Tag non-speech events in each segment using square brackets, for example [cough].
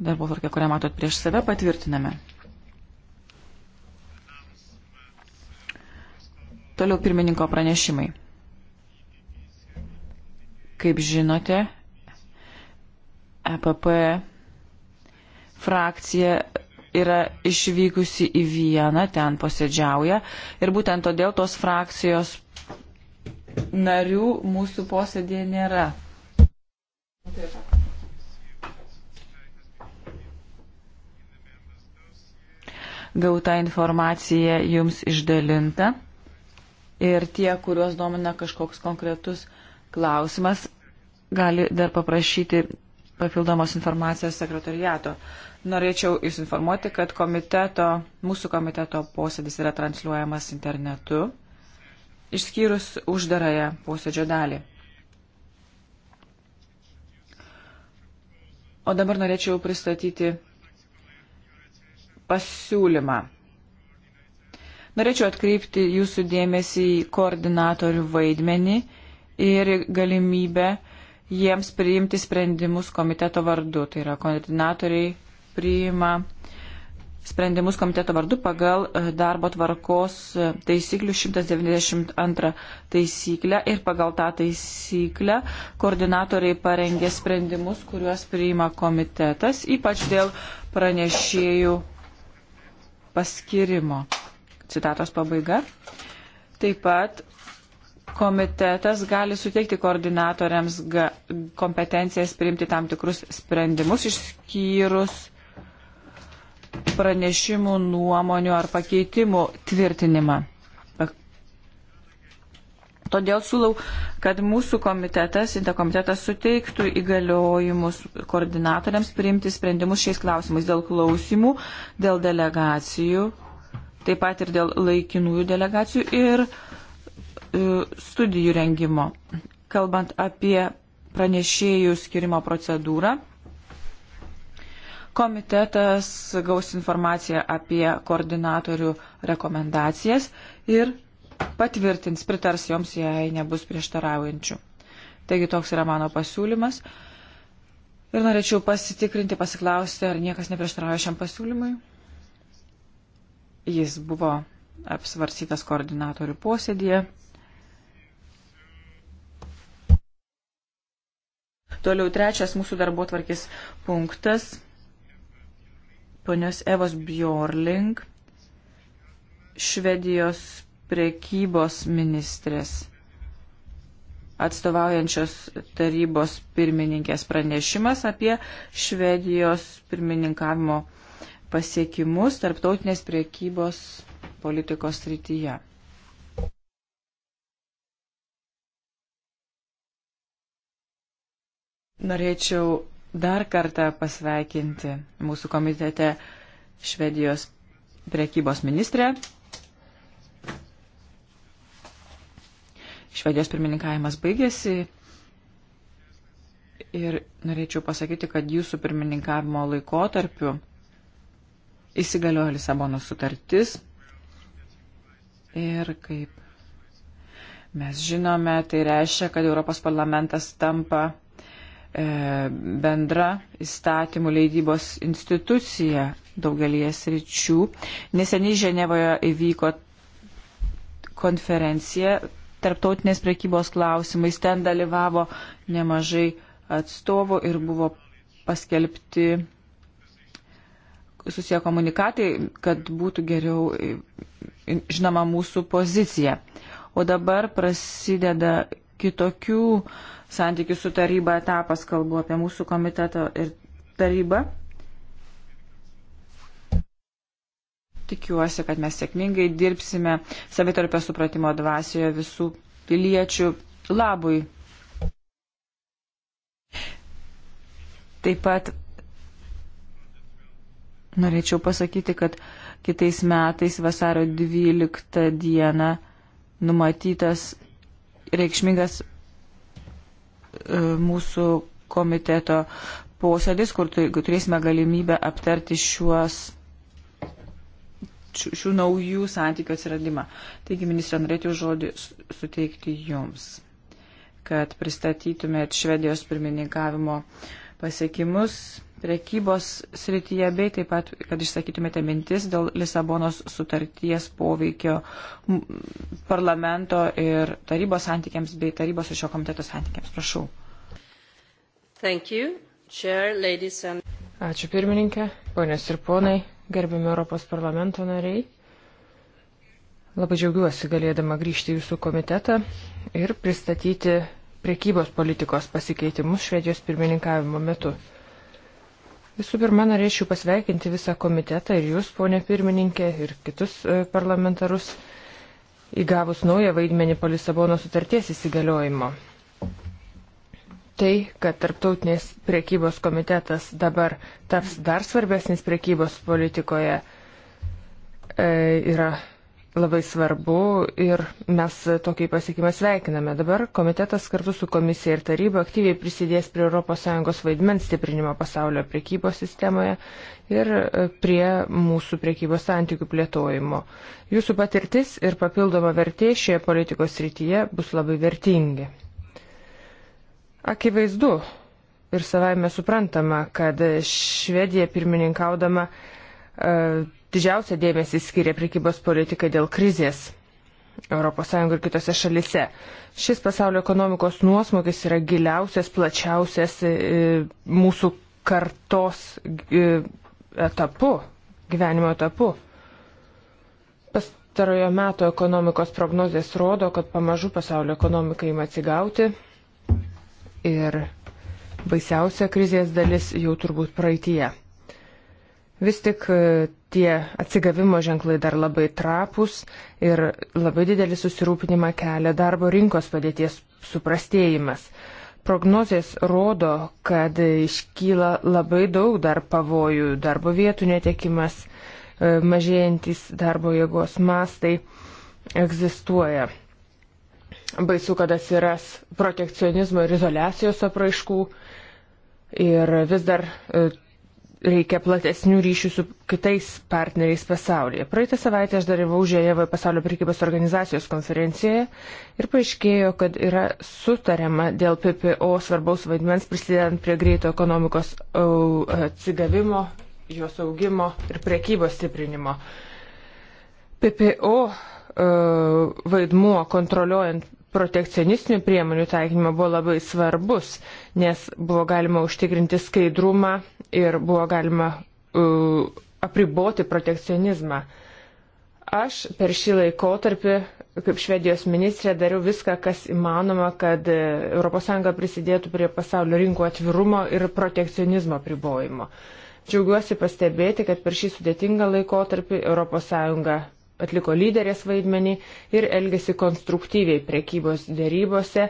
darbo tvarkę, kurią matot prieš save, patvirtiname. Toliau pirmininko pranešimai. Kaip žinote, EPP frakcija yra išvykusi į vieną, ten posėdžiauja ir būtent todėl tos frakcijos narių mūsų posėdėje nėra. Taip. gauta informacija jums išdalinta. Ir tie, kuriuos domina kažkoks konkretus klausimas, gali dar paprašyti papildomos informacijos sekretariato. Norėčiau Jūs informuoti, kad komiteto, mūsų komiteto posėdis yra transliuojamas internetu, išskyrus uždarąją posėdžio dalį. O dabar norėčiau pristatyti pasiūlymą. Norėčiau atkreipti jūsų dėmesį į koordinatorių vaidmenį ir galimybę jiems priimti sprendimus komiteto vardu. Tai yra koordinatoriai priima sprendimus komiteto vardu pagal e, darbo tvarkos e, taisyklių 192 taisyklę ir pagal tą taisyklę koordinatoriai parengė sprendimus, kuriuos priima komitetas, ypač dėl pranešėjų paskirimo. Citatos pabaiga. Taip pat komitetas gali suteikti koordinatoriams kompetencijas priimti tam tikrus sprendimus išskyrus pranešimų, nuomonių ar pakeitimų tvirtinimą. Todėl siūlau, kad mūsų komitetas, interkomitetas suteiktų įgaliojimus koordinatoriams priimti sprendimus šiais klausimais dėl klausimų, dėl delegacijų, taip pat ir dėl laikinųjų delegacijų ir e, studijų rengimo. Kalbant apie pranešėjų skirimo procedūrą, komitetas gaus informaciją apie koordinatorių rekomendacijas ir patvirtins, pritars joms, jei nebus prieštaraujančių. Taigi toks yra mano pasiūlymas. Ir norėčiau pasitikrinti, pasiklausti, ar niekas neprieštarauja šiam pasiūlymui. Jis buvo apsvarsytas koordinatorių posėdėje. Toliau trečias mūsų darbo tvarkės punktas. Ponios Evos Bjorling, Švedijos priekybos ministrės atstovaujančios tarybos pirmininkės pranešimas apie Švedijos pirmininkavimo pasiekimus tarptautinės priekybos politikos srityje. Norėčiau dar kartą pasveikinti mūsų komitete Švedijos priekybos ministrę Švedijos pirmininkavimas baigėsi ir norėčiau pasakyti, kad jūsų pirmininkavimo laikotarpiu įsigaliojo Lisabono sutartis ir kaip mes žinome, tai reiškia, kad Europos parlamentas tampa e, bendra įstatymų leidybos institucija daugelie sričių. Neseniai Ženevoje įvyko konferencija tarptautinės prekybos klausimais. Ten dalyvavo nemažai atstovų ir buvo paskelbti susiję komunikatai, kad būtų geriau žinoma mūsų pozicija. O dabar prasideda kitokių santykių su taryba etapas, kalbu apie mūsų komitetą ir tarybą. Tikiuosi, kad mes sėkmingai dirbsime savitarpio supratimo dvasioje visų piliečių labui. Taip pat norėčiau pasakyti, kad kitais metais vasario 12 dieną numatytas reikšmingas e, mūsų komiteto posėdis, kur turėsime galimybę aptarti šiuos šių, šių naujų santykių atsiradimą. Taigi, ministrė, norėčiau žodį suteikti jums, kad pristatytumėt Švedijos pirmininkavimo pasiekimus prekybos srityje, bei taip pat, kad išsakytumėte mintis dėl Lisabonos sutarties poveikio parlamento ir tarybos santykiams, bei tarybos ir šio komiteto santykiams. Prašau. Thank you. Chair, and... Ačiū pirmininkė, ponės ir ponai, gerbiami Europos parlamento nariai. Labai džiaugiuosi galėdama grįžti į jūsų komitetą ir pristatyti priekybos politikos pasikeitimus Švedijos pirmininkavimo metu. Visų pirma, norėčiau pasveikinti visą komitetą ir jūs, ponė pirmininkė, ir kitus e, parlamentarus, įgavus naują vaidmenį po Lisabono sutarties įsigaliojimo tai, kad tarptautinės priekybos komitetas dabar taps dar svarbesnis priekybos politikoje, e, yra labai svarbu ir mes tokį pasiekimą sveikiname. Dabar komitetas kartu su komisija ir taryba aktyviai prisidės prie ES vaidmens stiprinimo pasaulio priekybos sistemoje ir e, prie mūsų priekybos santykių plėtojimo. Jūsų patirtis ir papildoma vertė šioje politikos rytyje bus labai vertingi. Akivaizdu ir savaime suprantama, kad Švedija pirmininkaudama e, didžiausia dėmesį skiria prekybos politikai dėl krizės. ES ir kitose šalise. Šis pasaulio ekonomikos nuosmokis yra giliausias, plačiausias e, mūsų kartos e, etapu, gyvenimo etapu. Pastarojo meto ekonomikos prognozijas rodo, kad pamažu pasaulio ekonomika ima atsigauti ir baisiausia krizės dalis jau turbūt praeitie. Vis tik e, tie atsigavimo ženklai dar labai trapus ir labai didelį susirūpinimą kelia darbo rinkos padėties suprastėjimas. Prognozijas rodo, kad iškyla labai daug dar pavojų - darbo vietų netekimas, e, mažėjantis darbo jėgos mastai egzistuoja. Baisu, kad atsiras protekcionizmo ir izolacijos apraiškų. Ir vis dar e, reikia platesnių ryšių su kitais partneriais pasaulyje. Praeitą savaitę aš dalyvau Žėjevoje pasaulio prekybos organizacijos konferencijoje ir paaiškėjo, kad yra sutariama dėl PPO svarbaus vaidmens prisidedant prie greito ekonomikos e, atsigavimo, jos augimo ir prekybos stiprinimo. PPO E, vaidmuo kontroliuojant protekcionistinių priemonių taikymą buvo labai svarbus, nes buvo galima užtikrinti skaidrumą ir buvo galima uh, apriboti protekcionizmą. Aš per šį laikotarpį, kaip Švedijos ministrė, dariau viską, kas įmanoma, kad ES prisidėtų prie pasaulio rinkų atvirumo ir protekcionizmo pribojimo. Džiaugiuosi pastebėti, kad per šį sudėtingą laikotarpį ES atliko lyderės vaidmenį ir elgėsi konstruktyviai prekybos dėrybose,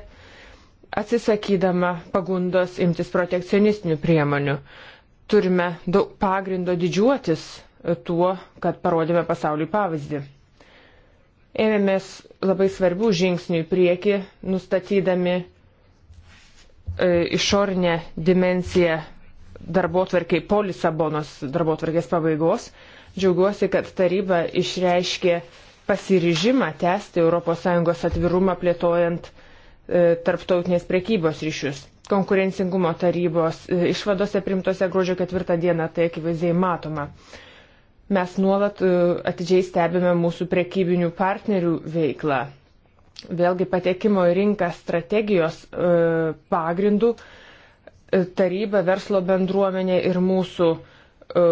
atsisakydama pagundos imtis protekcionistinių priemonių. Turime daug pagrindo didžiuotis tuo, kad parodėme pasauliu pavyzdį. Ėmėmės labai svarbių žingsnių į priekį, nustatydami e, išorinę dimenciją darbo tvarkiai po Lisabonos darbo tvarkės pabaigos Džiaugiuosi, kad taryba išreiškė pasiryžimą tęsti ES atvirumą plėtojant e, tarptautinės prekybos ryšius. Konkurencingumo tarybos e, išvadose primtose gruodžio ketvirtą dieną tai akivaizdžiai matoma. Mes nuolat e, atidžiai stebime mūsų prekybinių partnerių veiklą. Vėlgi patekimo į rinką strategijos e, pagrindų e, taryba, verslo bendruomenė ir mūsų e,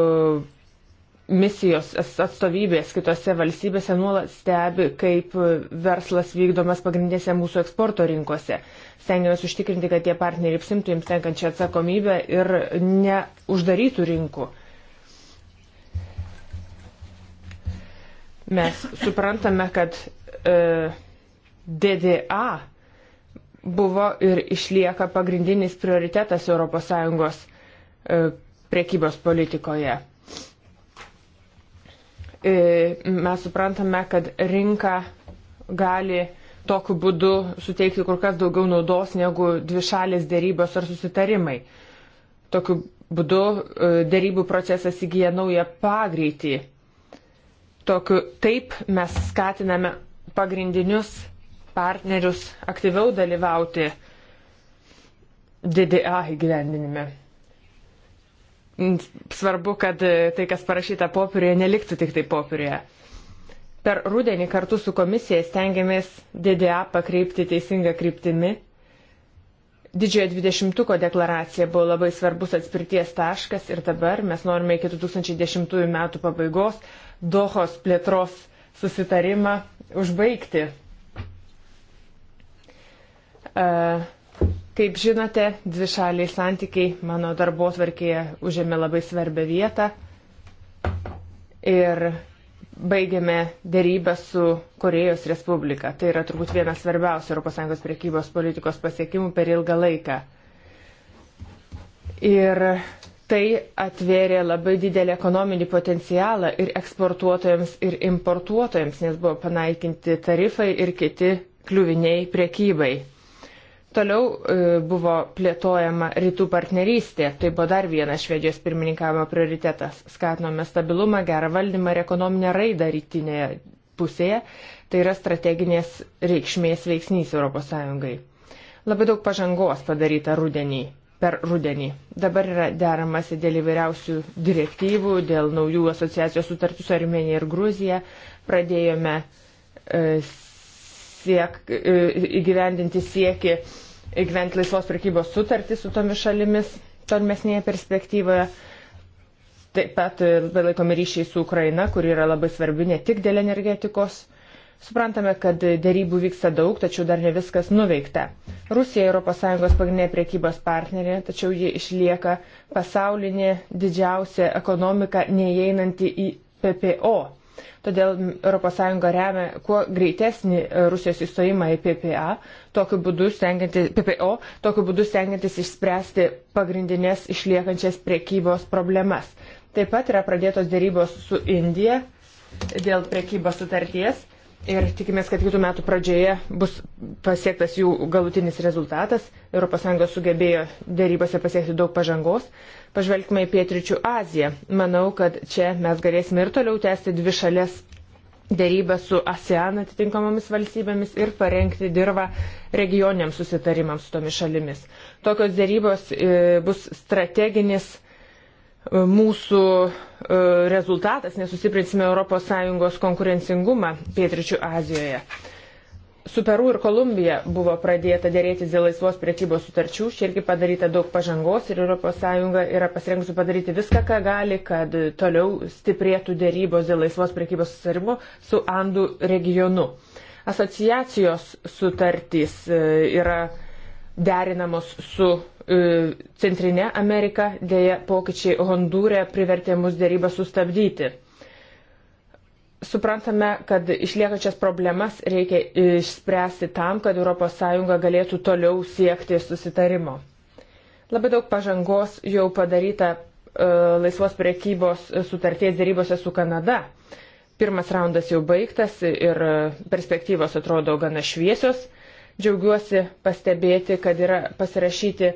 misijos atstovybės kitose valstybėse nuolat stebi, kaip verslas vykdomas pagrindinėse mūsų eksporto rinkose. Stengiamės užtikrinti, kad tie partneriai apsimtų jums tenkančią atsakomybę ir neuždarytų rinkų. Mes suprantame, kad e, DDA buvo ir išlieka pagrindinis prioritetas ES e, priekybos politikoje E, mes suprantame, kad rinka gali tokiu būdu suteikti kur kas daugiau naudos negu dvi šalės dėrybos ar susitarimai. Tokiu būdu e, dėrybų procesas įgyja naują pagreitį. Tokiu, taip mes skatiname pagrindinius partnerius aktyviau dalyvauti DDA įgyvendinime svarbu, kad e, tai, kas parašyta popieriuje, neliktų tik tai popieriuje. Per rudenį kartu su komisija stengiamės DDA pakreipti teisingą kryptimi. Didžiojo 20-ko deklaracija buvo labai svarbus atspirties taškas ir dabar mes norime iki 2010 metų pabaigos Dohos plėtros susitarimą užbaigti. Uh, Kaip žinote, dvi šaliai santykiai mano darbo tvarkėje užėmė labai svarbę vietą ir baigėme dėrybę su Korejos Respublika. Tai yra turbūt vienas svarbiausių ES priekybos politikos pasiekimų per ilgą laiką. Ir tai atvėrė labai didelį ekonominį potencialą ir eksportuotojams, ir importuotojams, nes buvo panaikinti tarifai ir kiti kliuviniai priekybai. Toliau e, buvo plėtojama rytų partnerystė, tai buvo dar vienas Švedijos pirmininkavimo prioritetas. Skatinome stabilumą, gerą valdymą ir ekonominę raidą rytinėje pusėje, tai yra strateginės reikšmės veiksnys ES. Labai daug pažangos padaryta rudenį, per rudenį. Dabar yra deramasi dėl įvairiausių direktyvų, dėl naujų asociacijos sutartų su Armenija ir Gruzija. Pradėjome e, siek, e, įgyvendinti sieki įgyventi laisvos prekybos sutartį su tomis šalimis tolimesnėje perspektyvoje. Taip pat e, laikomi ryšiai su Ukraina, kur yra labai svarbi ne tik dėl energetikos. Suprantame, kad dėrybų vyksta daug, tačiau dar ne viskas nuveikta. Rusija ES pagrindinė priekybos partnerė, tačiau ji išlieka pasaulinė didžiausia ekonomika neįeinanti į PPO. Todėl ES remia kuo greitesnį e, Rusijos įstojimą į PPA, tokiu būdu PPO, tokiu būdu stengiantis išspręsti pagrindinės išliekančias priekybos problemas. Taip pat yra pradėtos dėrybos su Indija dėl priekybos sutarties ir tikimės, kad kitų metų pradžioje bus pasiektas jų galutinis rezultatas. ES sugebėjo dėrybose pasiekti daug pažangos. Pažvelgime į Pietričių Aziją. Manau, kad čia mes galėsime ir toliau tęsti dvi šalės dėrybę su ASEAN atitinkamomis valstybėmis ir parengti dirbą regioniams susitarimams su tomis šalimis. Tokios dėrybos e, bus strateginis e, mūsų e, rezultatas, nesustiprinsime ES konkurencingumą Pietričių Azijoje. Su Peru ir Kolumbija buvo pradėta dėrėtis dėl laisvos priekybos sutarčių, čia irgi padaryta daug pažangos ir ES yra pasirengusi padaryti viską, ką gali, kad toliau stiprėtų dėrybos dėl laisvos priekybos sustarimo su Andų regionu. Asociacijos sutartys e, yra derinamos su E, Centrinė Amerika, dėja pokyčiai Hondūrė privertė mus dėrybą sustabdyti. Suprantame, kad išliekačias problemas reikia išspręsti tam, kad ES galėtų toliau siekti susitarimo. Labai daug pažangos jau padaryta e, laisvos priekybos sutarties dėrybose su Kanada. Pirmas raundas jau baigtas ir perspektyvos atrodo gana šviesios. Džiaugiuosi pastebėti, kad yra pasirašyti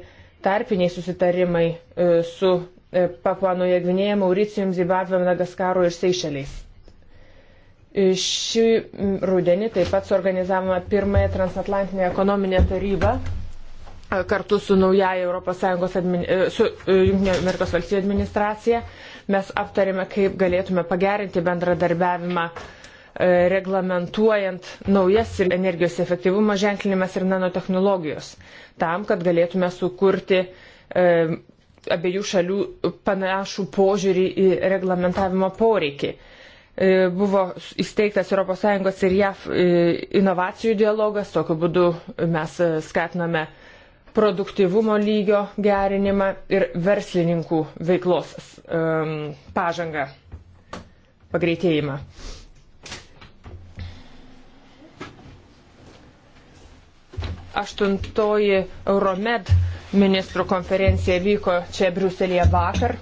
tarpiniai susitarimai e, su e, Papuanoje Gvinėje, Mauricijum, Zimbabvėm, Nagaskaru ir Seišeliais. E, šį rudenį taip pat suorganizavome pirmąją transatlantinę ekonominę tarybą kartu su naujaja ES admini... su JAV administracija. Mes aptarėme, kaip galėtume pagerinti bendradarbiavimą uh, E, reglamentuojant naujas energijos efektyvumo ženklinimas ir nanotehnologijos, tam, kad galėtume sukurti e, abiejų šalių panašų požiūrį į reglamentavimo poreikį. E, buvo įsteigtas ES ir JAF inovacijų dialogas, tokiu būdu mes skatiname produktivumo lygio gerinimą ir verslininkų veiklos um, pažangą, pagreitėjimą. Aštuntoji Euromed ministrų konferencija vyko čia Briuselėje vakar.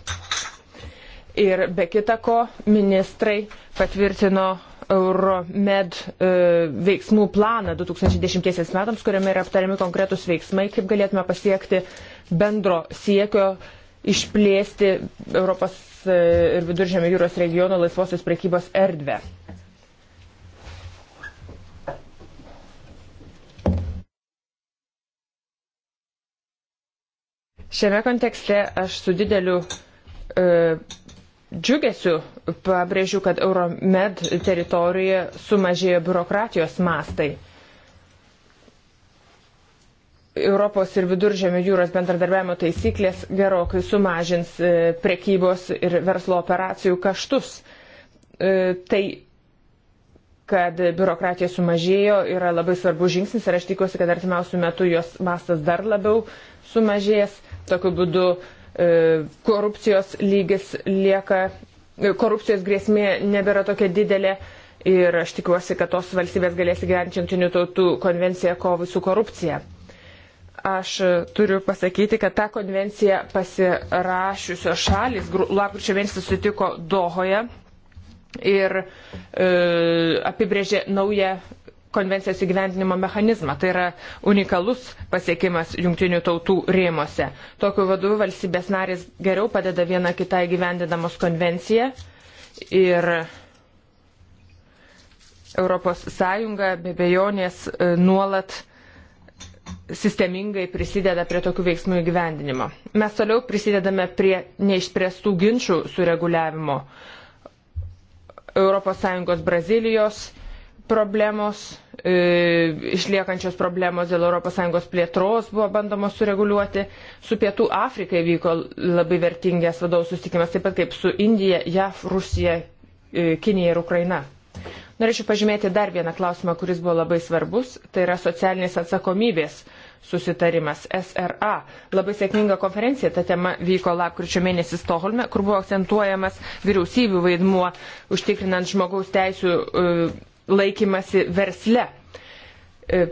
Ir be kita ko, ministrai patvirtino Euromed e, veiksmų planą 2010 metams, kuriame yra aptariami konkretus veiksmai, kaip galėtume pasiekti bendro siekio išplėsti Europos e, ir Viduržėmio jūros regiono laisvosios prekybos erdvę. Šiame kontekste aš su dideliu e, džiugesiu pabrėžiu, kad Euromed teritorijoje sumažėjo biurokratijos mastai. Europos ir viduržėmio jūros bendradarbiavimo taisyklės gerokai sumažins e, prekybos ir verslo operacijų kaštus. E, tai, kad biurokratija sumažėjo, yra labai svarbus žingsnis ir aš tikiuosi, kad artimiausių metų jos mastas dar labiau sumažės. Tokiu būdu e, korupcijos lygis lieka, e, korupcijos grėsmė nebėra tokia didelė ir aš tikiuosi, kad tos valstybės galės įgyventi jungtinių tautų konvenciją kovai su korupcija. Aš turiu pasakyti, kad tą konvenciją pasirašiusios šalis lapkričio mėnesį sutiko Dohoje ir e, apibrėžė naują konvencijos įgyvendinimo mechanizmą. Tai yra unikalus pasiekimas jungtinių tautų rėmose. Tokiu vadu valstybės narės geriau padeda viena kitai gyvendinamos konvenciją ir ES be bejonės e, nuolat sistemingai prisideda prie tokių veiksmų įgyvendinimo. Mes toliau prisidedame prie neišspręstų ginčių sureguliavimo. ES Brazilijos problemos, e, išliekančios problemos dėl ES plėtros buvo bandomos sureguliuoti. Su Pietų Afrikai vyko labai vertingas vadovų susitikimas, taip pat kaip su Indija, JAF, Rusija, e, Kinija ir Ukraina. Norėčiau pažymėti dar vieną klausimą, kuris buvo labai svarbus, tai yra socialinės atsakomybės susitarimas SRA. Labai sėkminga konferencija, ta tema vyko lapkričio mėnesį Stoholme, kur buvo akcentuojamas vyriausybių vaidmuo užtikrinant žmogaus teisų e, laikymasi versle. E,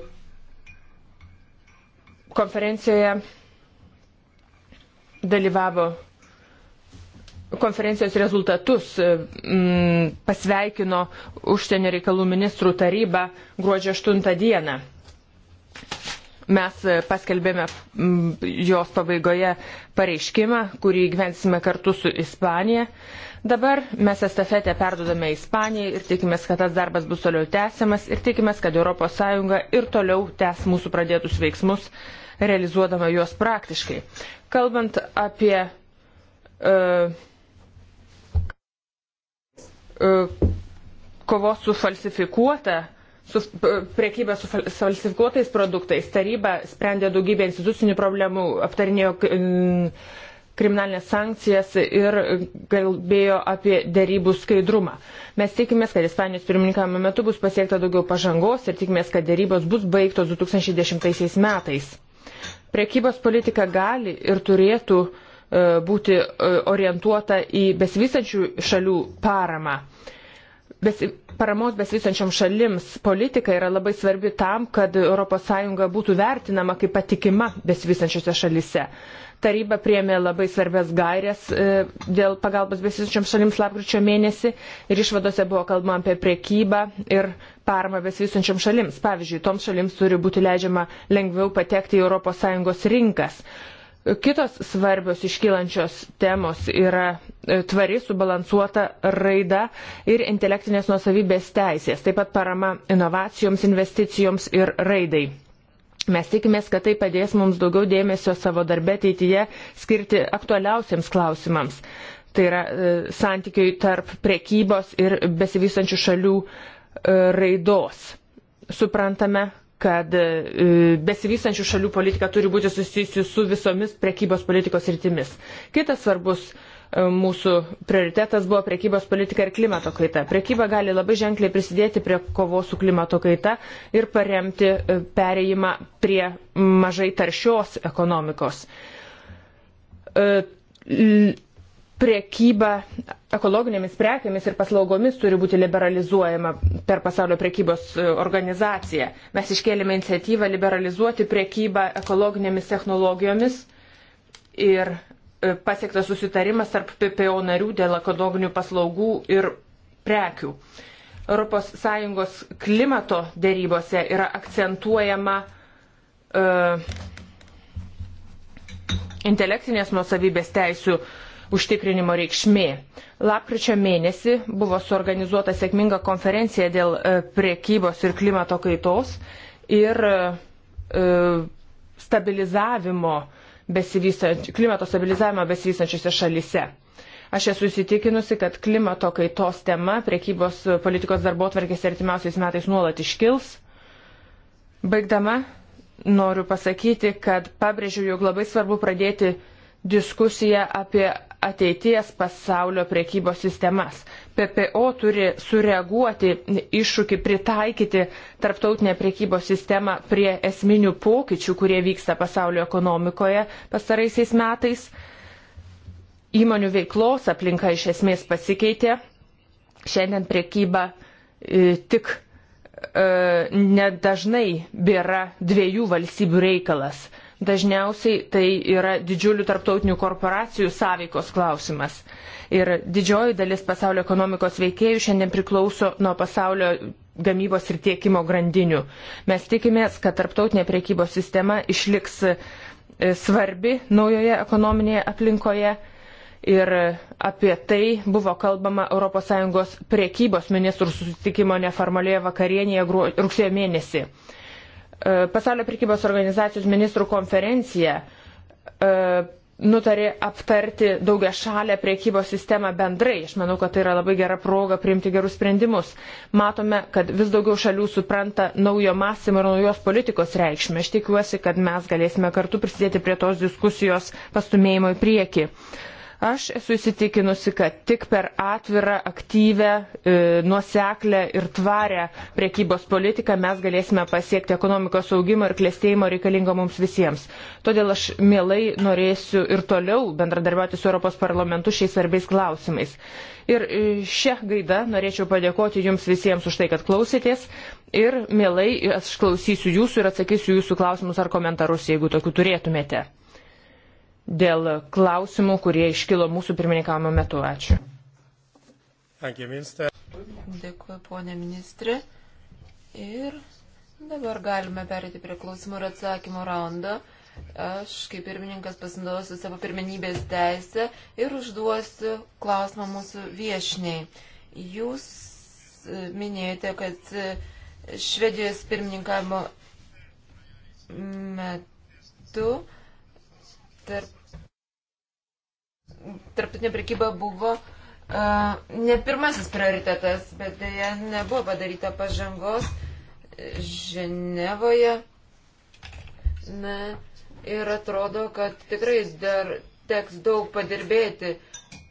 konferencijoje dalyvavo konferencijos rezultatus e, m, pasveikino užsienio reikalų ministrų taryba gruodžio 8 dieną. Mes e, paskelbėme jos pabaigoje pareiškimą, kurį gyvensime kartu su Ispanija. Dabar mes estafetę perdodame Ispanijai ir tikimės, kad tas darbas bus toliau tęsiamas ir tikimės, kad ES ir toliau tęs mūsų pradėtus veiksmus, realizuodama juos praktiškai. Kalbant apie uh, uh, kovos su falsifikuota su priekyba su falsifikuotais produktais. Taryba sprendė daugybę institucinių problemų, aptarinėjo kriminalinės sankcijas ir kalbėjo apie dėrybų skaidrumą. Mes tikimės, kad Ispanijos pirmininkavimo metu bus pasiekta daugiau pažangos ir tikimės, kad dėrybos bus baigtos 2010 metais. Prekybos politika gali ir turėtų e, būti e, orientuota į besivysančių šalių paramą. Besi, paramos besivysančiom šalims politika yra labai svarbi tam, kad ES būtų vertinama kaip patikima besivysančiose šalise. Taryba priemė labai svarbės gairias e, dėl pagalbos besisiunčiam šalims lapkričio mėnesį ir išvadose buvo kalbama apie priekybą ir paramą besisiunčiam šalims. Pavyzdžiui, toms šalims turi būti leidžiama lengviau patekti į ES rinkas. Kitos svarbios iškylančios temos yra e, tvari, subalansuota raida ir intelektinės nuosavybės teisės, taip pat parama inovacijoms, investicijoms ir raidai. Mes tikimės, kad tai padės mums daugiau dėmesio savo darbę ateityje skirti aktualiausiams klausimams. Tai yra e, santykiai tarp prekybos ir besivystančių šalių e, raidos. Suprantame, kad e, besivystančių šalių politika turi būti susijusi su visomis prekybos politikos rytimis. Kitas svarbus E, mūsų prioritetas buvo prekybos politika ir klimato kaita. Prekyba gali labai ženkliai prisidėti prie kovos su klimato kaita ir paremti e, pereimą prie mažai taršios ekonomikos. E, Prekyba ekologinėmis prekiamis ir paslaugomis turi būti liberalizuojama per pasaulio prekybos organizaciją. Mes iškėlėme iniciatyvą liberalizuoti prekybą ekologinėmis technologijomis ir pasiektas susitarimas tarp PPO narių dėl ekologinių paslaugų ir prekių. ES klimato dėrybose yra akcentuojama uh, intelektinės nuosavybės teisų užtikrinimo reikšmė. Lapkričio mėnesį buvo suorganizuota sėkminga konferencija dėl e, priekybos ir klimato kaitos ir e, stabilizavimo uh, klimato stabilizavimą besivystančiose šalise. Aš esu įsitikinusi, kad klimato kaitos tema priekybos politikos darbo atvarkėse artimiausiais metais nuolat iškils. Baigdama, noriu pasakyti, kad pabrėžiu, jog labai svarbu pradėti diskusiją apie ateities pasaulio priekybos sistemas. PPO turi sureaguoti iššūkį, pritaikyti tarptautinę priekybos sistemą prie esminių pokyčių, kurie vyksta pasaulio ekonomikoje pastaraisiais metais. Įmonių veiklos aplinka iš esmės pasikeitė. Šiandien priekyba e, tik e, nedažnai bėra dviejų valstybių reikalas. Dažniausiai tai yra didžiulių tarptautinių korporacijų sąveikos klausimas. E, Ir didžioji dalis pasaulio ekonomikos veikėjų šiandien priklauso nuo pasaulio gamybos ir tiekimo grandinių. Mes tikimės, kad tarptautinė priekybos sistema išliks e, svarbi naujoje ekonominėje aplinkoje. Ir apie tai buvo kalbama ES priekybos ministrų susitikimo neformalioje vakarienėje rugsėjo mėnesį. E, pasaulio priekybos organizacijos ministrų konferencija e, nutarė aptarti daugia šalę priekybos sistemą bendrai. Aš manau, kad tai yra labai gera proga priimti gerus sprendimus. Matome, kad vis daugiau šalių supranta naujo mąstymo ir naujos politikos reikšmę. Aš tikiuosi, kad mes galėsime kartu prisidėti prie tos diskusijos pastumėjimo į priekį. Uh, Aš esu įsitikinusi, kad tik per atvirą, aktyvę, e, nuoseklę ir tvarę priekybos politiką mes galėsime pasiekti ekonomikos augimo ir klėstėjimo reikalingo mums visiems. Todėl aš mielai norėsiu ir toliau bendradarbiauti su Europos parlamentu šiais svarbiais klausimais. Ir e, šią gaidą norėčiau padėkoti jums visiems už tai, kad klausėtės ir mielai aš klausysiu jūsų ir atsakysiu jūsų klausimus ar komentarus, jeigu tokių turėtumėte dėl klausimų, kurie iškilo mūsų pirmininkavimo metu. Ačiū. Dėkuoju, ponė ministrė. Ir dabar galime perėti prie klausimų ir atsakymų raundo. Aš kaip pirmininkas pasinaudosiu savo pirmenybės teisę ir užduosiu klausimą mūsų viešniai. Jūs e, minėjote, kad e, Švedijos pirmininkavimo metu tarp, tarptautinė prekyba buvo uh, ne pirmasis prioritetas, bet dėja nebuvo padaryta pažangos Ženevoje. Na, ir atrodo, kad tikrai dar teks daug padirbėti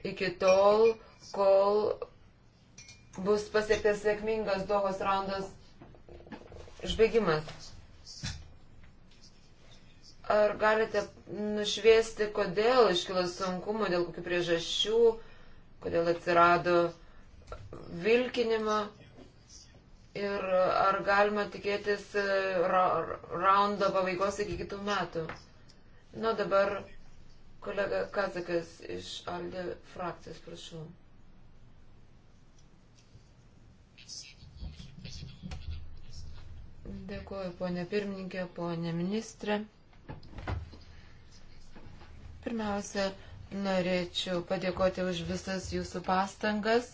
iki tol, kol bus pasiektas sėkmingas Dohos randas žvaigimas. Ar galite nušviesti, kodėl iškilo sunkumų, dėl kokių priežasčių, kodėl atsirado vilkinimo ir ar galima tikėtis e, ra raundo pabaigos iki kitų metų? Nu, dabar kolega Kazakas iš Aldė frakcijos, prašau. Dėkuoju, ponė pirmininkė, ponė ministrė. Pirmiausia, norėčiau padėkoti už visas jūsų pastangas.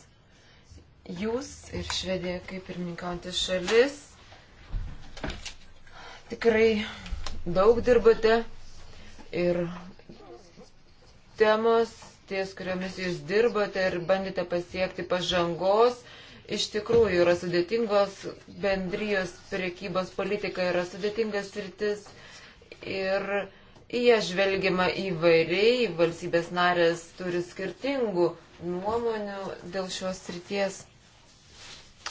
Jūs ir Švedija kaip pirmininkaujantis šalis tikrai daug dirbate ir temos, ties kuriomis jūs dirbate ir bandėte pasiekti pažangos, iš tikrųjų yra sudėtingos, bendrijos priekybos politika yra sudėtingas rytis ir Į ją žvelgiama įvairiai, valstybės narės turi skirtingų nuomonių dėl šios srities,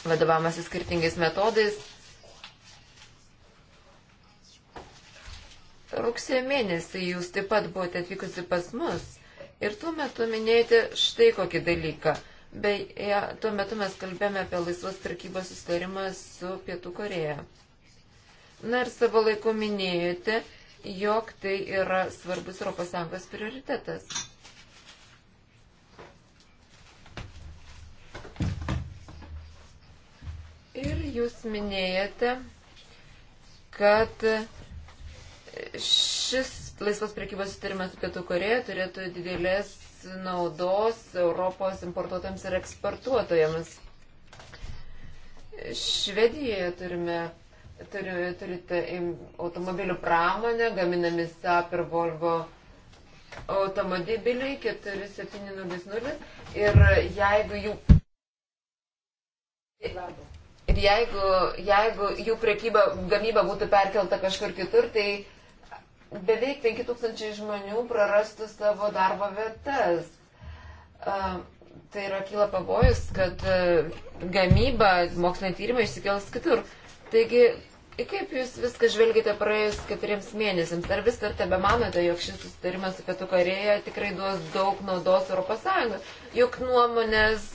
vadovamasi skirtingais metodais. Rugsėjo mėnesį jūs taip pat buvote atvykusi pas mus ir tuo metu minėjote štai kokį dalyką. Beje, tuo metu mes kalbėjome apie laisvos prekybos sustarimą su Pietų Koreja. Na ir savo laiku minėjote, jog tai yra svarbus ES prioritetas. Ir jūs minėjate, kad šis laisvos priekybos sutarimas su Pietų Koreja turėtų didelės naudos Europos importuotojams ir eksportuotojams. Švedijoje turime Turiu, turite automobilių pramonę, gaminami SAP ir Volvo automobiliai 4700 ir jeigu jų. Ir jeigu, jeigu jų prekyba, gamyba būtų perkelta kažkur kitur, tai beveik 5000 žmonių prarastų savo darbo vietas. Uh, tai yra kyla pavojus, kad uh, gamyba, moksliniai tyrimai išsikels kitur. Uh, Taigi, kaip Jūs viską žvelgite praėjus keturiems mėnesiams? Ar vis dar tebe manote, jog šis sustarimas su Pietų Koreja tikrai duos daug naudos Europos Sąjungai? Juk nuomonės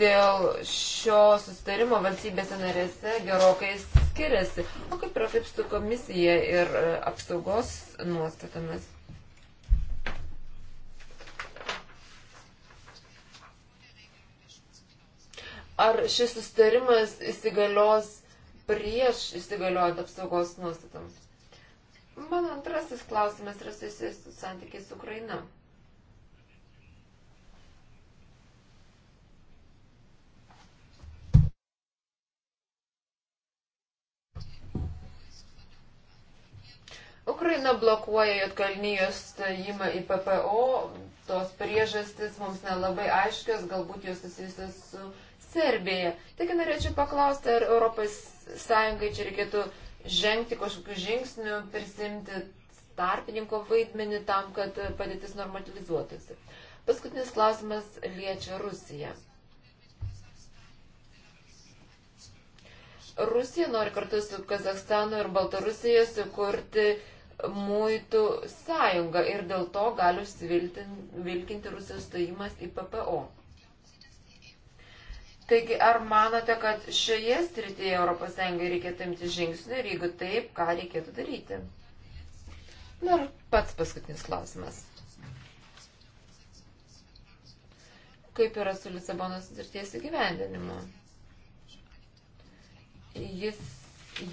dėl šio sustarimo valstybėse narėse gerokai skiriasi. O kaip yra kaip su komisija ir e, apsaugos nuostatomis? Ar šis sustarimas įsigalios prieš įsigaliojant apsaugos nuostatoms. Mano antrasis klausimas yra susijęs su santykiais su Ukraina. Ukraina blokuoja Jotkalnyjos stojimą į PPO, tos priežastis mums nelabai aiškios, galbūt jos susijusios su Serbija. Taigi norėčiau paklausti, ar Europos Sąjungai čia reikėtų žengti kažkokiu žingsniu, prisimti tarpininko vaidmenį tam, kad padėtis normalizuotųsi. Paskutinis klausimas liečia Rusiją. Rusija nori kartu su Kazakstanu ir Baltarusija sukurti muitų sąjungą ir dėl to gali vilkinti Rusijos stojimas į PPO. Taigi, ar manote, kad šioje srityje ES reikėtų imti žingsnių ir jeigu taip, ką reikėtų daryti? Na ir pats paskutinis klausimas. Kaip yra su Lisabonos sutarties įgyvendinimu? Jis,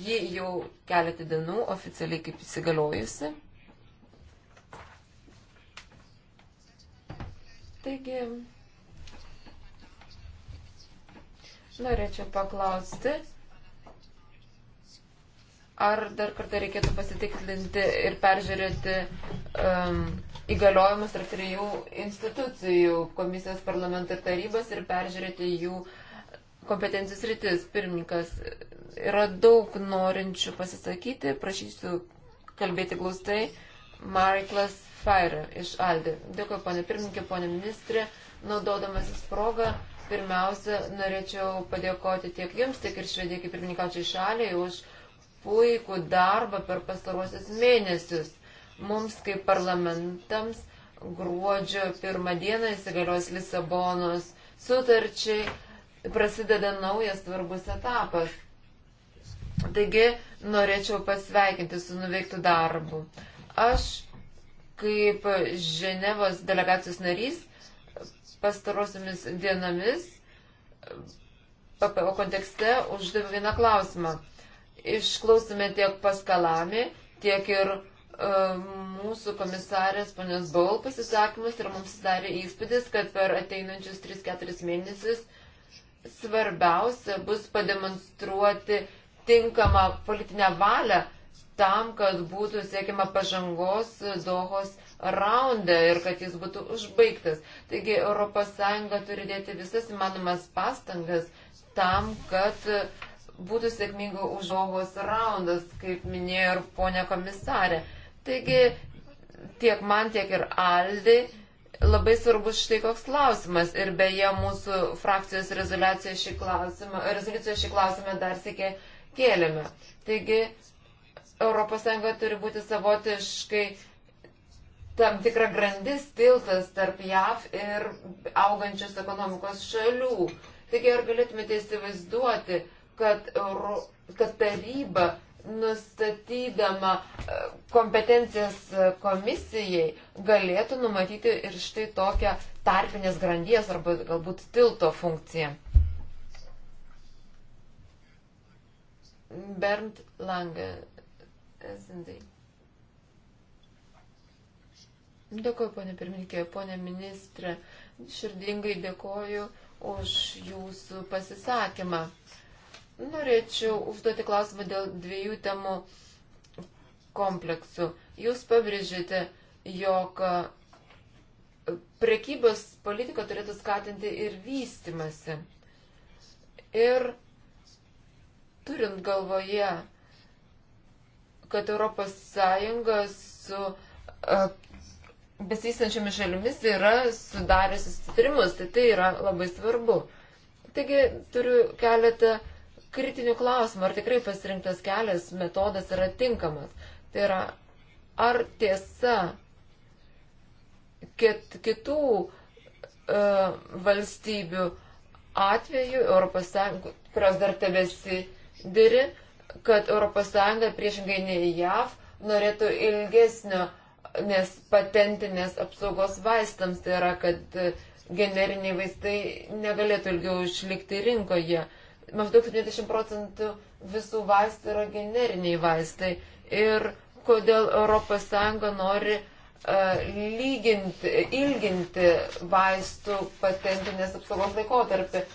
ji jau keletą dienų oficialiai kaip įsigaliojusi. Taigi, Norėčiau paklausti, ar dar kartą reikėtų pasitikrinti ir peržiūrėti um, įgaliojimus tarp trijų institucijų - komisijos, parlamento ir tarybos ir peržiūrėti jų kompetencijos rytis. Pirmininkas, yra daug norinčių pasisakyti, prašysiu kalbėti glaustai. Mariklas Fire iš Aldė. Dėkuoju, ponė pirmininkė, ponė ministrė, naudodamasis progą. Uh, Pirmiausia, norėčiau padėkoti tiek jums, tiek ir švedė kaip pirmininkačiai šaliai už puikų darbą per pastaruosius mėnesius. Mums kaip parlamentams gruodžio pirmą dieną įsigalios Lisabonos sutarčiai prasideda naujas svarbus etapas. Taigi norėčiau pasveikinti su nuveiktų darbu. Aš kaip Ženevos delegacijos narys pastarosiamis dienomis PPO kontekste uždavė vieną klausimą. Išklausime tiek paskalami, tiek ir e, mūsų komisarės ponios Baul pasisakymus ir mums darė įspūdis, kad per ateinančius 3-4 mėnesius svarbiausia bus pademonstruoti tinkamą politinę valią tam, kad būtų siekiama pažangos Dohos raunde ir kad jis būtų užbaigtas. Taigi ES turi dėti visas įmanomas pastangas tam, kad būtų sėkminga užovos raundas, kaip minėjo ir ponia komisarė. Taigi tiek man, tiek ir Aldi labai svarbus štai koks klausimas. Ir beje, mūsų frakcijos rezoliucijoje šį klausimą, šį klausimą dar sėkė kėlėme. Taigi ES turi būti savotiškai tam tikra grandis tiltas tarp JAV ir augančios ekonomikos šalių. Taigi ar galėtumėte įsivaizduoti, kad, Euro, kad taryba nustatydama e, kompetencijas komisijai galėtų numatyti ir štai tokią tarpinės grandies arba galbūt tilto funkciją. Bernd Lange, SND. Dėkuoju, ponė pirmininkė, ponė ministrė. Širdingai dėkoju už jūsų pasisakymą. Norėčiau užduoti klausimą dėl dviejų temų kompleksų. Jūs pabrėžėte, jog prekybos politika turėtų skatinti ir vystimasi. Ir turint galvoje, kad ES su besivystančiomis šalimis yra sudarę susitarimus, tai tai yra labai svarbu. Taigi turiu keletą kritinių klausimų, ar tikrai pasirinktas kelias, metodas yra tinkamas. Tai yra, ar tiesa, kad kitų uh, valstybių atveju, Europos Sąjungo, kurios dar tebesi diri, kad Europos Sąjunga priešingai nei JAV norėtų ilgesnio uh, nes patentinės apsaugos vaistams tai yra, kad e, generiniai vaistai negalėtų ilgiau išlikti rinkoje. Maždaug 70 procentų visų vaistų yra generiniai vaistai. Ir kodėl ES nori uh, e, lyginti, e, ilginti vaistų patentinės apsaugos laikotarpį.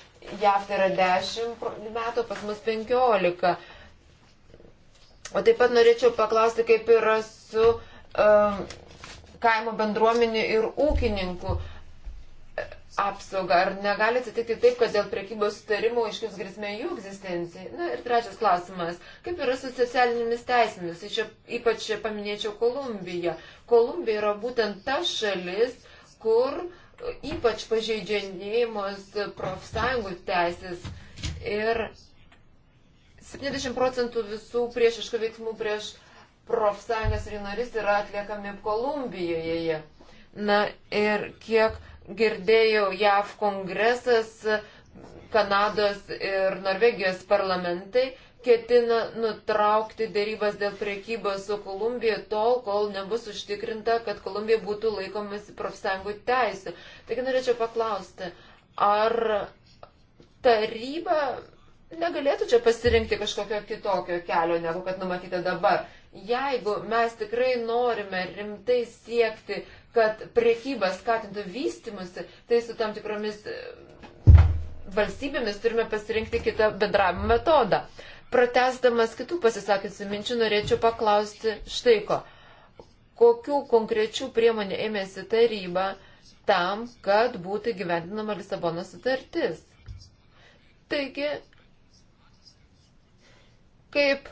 JAV tai yra 10 metų, pas mus 15. O taip pat norėčiau paklausti, kaip yra su uh, Um, kaimo bendruomenių ir ūkininkų apsaugą. Ar negali atsitikti taip, kad dėl prekybos sutarimų iškils grėsmė jų egzistencijai? Na ir trečias klausimas. Kaip yra su socialinėmis teisėmis? Čia ypač paminėčiau Kolumbiją. Kolumbija yra būtent ta šalis, kur ypač pažeidžianėjimos profsąjungų teisės ir 70 procentų visų priešiškų veiksmų prieš profsąjungos rinaris yra atliekami Kolumbijoje. Na ir kiek girdėjau, JAV kongresas, Kanados ir Norvegijos parlamentai ketina nutraukti dėrybas dėl priekybos su Kolumbija tol, kol nebus užtikrinta, kad Kolumbija būtų laikomasi profsąjungų teisų. Taigi norėčiau paklausti, ar taryba negalėtų čia pasirinkti kažkokio kitokio kelio, negu kad numatyta dabar. Jeigu mes tikrai norime rimtai siekti, kad prekyba skatintų vystimusi, tai su tam tikromis e, valstybėmis turime pasirinkti kitą bendravimo metodą. Pratesdamas kitų pasisakysiu minčių, norėčiau paklausti štai ko. Kokių konkrečių priemonių ėmėsi taryba tam, kad būtų gyvendinama Lisabono sutartis? Taigi, kaip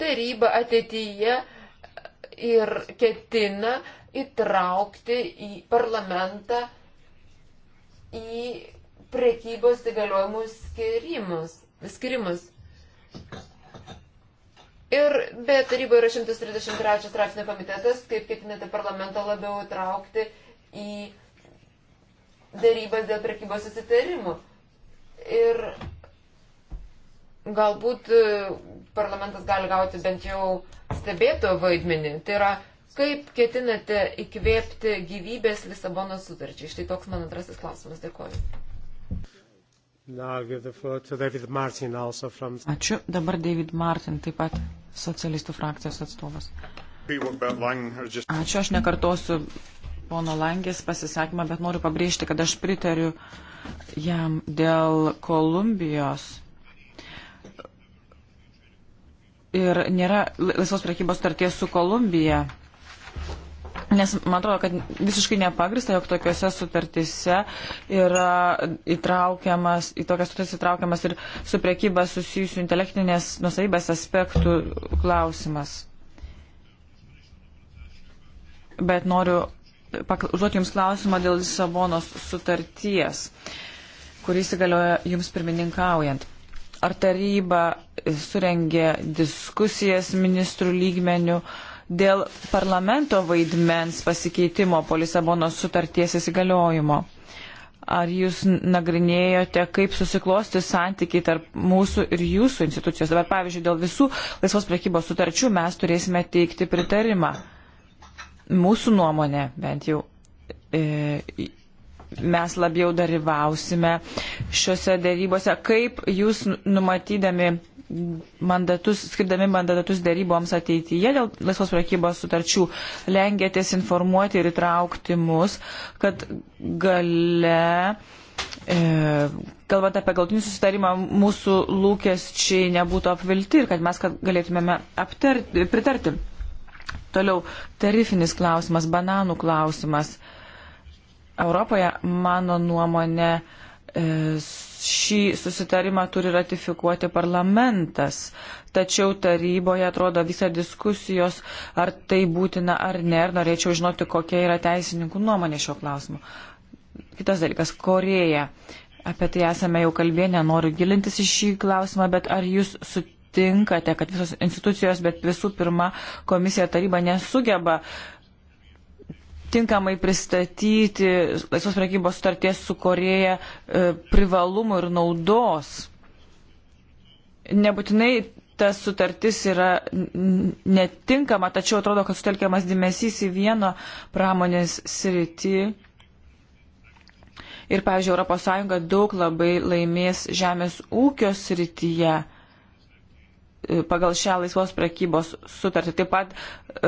taryba ateityje ir ketina įtraukti į parlamentą į prekybos įgaliojimus skirimus. skirimus. Ir be taryba yra 133 straipsnio komitetas, kaip ketinate parlamentą labiau įtraukti į darybas dėl prekybos susitarimų. Ir galbūt e, parlamentas gali gauti bent jau stebėtojo vaidmenį. Tai yra, kaip ketinate įkvėpti gyvybės Lisabono sutarčiai? Štai toks man antrasis klausimas. Dėkuoju. Martin, from... Ačiū. Dabar David Martin, taip pat socialistų frakcijos atstovas. Ačiū, aš nekartosiu pono Langės pasisakymą, bet noriu pabrėžti, kad aš pritariu jam dėl Kolumbijos ir nėra laisvos prekybos starties su Kolumbija. Nes man atrodo, kad visiškai nepagrista, jog tokiuose sutartise yra įtraukiamas, į tokias sutartis įtraukiamas ir su prekyba susijusių intelektinės nusaibės aspektų klausimas. Bet noriu užduoti Jums klausimą dėl Lisabonos sutarties, kuris įgalioja Jums pirmininkaujant. Ar taryba surengė diskusijas ministrų lygmenių dėl parlamento vaidmens pasikeitimo po Lisabonos sutarties įsigaliojimo? Ar jūs nagrinėjote, kaip susiklosti santykiai tarp mūsų ir jūsų institucijos? Dabar, pavyzdžiui, dėl visų laisvos prekybos sutarčių mes turėsime teikti pritarimą. Mūsų nuomonė, bent jau, e, mes labiau dalyvausime šiuose dėrybose. Kaip jūs numatydami mandatus, skirdami mandatus dėryboms ateityje dėl laisvos prekybos sutarčių, lengėtės informuoti ir įtraukti mus, kad gale, e, kalbant apie galtinį susitarimą, mūsų lūkesčiai nebūtų apvilti ir kad mes kad galėtumėme aptarti, pritarti. Toliau tarifinis klausimas, bananų klausimas. E, Europoje, mano nuomonė, e, šį susitarimą turi ratifikuoti parlamentas. Tačiau taryboje atrodo visa diskusijos, ar tai būtina ar ne, ir norėčiau žinoti, kokia yra teisininkų nuomonė šiuo klausimu. Kitas dalykas - Koreja. Apie tai esame jau kalbėję, nenoriu gilintis į šį klausimą, bet ar jūs sutinkate, kad visos institucijos, bet visų pirma, komisija taryba nesugeba uh, tinkamai pristatyti laisvos prekybos sutarties su Koreja e, privalumų ir naudos. Nebūtinai ta sutartis yra netinkama, tačiau atrodo, kad sutelkiamas dėmesys į vieną pramonės sritį. Ir, pavyzdžiui, ES daug labai laimės žemės ūkio srityje pagal šią laisvos prekybos sutartį, taip pat e,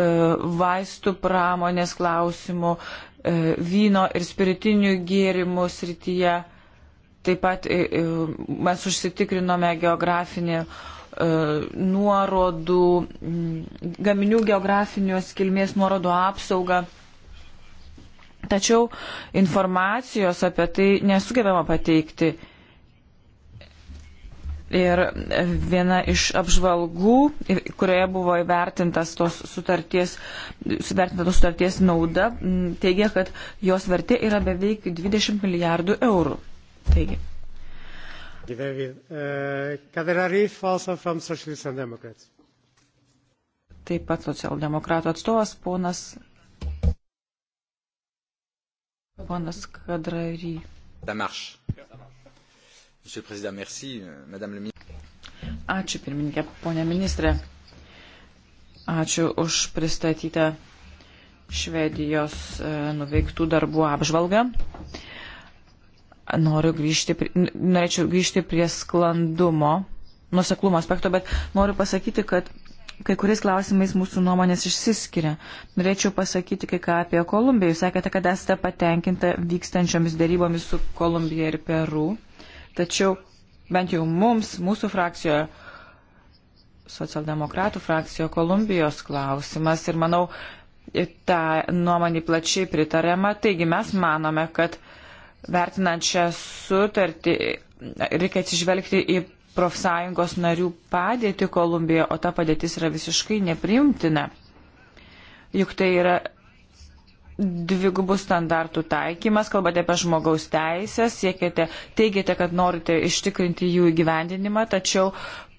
vaistų pramonės klausimų, e, vyno ir spiritinių gėrimų srityje. Taip pat e, mes užsitikrinome geografinį nuorodų, gaminių geografinios kilmės nuorodų apsaugą. Tačiau informacijos apie tai nesugebama pateikti Ir viena iš apžvalgų, kurioje buvo įvertintas tos sutarties, suvertinta tos sutarties nauda, teigia, kad jos vertė yra beveik 20 milijardų eurų. Taigi. Uh, Taip pat socialdemokratų atstovas ponas. Ponas Kadrary. Damarš. Ačiū pirmininkė, ponė ministrė. Ačiū už pristatytą Švedijos e, nuveiktų darbų apžvalgą. Noriu grįžti, norėčiau grįžti prie sklandumo, nuseklumo aspekto, bet noriu pasakyti, kad kai kuriais klausimais mūsų nuomonės išsiskiria. Norėčiau pasakyti kai ką apie Kolumbiją. Jūs sakėte, kad esate patenkinta vykstančiomis dėrybomis su Kolumbija ir Peru. Tačiau bent jau mums, mūsų frakcijoje, socialdemokratų frakcijoje, Kolumbijos klausimas ir manau, tą nuomonį plačiai pritarėma. Taigi mes manome, kad vertinant šią sutartį reikia atsižvelgti į profsąjungos narių padėtį Kolumbijoje, o ta padėtis yra visiškai nepriimtina. Juk tai yra dvigubų standartų taikymas, kalbate apie žmogaus teisės, siekite, teigiate, kad norite ištikrinti jų įgyvendinimą, tačiau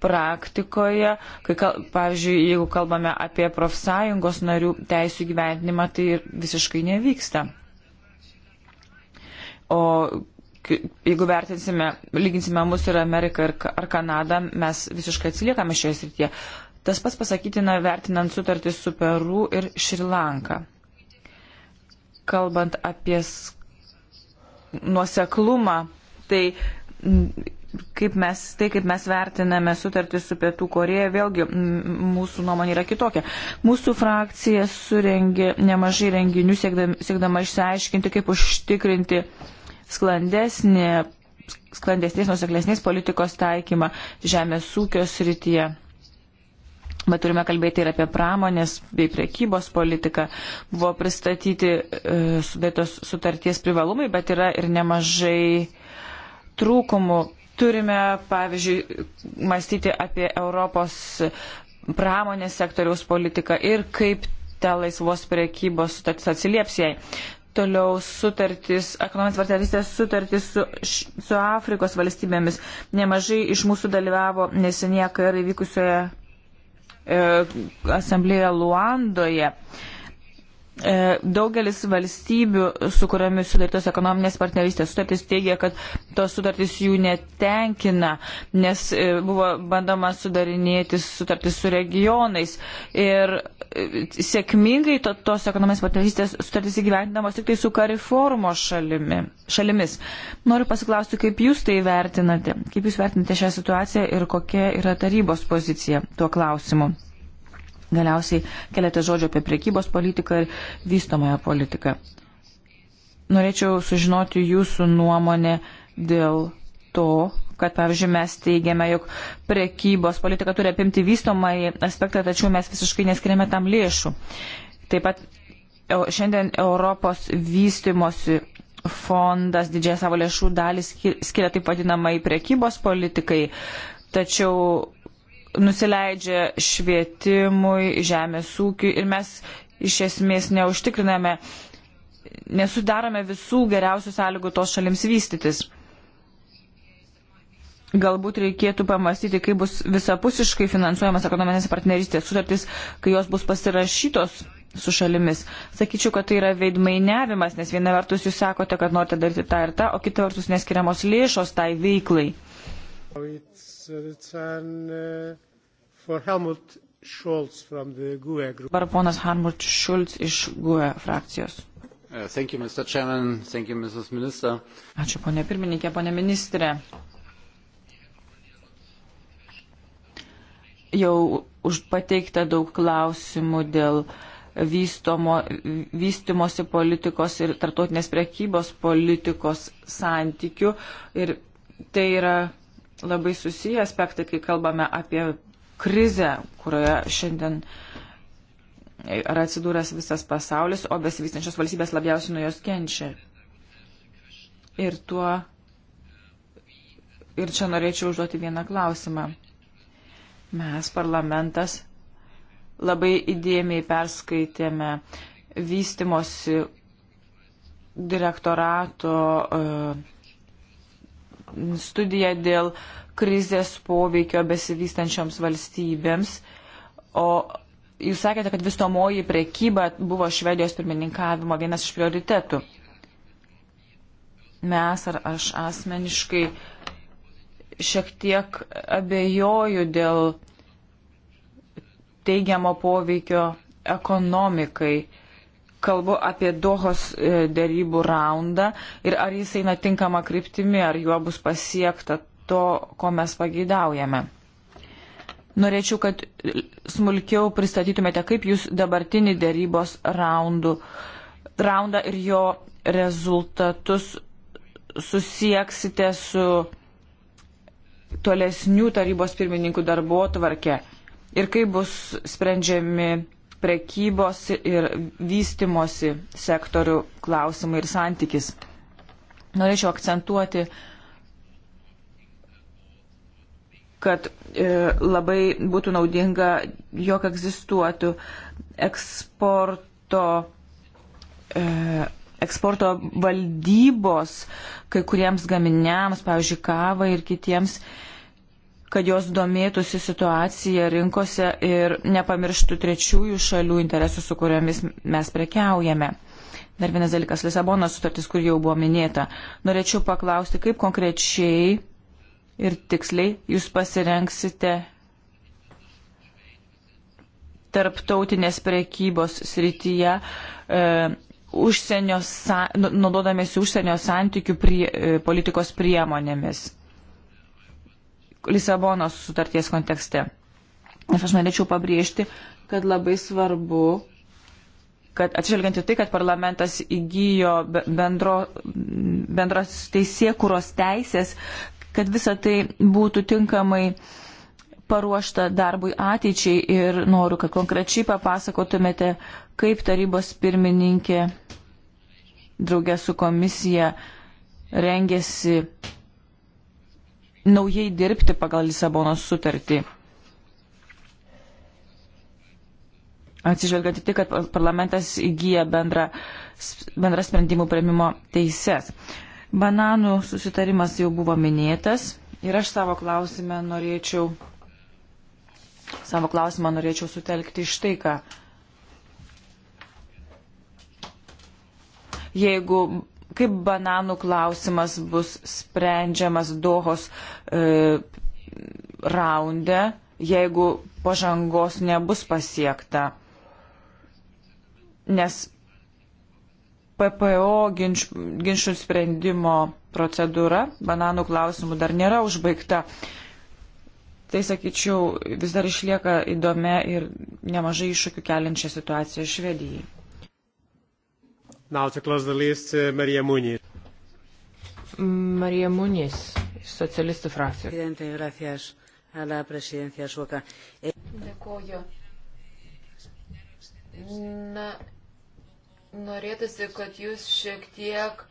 praktikoje, kai, pavyzdžiui, jeigu kalbame apie profsąjungos narių teisų įgyvendinimą, tai visiškai nevyksta. O jeigu vertinsime, lyginsime mus ir Ameriką ir, ar Kanadą, mes visiškai atsiliekame šioje srityje. Tas pats pasakytina vertinant sutartį su Peru ir Šrilanka kalbant apie nuoseklumą, tai kaip mes, tai, kaip mes vertiname sutartį su Pietų Koreja, vėlgi mūsų nuomonė yra kitokia. Mūsų frakcija surengė nemažai renginių, siekdama, siekdama išsiaiškinti, kaip užtikrinti sklandesnį sklandesnės, nuseklesnės politikos taikymą žemės ūkio srityje. Bet turime kalbėti ir apie pramonės bei priekybos politiką. Buvo pristatyti e, sudėtos sutarties privalumai, bet yra ir nemažai trūkumų. Turime, pavyzdžiui, mąstyti apie Europos pramonės sektoriaus politiką ir kaip ta laisvos priekybos sutartis atsilieps jai toliau sutartis, ekonominės partnerystės sutartis su, su Afrikos valstybėmis. Nemažai iš mūsų dalyvavo nesenėje karai vykusioje E, asamblėje Luandoje. E, E, daugelis valstybių, su kuriomis sudarytos ekonominės partnerystės sutartys, teigia, kad tos sutartys jų netenkina, nes e, buvo bandoma sudarinėti sutartys su regionais. Ir e, sėkmingai to, tos ekonominės partnerystės sutartys įgyvendinamos tik tai su kariformo šalimi, šalimis. Noriu pasiklausti, kaip jūs tai vertinate, kaip jūs vertinate šią situaciją ir kokia yra tarybos pozicija tuo klausimu. Galiausiai keletą žodžių apie priekybos politiką ir vystomąją politiką. Norėčiau sužinoti jūsų nuomonę dėl to, kad, pavyzdžiui, mes teigiame, jog prekybos politika turi apimti vystomąjį aspektą, tačiau mes visiškai neskiriame tam lėšų. Taip pat šiandien Europos vystimosi fondas didžiąją savo lėšų dalį skiria taip vadinamai prekybos politikai, tačiau nusileidžia švietimui, žemės ūkiui ir mes iš esmės neužtikriname, nesudarome visų geriausių sąlygų tos šalims vystytis. Galbūt reikėtų pamastyti, kaip bus visapusiškai finansuojamas ekonominės partnerystės sutartys, kai jos bus pasirašytos su šalimis. Sakyčiau, kad tai yra veidmainiavimas, nes viena vertus jūs sakote, kad norite daryti tą ir tą, o kita vertus neskiriamos lėšos tai veiklai. It Uh, e Dabar ponas Helmut Schulz iš GUE frakcijos. Uh, thank you, Mr. Chairman. Thank you, Mrs. Minister. Ačiū, ponė pirmininkė, ponė ministrė. Jau pateikta daug klausimų dėl vystomo, vystimosi politikos ir tartotinės prekybos politikos santykių. Ir tai yra labai susiję aspektai, kai kalbame apie krizę, kurioje šiandien yra atsidūręs visas pasaulis, o besivystančios valstybės labiausiai nuo jos kenčia. Ir tuo. Ir čia norėčiau užduoti vieną klausimą. Mes, parlamentas, labai įdėmiai perskaitėme vystimosi direktorato uh, studiją dėl krizės poveikio besivystančioms valstybėms, o jūs sakėte, kad vystomoji prekyba buvo Švedijos pirmininkavimo vienas iš prioritetų. Mes ar aš asmeniškai šiek tiek abejoju dėl teigiamo poveikio ekonomikai kalbu apie Dohos e, dėrybų raundą ir ar jis eina tinkama kryptimi, ar juo bus pasiekta to, ko mes pageidaujame. Norėčiau, kad smulkiau pristatytumėte, kaip jūs dabartinį dėrybos raundų, raundą ir jo rezultatus susieksite su tolesnių tarybos pirmininkų darbo tvarke ir kaip bus sprendžiami prekybos ir vystimosi sektorių klausimai ir santykis. Norėčiau akcentuoti, kad e, labai būtų naudinga, jog egzistuotų eksporto, e, eksporto valdybos kai kuriems gaminiams, pavyzdžiui, kavai ir kitiems. E, kad jos domėtųsi situaciją rinkose ir nepamirštų trečiųjų šalių interesų, su kuriomis mes prekiaujame. Dar vienas dalykas - Lisabonos sutartis, kur jau buvo minėta. Norėčiau paklausti, kaip konkrečiai ir tiksliai jūs pasirenksite tarptautinės prekybos srityje, e, užsienio, nu, naudodamėsi užsienio santykių prie, e, politikos priemonėmis. Lisabonos sutarties kontekste. Nes aš norėčiau pabrėžti, kad labai svarbu, kad atžvelgiant į tai, kad parlamentas įgyjo bendro, bendros teisėkuros teisės, kad visa tai būtų tinkamai paruošta darbui ateičiai ir noriu, kad konkrečiai papasakotumėte, kaip tarybos pirmininkė draugė su komisija rengėsi naujai dirbti pagal Lisabonos sutartį. Atsižvelgiant į tai, kad parlamentas įgyja bendrą, bendrą sprendimų prieimimo teises. Bananų susitarimas jau buvo minėtas ir aš savo klausimą norėčiau, savo klausimą norėčiau sutelkti iš tai, ką jeigu kaip bananų klausimas bus sprendžiamas Dohos e, raunde, jeigu pažangos nebus pasiekta. Nes PPO ginč, ginčių sprendimo procedūra bananų klausimų dar nėra užbaigta. Tai, sakyčiau, vis dar išlieka įdomi ir nemažai iššūkių keliančią situaciją Švedijai. Now to close the list, uh, e, Marija Munys. Marija Munys, socialistų frakcijos. Eh, Dėkuoju. Na, norėtųsi, kad jūs šiek tiek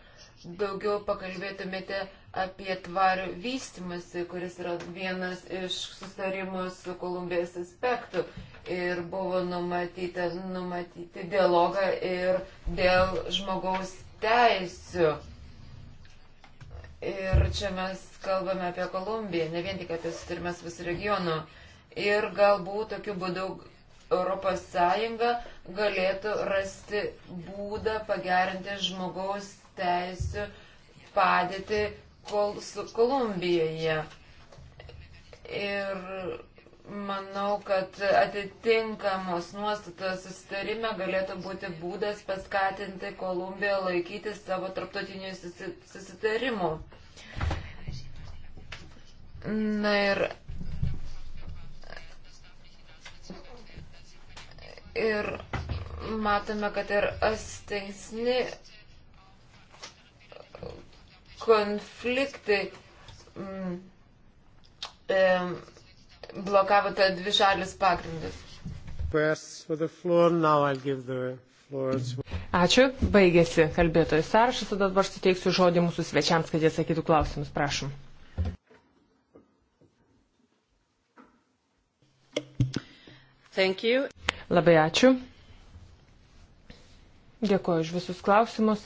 daugiau pakalbėtumėte apie tvarių vystimąsi, kuris yra vienas iš susitarimo su Kolumbijos aspektų ir buvo numatyta, numatyti dialogą ir dėl žmogaus teisų. Ir čia mes kalbame apie Kolumbiją, ne vien tik apie sutarimas visų regionų. Ir galbūt tokiu būdu ES galėtų rasti būdą pagerinti žmogaus teisų padėti kol, su Kolumbijoje. Ir Manau, kad atitinkamos nuostatos susitarime galėtų būti būdas paskatinti Kolumbiją laikytis savo tarptautinių susitarimų. Na ir, ir matome, kad ir astengsni konfliktai. Mm, e, blokavote dvi šalius pagrindus. Ačiū, baigėsi kalbėtojų sąrašas, tada dabar suteiksiu žodį mūsų svečiams, kad jie sakytų klausimus, prašom. Labai ačiū. Dėkuoju už visus klausimus.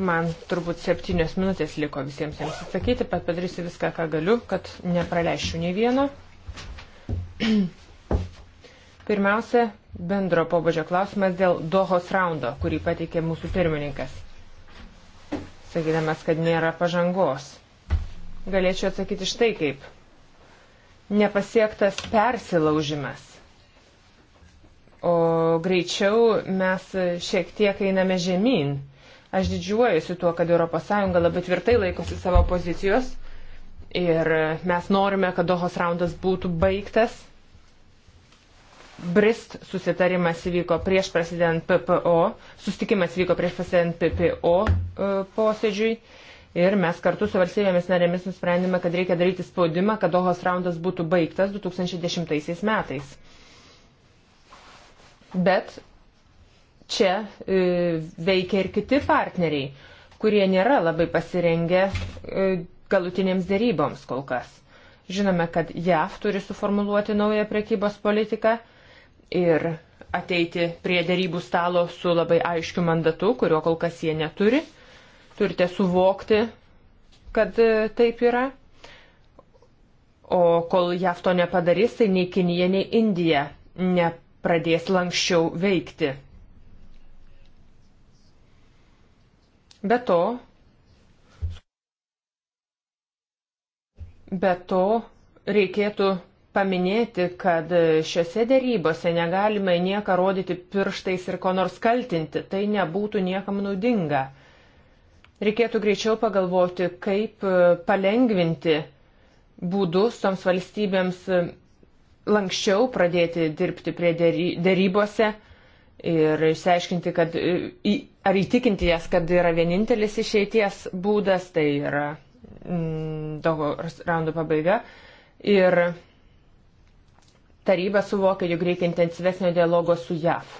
Man turbūt septynios minutės liko visiems jiems atsakyti, bet padarysiu viską, ką galiu, kad nepraleisčiau nei vieno. [clears throat] Pirmiausia, bendro pobūdžio klausimas dėl Dohos raundo, kurį pateikė mūsų pirmininkas, sakydamas, kad nėra pažangos. Galėčiau atsakyti štai kaip. Nepasiektas persilaužimas. O greičiau mes šiek tiek einame žemyn. Aš didžiuojuosi tuo, kad ES labai tvirtai laikosi savo pozicijos Ir mes norime, kad Dohos raundas būtų baigtas. Brist susitarimas įvyko prieš prasidedant PPO, sustikimas įvyko prieš prasidedant PPO e, posėdžiui. Ir mes kartu su valstybėmis narėmis nusprendėme, kad reikia daryti spaudimą, kad Dohos raundas būtų baigtas 2010 metais. Bet čia e, veikia ir kiti partneriai, kurie nėra labai pasirengę e, galutinėms dėryboms kol kas. Žinome, kad JAV turi suformuluoti naują prekybos politiką ir ateiti prie dėrybų stalo su labai aiškiu mandatu, kurio kol kas jie neturi. Turite suvokti, kad e, taip yra. O kol JAV to nepadarys, tai nei Kinija, nei Indija nepradės lankščiau veikti. Be to, Be to, reikėtų paminėti, kad šiuose dėrybose negalima į nieką rodyti pirštais ir ko nors kaltinti. Tai nebūtų niekam naudinga. Reikėtų greičiau pagalvoti, kaip palengvinti būdus toms valstybėms lankščiau pradėti dirbti prie dėrybose ir išsiaiškinti, kad, ar įtikinti jas, kad yra vienintelis išeities būdas, tai yra Mm, daug raundų pabaiga. Ir taryba suvokia, jog reikia intensyvesnio dialogo su JAV.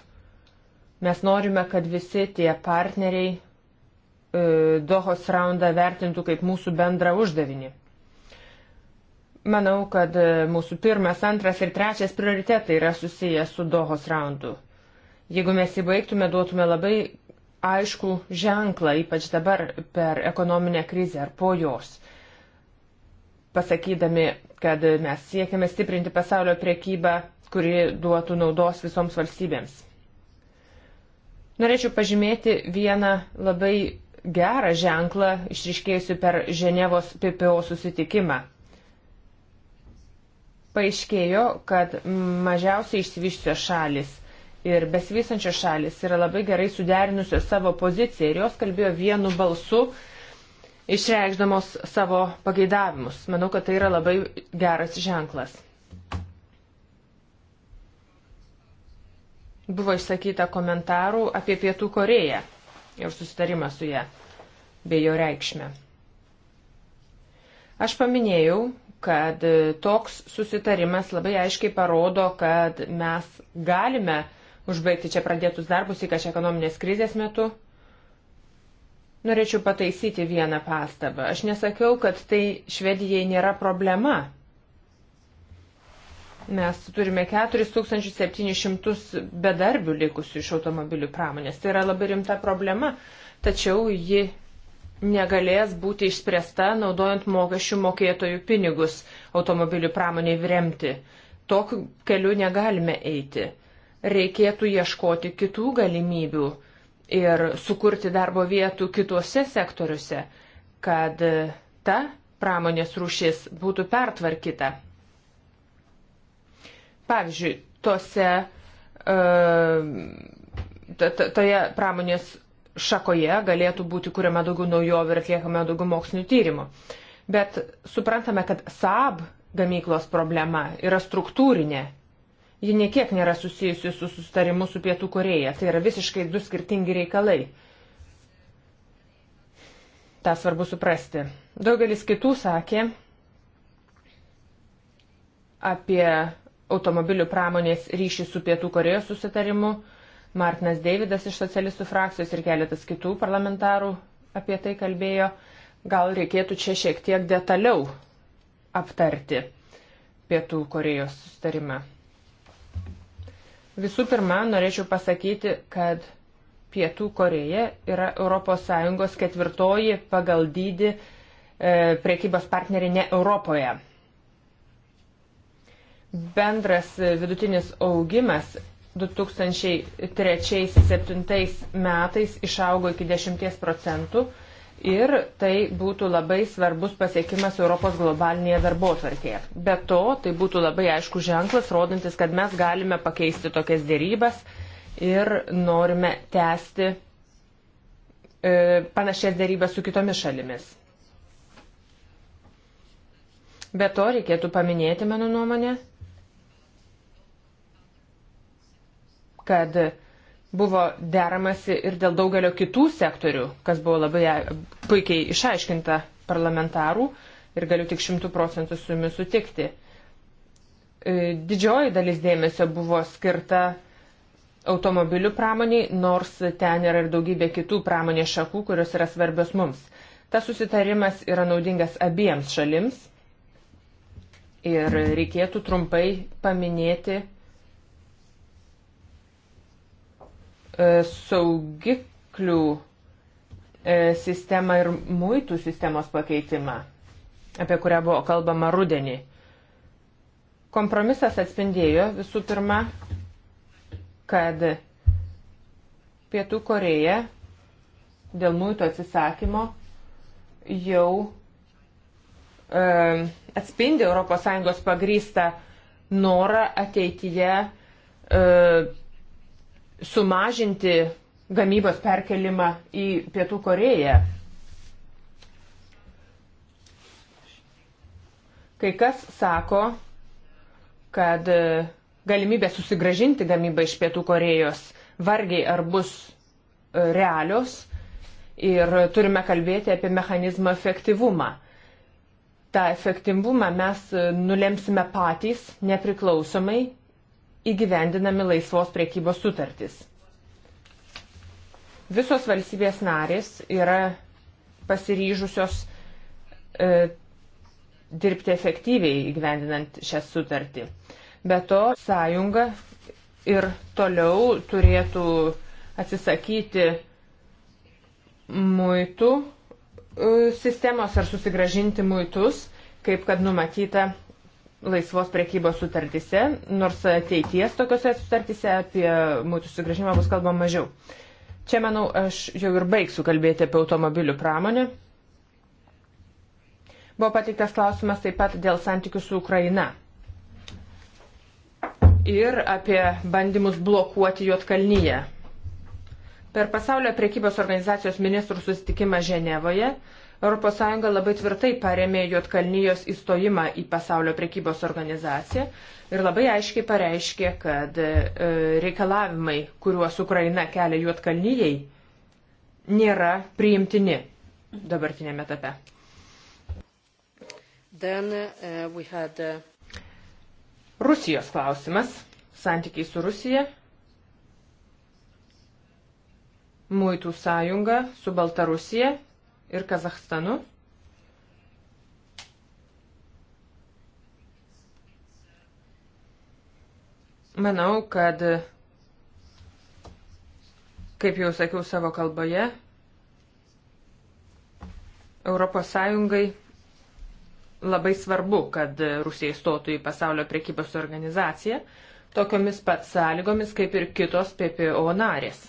Mes norime, kad visi tie partneriai e, Dohos raundą vertintų kaip mūsų bendrą uždavinį. Manau, kad e, mūsų pirmas, antras ir trečias prioritetai yra susiję su Dohos raundu. Jeigu mes įbaigtume, duotume labai aišku ženklą, ypač dabar per ekonominę krizę ar po jos, pasakydami, kad mes siekiame stiprinti pasaulio priekybą, kuri duotų naudos visoms valstybėms. Norėčiau pažymėti vieną labai gerą ženklą išriškėjusiu per Ženevos PPO susitikimą. Paaiškėjo, kad mažiausiai išsivyščiusios šalis ir besivysančios šalis yra labai gerai suderinusios savo poziciją ir jos kalbėjo vienu balsu, išreikšdamos savo pageidavimus. Manau, kad tai yra labai geras ženklas. Buvo išsakyta komentarų apie Pietų Koreją ir susitarimą su ją bei jo reikšmę. Aš paminėjau, kad toks susitarimas labai aiškiai parodo, kad mes galime uh, užbaigti čia pradėtus darbus, ypač ekonominės krizės metu. Norėčiau pataisyti vieną pastabą. Aš nesakiau, kad tai Švedijai nėra problema. Mes turime 4700 bedarbių likusių iš automobilių pramonės. Tai yra labai rimta problema, tačiau ji negalės būti išspręsta naudojant mokesčių mokėtojų pinigus automobilių pramoniai remti. Tokiu keliu negalime eiti reikėtų ieškoti kitų galimybių ir sukurti darbo vietų kitose sektoriuose, kad ta pramonės rūšis būtų pertvarkyta. Pavyzdžiui, tose, e, toje pramonės šakoje galėtų būti kuriama daugiau naujovių ir atliekama daugiau mokslinių tyrimų. Bet suprantame, kad SAB gamyklos problema yra struktūrinė ji niekiek nėra susijusi su sustarimu su Pietų Koreja. Tai yra visiškai du skirtingi reikalai. Ta svarbu suprasti. Daugelis kitų sakė apie automobilių pramonės ryšį su Pietų Korejos susitarimu. Martinas Deividas iš socialistų frakcijos ir keletas kitų parlamentarų apie tai kalbėjo. Gal reikėtų čia šiek tiek detaliau aptarti Pietų Korejos susitarimą. Visų pirma, norėčiau pasakyti, kad Pietų Koreja yra ES ketvirtoji pagal dydį e, priekybos partnerė ne Europoje. Bendras vidutinis augimas 2003-2007 metais išaugo iki 10 procentų ir tai būtų labai svarbus pasiekimas Europos globalinėje darbo tvarkėje. Be to, tai būtų labai aišku ženklas, rodantis, kad mes galime pakeisti tokias dėrybas ir norime tęsti e, panašias dėrybas su kitomis šalimis. Be to, reikėtų paminėti, mano nuomonė, kad Buvo deramasi ir dėl daugelio kitų sektorių, kas buvo labai e, puikiai išaiškinta parlamentarų ir galiu tik šimtų procentų su jumis sutikti. E, didžioji dalis dėmesio buvo skirta automobilių pramoniai, nors ten yra ir daugybė kitų pramonės šakų, kurios yra svarbios mums. Tas susitarimas yra naudingas abiems šalims ir reikėtų trumpai paminėti E, saugiklių e, sistemą ir muitų sistemos pakeitimą, apie kurią buvo kalbama rudenį. Kompromisas atspindėjo visų pirma, kad Pietų Koreja dėl muitų atsisakymo jau e, atspindi ES pagrystą norą ateityje e, sumažinti gamybos perkelimą į Pietų Koreją. Kai kas sako, kad e, galimybė susigražinti gamybą iš Pietų Korejos vargiai ar bus e, realios ir turime kalbėti apie mechanizmo efektyvumą. Ta efektyvumą mes e, nulemsime patys, nepriklausomai įgyvendinami laisvos priekybos sutartys. Visos valstybės narės yra pasiryžusios e, dirbti efektyviai įgyvendinant šią sutartį. Be to, sąjunga ir toliau turėtų atsisakyti muitų e, sistemos ar susigražinti muitus, kaip kad numatyta laisvos priekybos sutartise, nors ateities tokiuose sutartise apie mūtų sugrįžimą bus kalbama mažiau. Čia, manau, aš jau ir baigsiu kalbėti apie automobilių pramonę. Buvo pateiktas klausimas taip pat dėl santykių su Ukraina. Ir apie bandymus blokuoti Juotkalnyje. Per pasaulio priekybos organizacijos ministrų susitikimą Ženevoje ES labai tvirtai paremė Juotkalnyjos įstojimą į pasaulio prekybos organizaciją ir labai aiškiai pareiškė, kad e, reikalavimai, kuriuos Ukraina kelia Juotkalnyjei, nėra priimtini dabartinėme etape. Then, uh, had, uh... Rusijos klausimas, santykiai su Rusija, muitų sąjunga su Baltarusija ir Kazahstanu. Manau, kad, kaip jau sakiau savo kalboje, Europos Sąjungai labai svarbu, kad Rusija įstotų į pasaulio priekybos organizaciją tokiomis pat sąlygomis kaip ir kitos PPO narės.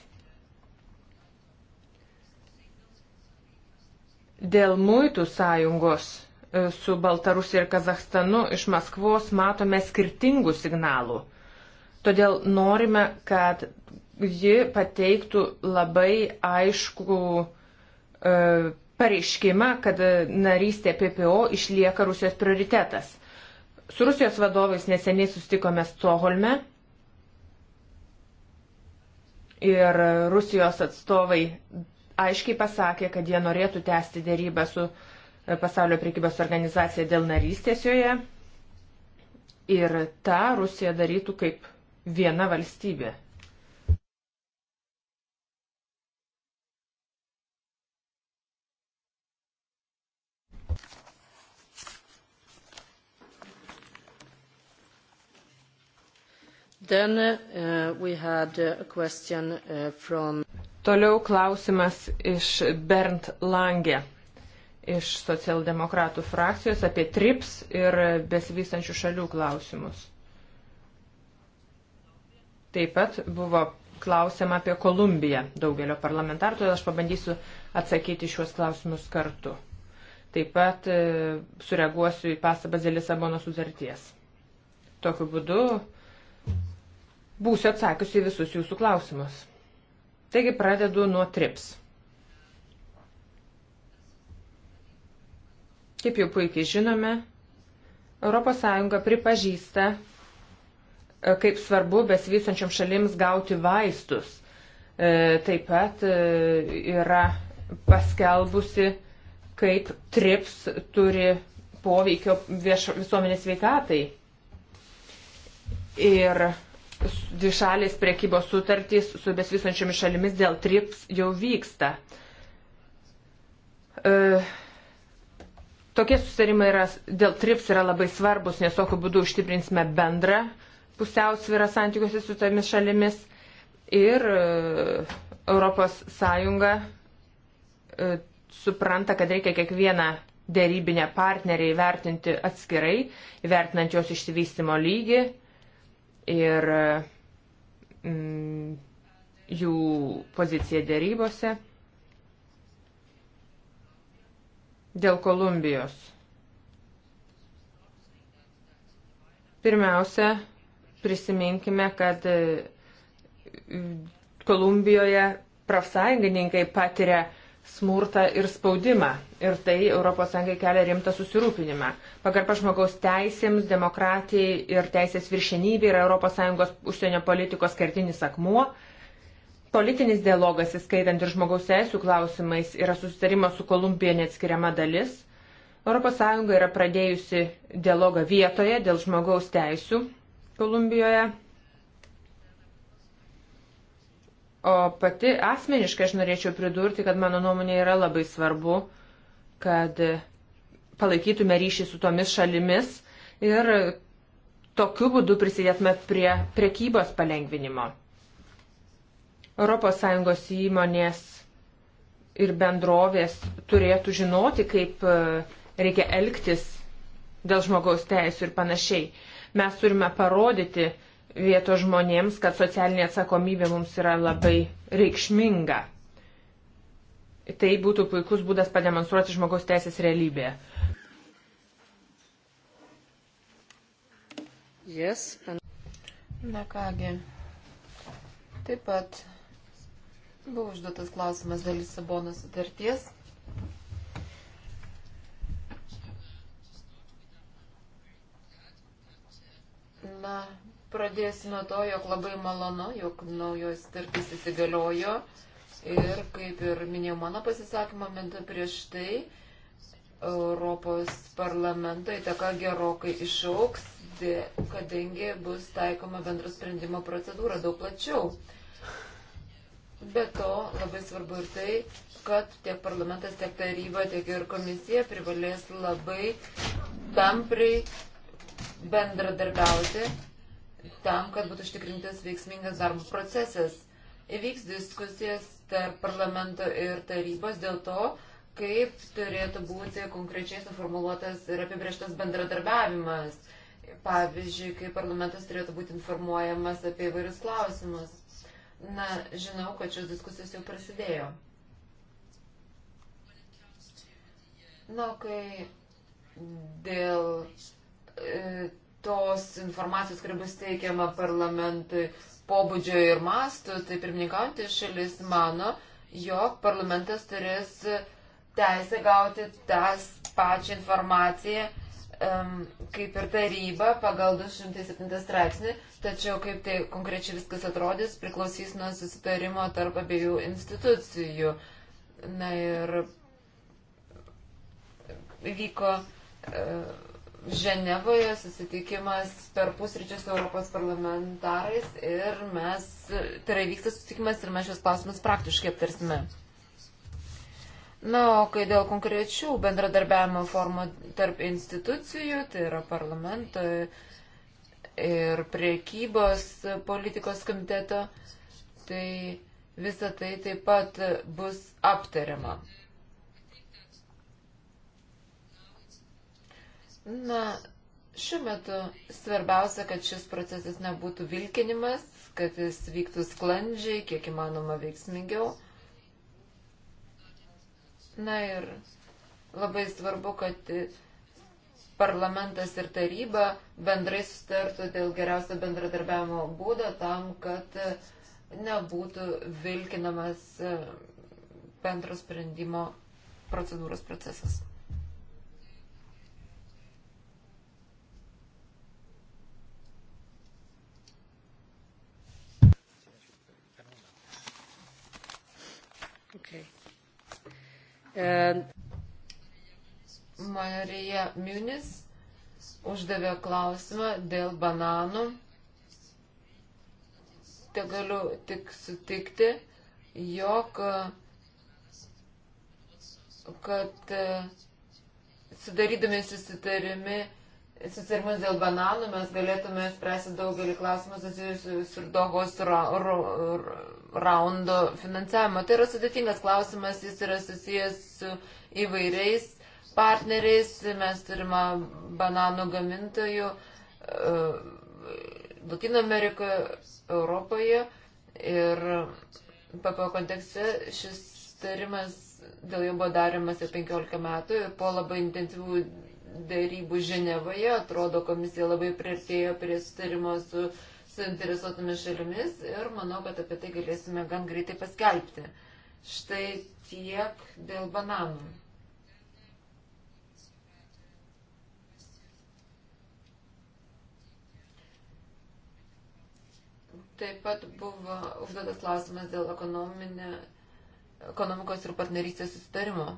Dėl muitų sąjungos e, su Baltarusija ir Kazahstanu iš Maskvos matome skirtingų signalų. Todėl norime, kad ji pateiktų labai aišku e, pareiškimą, kad narystė PPO išlieka Rusijos prioritetas. Su Rusijos vadovais neseniai sustikome Stoholme ir Rusijos atstovai aiškiai pasakė, kad jie norėtų tęsti dėrybą su e, pasaulio priekybos organizacija dėl narystės joje. Ir tą Rusija darytų kaip viena valstybė. Then uh, we had uh, a question uh, from Toliau klausimas iš Bernd Lange iš socialdemokratų frakcijos apie TRIPS ir besivystančių šalių klausimus. Taip pat buvo klausima apie Kolumbiją daugelio parlamentarų, todėl aš pabandysiu atsakyti šiuos klausimus kartu. Taip pat e, sureaguosiu į pastabas dėl Lisabono sutarties. Tokiu būdu būsiu atsakiusi visus jūsų klausimus. Taigi pradedu nuo trips. Kaip jau puikiai žinome, ES pripažįsta, e, kaip svarbu besivystančiam šalims gauti vaistus. E, taip pat e, yra paskelbusi, kaip trips turi poveikio vieš, visuomenės veikatai. Ir dvišalės priekybos sutartys su besvysančiomis šalimis dėl trips jau vyksta. E, tokie susitarimai yra, dėl trips yra labai svarbus, nes tokiu būdu užtikrinsime bendrą pusiausvyrą santykiuose su tomis šalimis ir e, Europos Sąjunga e, supranta, kad reikia kiekvieną dėrybinę partnerį įvertinti atskirai, įvertinant jos išsivystimo lygį ir mm, jų poziciją dėrybose dėl Kolumbijos. Pirmiausia, prisiminkime, kad mm, Kolumbijoje profsąjungininkai patiria smurtą ir spaudimą. Ir tai ES kelia rimtą susirūpinimą. Pagarba žmogaus teisėms, demokratijai ir teisės viršenybė yra ES užsienio politikos kertinis akmuo. Politinis dialogas, įskaitant ir žmogaus teisų klausimais, yra susitarimo su Kolumbija neatskiriama dalis. ES yra pradėjusi dialogą vietoje dėl žmogaus teisų Kolumbijoje O pati asmeniškai aš norėčiau pridurti, kad mano nuomonė yra labai svarbu, kad palaikytume ryšį su tomis šalimis ir tokiu būdu prisidėtume prie prekybos palengvinimo. ES įmonės ir bendrovės turėtų žinoti, kaip e, reikia elgtis dėl žmogaus teisų ir panašiai. Mes turime parodyti, vietos žmonėms, kad socialinė atsakomybė mums yra labai reikšminga. Tai būtų puikus būdas pademonstruoti žmogaus teisės realybėje. Yes. And... Na kągi, taip pat buvo užduotas klausimas dėl Lisabonos sutarties. Na, Pradėsiu nuo to, jog labai malonu, jog naujos tartis įsigaliojo ir, kaip ir minėjau mano pasisakymo metu prieš tai, Europos parlamento įtaka gerokai išauks, kadangi bus taikoma bendro sprendimo procedūra daug plačiau. Be to, labai svarbu ir tai, kad tiek parlamentas, tiek taryba, tiek ir komisija privalės labai tampriai bendradarbiauti tam, kad būtų užtikrintas veiksmingas darbo procesas. Įvyks diskusijas tarp parlamento ir tarybos dėl to, kaip turėtų būti konkrečiai suformuoluotas ir apibrieštas bendradarbiavimas. Pavyzdžiui, kaip parlamentas turėtų būti informuojamas apie įvairius klausimus. Na, žinau, kad šios diskusijos jau prasidėjo. Na, kai dėl e, tos informacijos, kuri bus teikiama parlamentui pobūdžio ir mastų, tai pirmininkaujantis šalis mano, jog parlamentas turės teisę gauti tas pačią informaciją um, kaip ir taryba pagal 207 straipsnį, tačiau kaip tai konkrečiai viskas atrodys priklausys nuo susitarimo tarp abiejų institucijų. Na ir vyko uh, Ženevoje susitikimas per pusryčius Europos parlamentarais ir mes, tai yra vyksta susitikimas ir mes šios klausimus praktiškai aptarsime. Na, o kai dėl konkrečių bendradarbiavimo formų tarp institucijų, tai yra parlamento ir priekybos politikos komiteto, tai visa tai taip pat bus aptariama. Na, šiuo metu svarbiausia, kad šis procesas nebūtų vilkinimas, kad jis vyktų sklandžiai, kiek įmanoma veiksmingiau. Na ir labai svarbu, kad parlamentas ir taryba bendrai sustartų dėl geriausio bendradarbiavimo būdo tam, kad nebūtų vilkinamas bendro sprendimo procedūros procesas. Marija Miunis uždavė klausimą dėl bananų. Te galiu tik sutikti, jog kad e, sudarydami susitarimi, susitarimus dėl bananų mes galėtume spręsti daugelį klausimų susijusius su dogos ro, ro, ro, raundo finansavimo. Tai yra sudėtingas klausimas, jis yra susijęs su įvairiais partneriais. Mes turime bananų gamintojų e, Latino Amerikoje, Europoje ir PPO kontekste šis tarimas dėl jo buvo darimas jau 15 metų ir po labai intensyvų dėrybų Ženevoje atrodo komisija labai priartėjo prie sutarimo su uh, suinteresuotomis šalimis ir manau, kad apie tai galėsime gan greitai paskelbti. Štai tiek dėl bananų. Taip pat buvo užduotas klausimas dėl ekonomikos ir partnerystės sustarimo.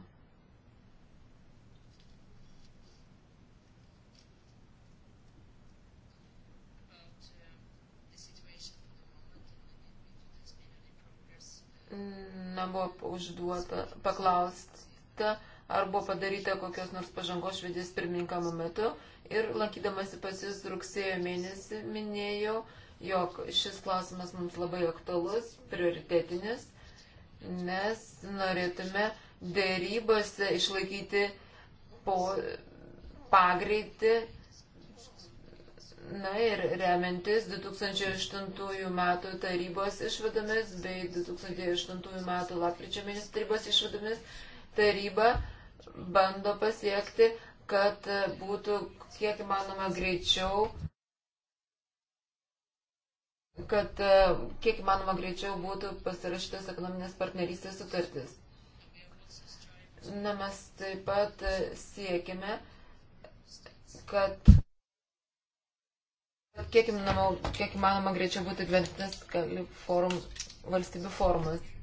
na, buvo užduota paklausta, ar buvo padaryta kokios nors pažangos švedės pirmininkamo metu. Ir lankydamasi pas jūs rugsėjo mėnesį minėjau, jog šis klausimas mums labai aktualus, prioritetinis, nes norėtume dėrybose išlaikyti po pagreitį Na ir remiantis 2008 metų tarybos išvadomis bei 2008 metų lapkričio mėnesio tarybos išvadomis taryba bando pasiekti, kad būtų kiek įmanoma greičiau kad e, kiek įmanoma greičiau būtų pasirašytas ekonominės partnerystės sutartis. Na, mes taip pat siekime, kad Kiek įmanoma, kiek įmanoma greičiau būtų įgyventintas forum, valstybių forumas.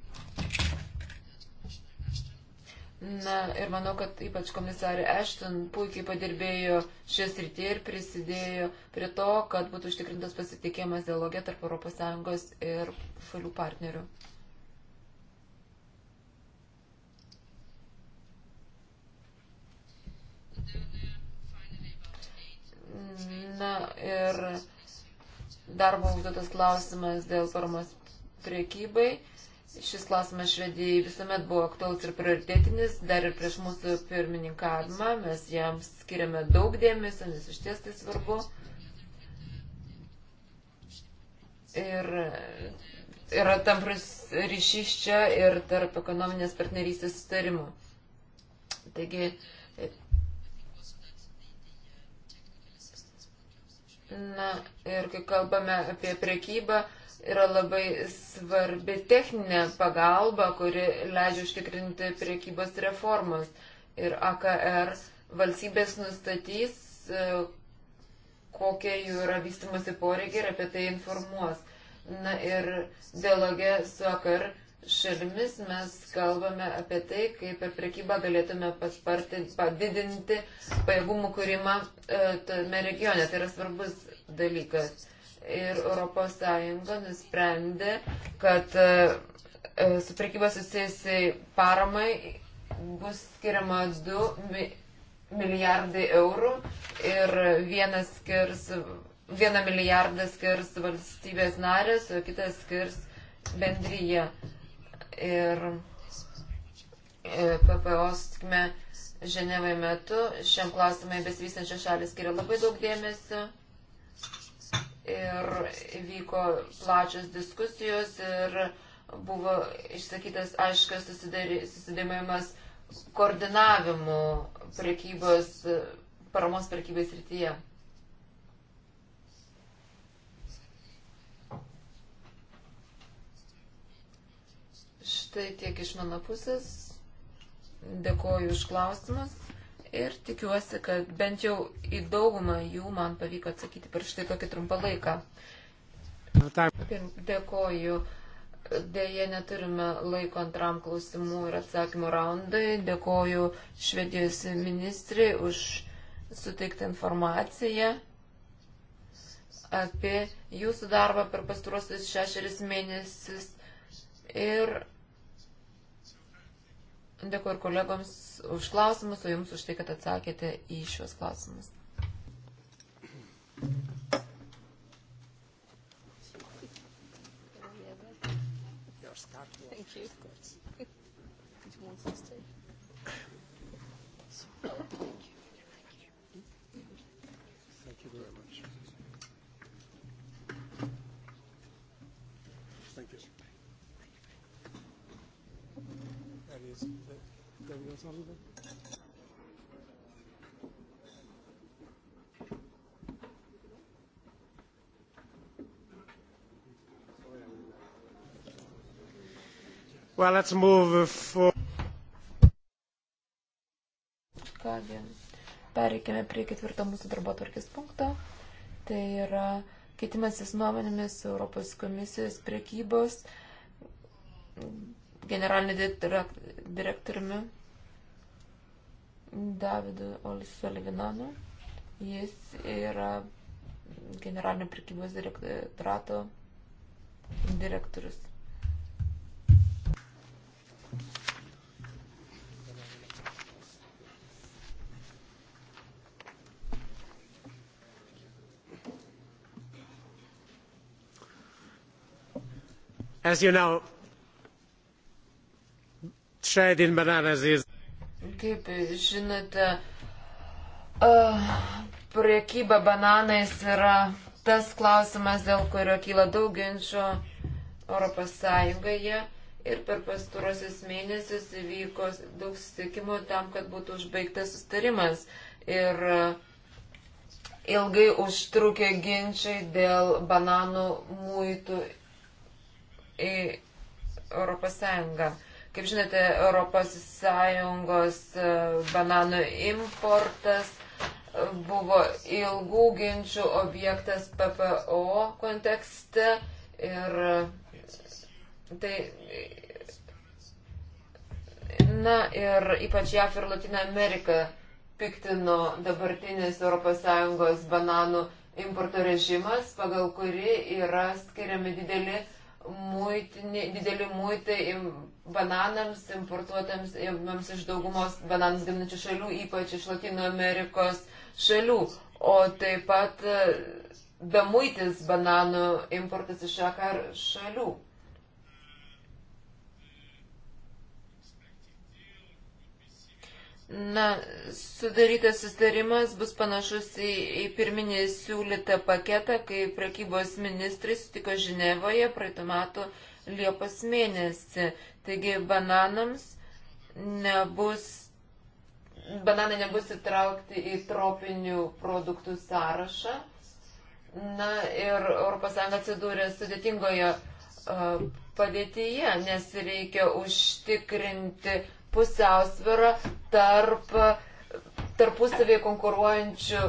Na ir manau, kad ypač komisarė Ashton puikiai padirbėjo šios rytį ir prisidėjo prie to, kad būtų užtikrintas pasitikėjimas dialogė tarp ES ir šalių partnerių. Na ir darbo užduotas klausimas dėl paramos priekybai. Šis klausimas Švedijai visuomet buvo aktualus ir prioritėtinis, dar ir prieš mūsų pirmininkavimą. Mes jam skiriame daug dėmesio, nes iš ties tai svarbu. Ir yra tam ryšys čia ir tarp ekonominės partnerystės sutarimų. Taigi, uh, Na ir kai kalbame apie prekybą, yra labai svarbi techninė pagalba, kuri leidžia užtikrinti prekybos reformas. Ir AKR valstybės nustatys, e, kokie jų yra vystimosi poreikiai ir apie tai informuos. Na ir dialogė su AKR šalimis mes kalbame apie tai, kaip per prekybą galėtume paspartinti, padidinti pajėgumų kūrimą e, tame regione. Tai yra svarbus dalykas. Ir ES nusprendė, kad e, e, su prekyba susijusiai paramai bus skiriama 2 milijardai eurų ir vienas skirs, vieną milijardą skirs valstybės narės, o kitas skirs bendryje ir e, PPO sutikime Ženevai metu šiam klausimai besivystančios šalis skiria labai daug dėmesio ir vyko plačios diskusijos ir buvo išsakytas aiškas susidėmėjimas koordinavimu prekybos, paramos prekybės rytyje. Tai tiek iš mano pusės. Dėkoju už klausimus ir tikiuosi, kad bent jau į daugumą jų man pavyko atsakyti per štai tokį trumpą laiką. Dėkoju. Deja, neturime laiko antram klausimų ir atsakymų raundai. Dėkoju Švedijos ministrai už suteiktą informaciją apie jūsų darbą per pastaruosius šešeris mėnesius ir Dėkuoju kolegoms už klausimus, o jums už tai, kad atsakėte į šios klausimus. ensemble. Well, let's move for... Kągi, pereikime prie ketvirto mūsų darbo tvarkės punkto. Tai yra keitimasis nuomonėmis Europos komisijos priekybos generalinį direktoriumi Davidu Olsolivinanu. Jis yra generalinio prekybos direktorato direktorius. as you know trade in bananas is Kaip žinote, priekyba bananais yra tas klausimas, dėl kurio kyla daug ginčių Europos Sąjungoje. Ir per pastarosius mėnesius įvyko daug susitikimų tam, kad būtų užbaigtas sustarimas. Ir ilgai užtrukė ginčiai dėl bananų muitų į Europos Sąjungą. Kaip žinote, ES e, bananų importas e, buvo ilgų ginčių objektas PPO kontekste ir e, tai. Na ir ypač JAF ir Latino Amerika piktino dabartinis ES bananų importo režimas, pagal kuri yra skiriami dideli muitinė, dideli muitai bananams importuotams mums iš daugumos bananus gaminančių šalių, ypač iš Latino Amerikos šalių. O taip pat e, be muitis bananų importas iš akar šalių. Na, sudarytas sustarimas bus panašus į, į pirminį siūlytą paketą, kai prekybos ministrai sutiko Ženevoje praeitų metų Liepos mėnesį. Taigi bananams nebus, bananai nebus įtraukti į tropinių produktų sąrašą. Na ir ES atsidūrė sudėtingoje uh, padėtyje, nes reikia užtikrinti pusiausvyrą tarp tarpusavėje konkuruojančių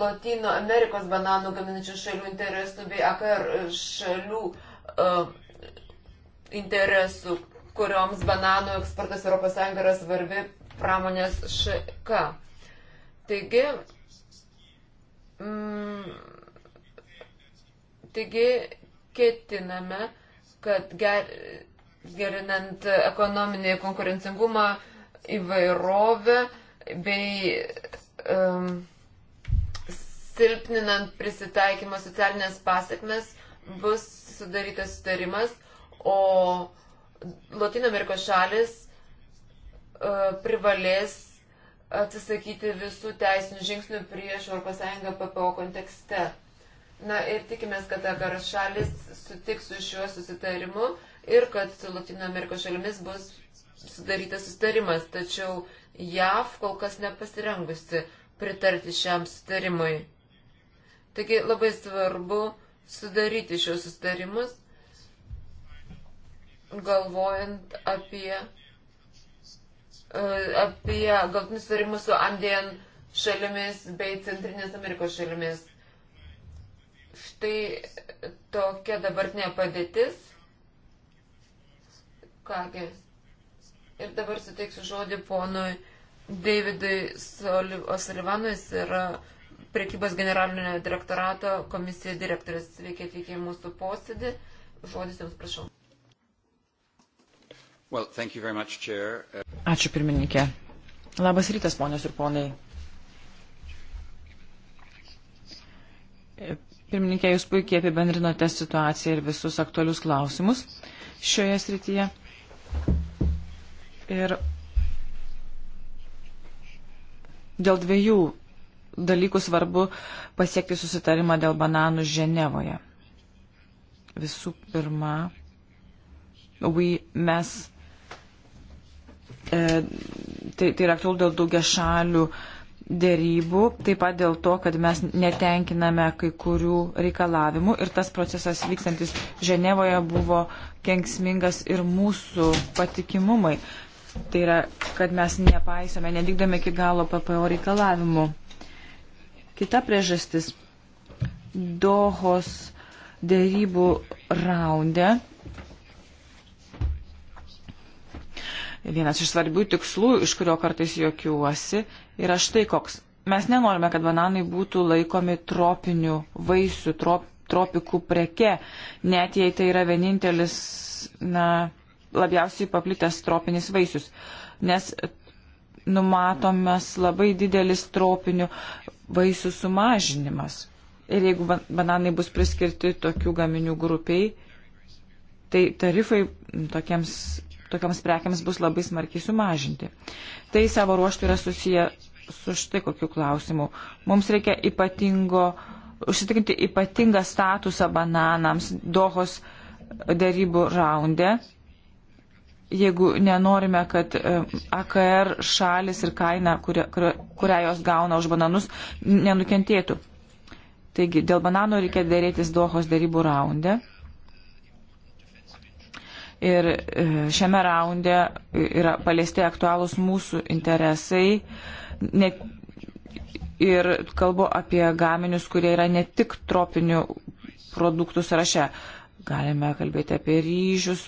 Latino Amerikos bananų gaminančių šalių interesų bei AKR šalių uh, interesų, kurioms bananų eksportas ES yra svarbi pramonės šaka. Taigi, mm, taigi ketiname, kad ger, gerinant ekonominį konkurencingumą, įvairovę bei um, silpninant prisitaikymo socialinės pasiekmes bus sudarytas sutarimas, o Latino Amerikos šalis uh, privalės atsisakyti visų teisinių žingsnių prieš ES PPO kontekste. Na ir tikimės, kad agar šalis sutiks su šiuo susitarimu ir kad Latino Amerikos šalimis bus sudarytas sustarimas, tačiau JAV kol kas nepasirengusi pritarti šiam sustarimui. Taigi labai svarbu sudaryti šios sustarimus, galvojant apie, e, apie galtinius sustarimus su Andien šalimis bei Centrinės Amerikos šalimis. Štai tokia dabartinė padėtis Kągi. Ir dabar suteiksiu žodį ponui Davidui Osirivanui, jis yra priekybos generalinio direktorato komisijų direktorius. Sveiki atvykę į mūsų posėdį. Žodis jums prašau. Well, much, Chair. Ačiū pirmininkė. Labas rytas, ponios ir ponai. Pirmininkė, jūs puikiai apibendrinote situaciją ir visus aktualius klausimus šioje srityje. Ir dėl dviejų dalykų svarbu pasiekti susitarimą dėl bananų Ženevoje. Visų pirma, we, mes, e, tai, tai yra aktualu dėl daugia šalių e, dėrybų, taip pat dėl to, kad mes netenkiname kai kurių reikalavimų ir tas procesas vykstantis Ženevoje buvo kenksmingas ir mūsų patikimumui. Tai yra, kad mes nepaisome, nedikdame iki galo PPO reikalavimų. Kita priežastis. Dohos dėrybų raunde vienas iš svarbių tikslų, iš kurio kartais juokiuosi, yra štai koks. Mes nenorime, kad bananai būtų laikomi tropinių vaisių, trop, tropikų preke, net jei tai yra vienintelis na, labiausiai paplitęs tropinis vaisius. Nes numatomas labai didelis tropinių vaisių sumažinimas. Ir jeigu bananai bus priskirti tokių gaminių grupiai, tai tarifai tokiems tokiams prekiams bus labai smarkiai sumažinti. Tai savo ruoštų yra susiję su štai kokiu klausimu. Mums reikia ypatingo, užsitikrinti ypatingą statusą bananams Dohos darybų raunde. Jeigu nenorime, kad e, AKR šalis ir kaina, kurią, kurią jos gauna už bananus, nenukentėtų. Taigi dėl banano reikia dėrėtis Dohos darybų raunde. Ir e, šiame raunde yra paliesti aktualūs mūsų interesai. Net ir kalbu apie gaminius, kurie yra ne tik tropinių produktų sąraše. Galime kalbėti apie ryžius,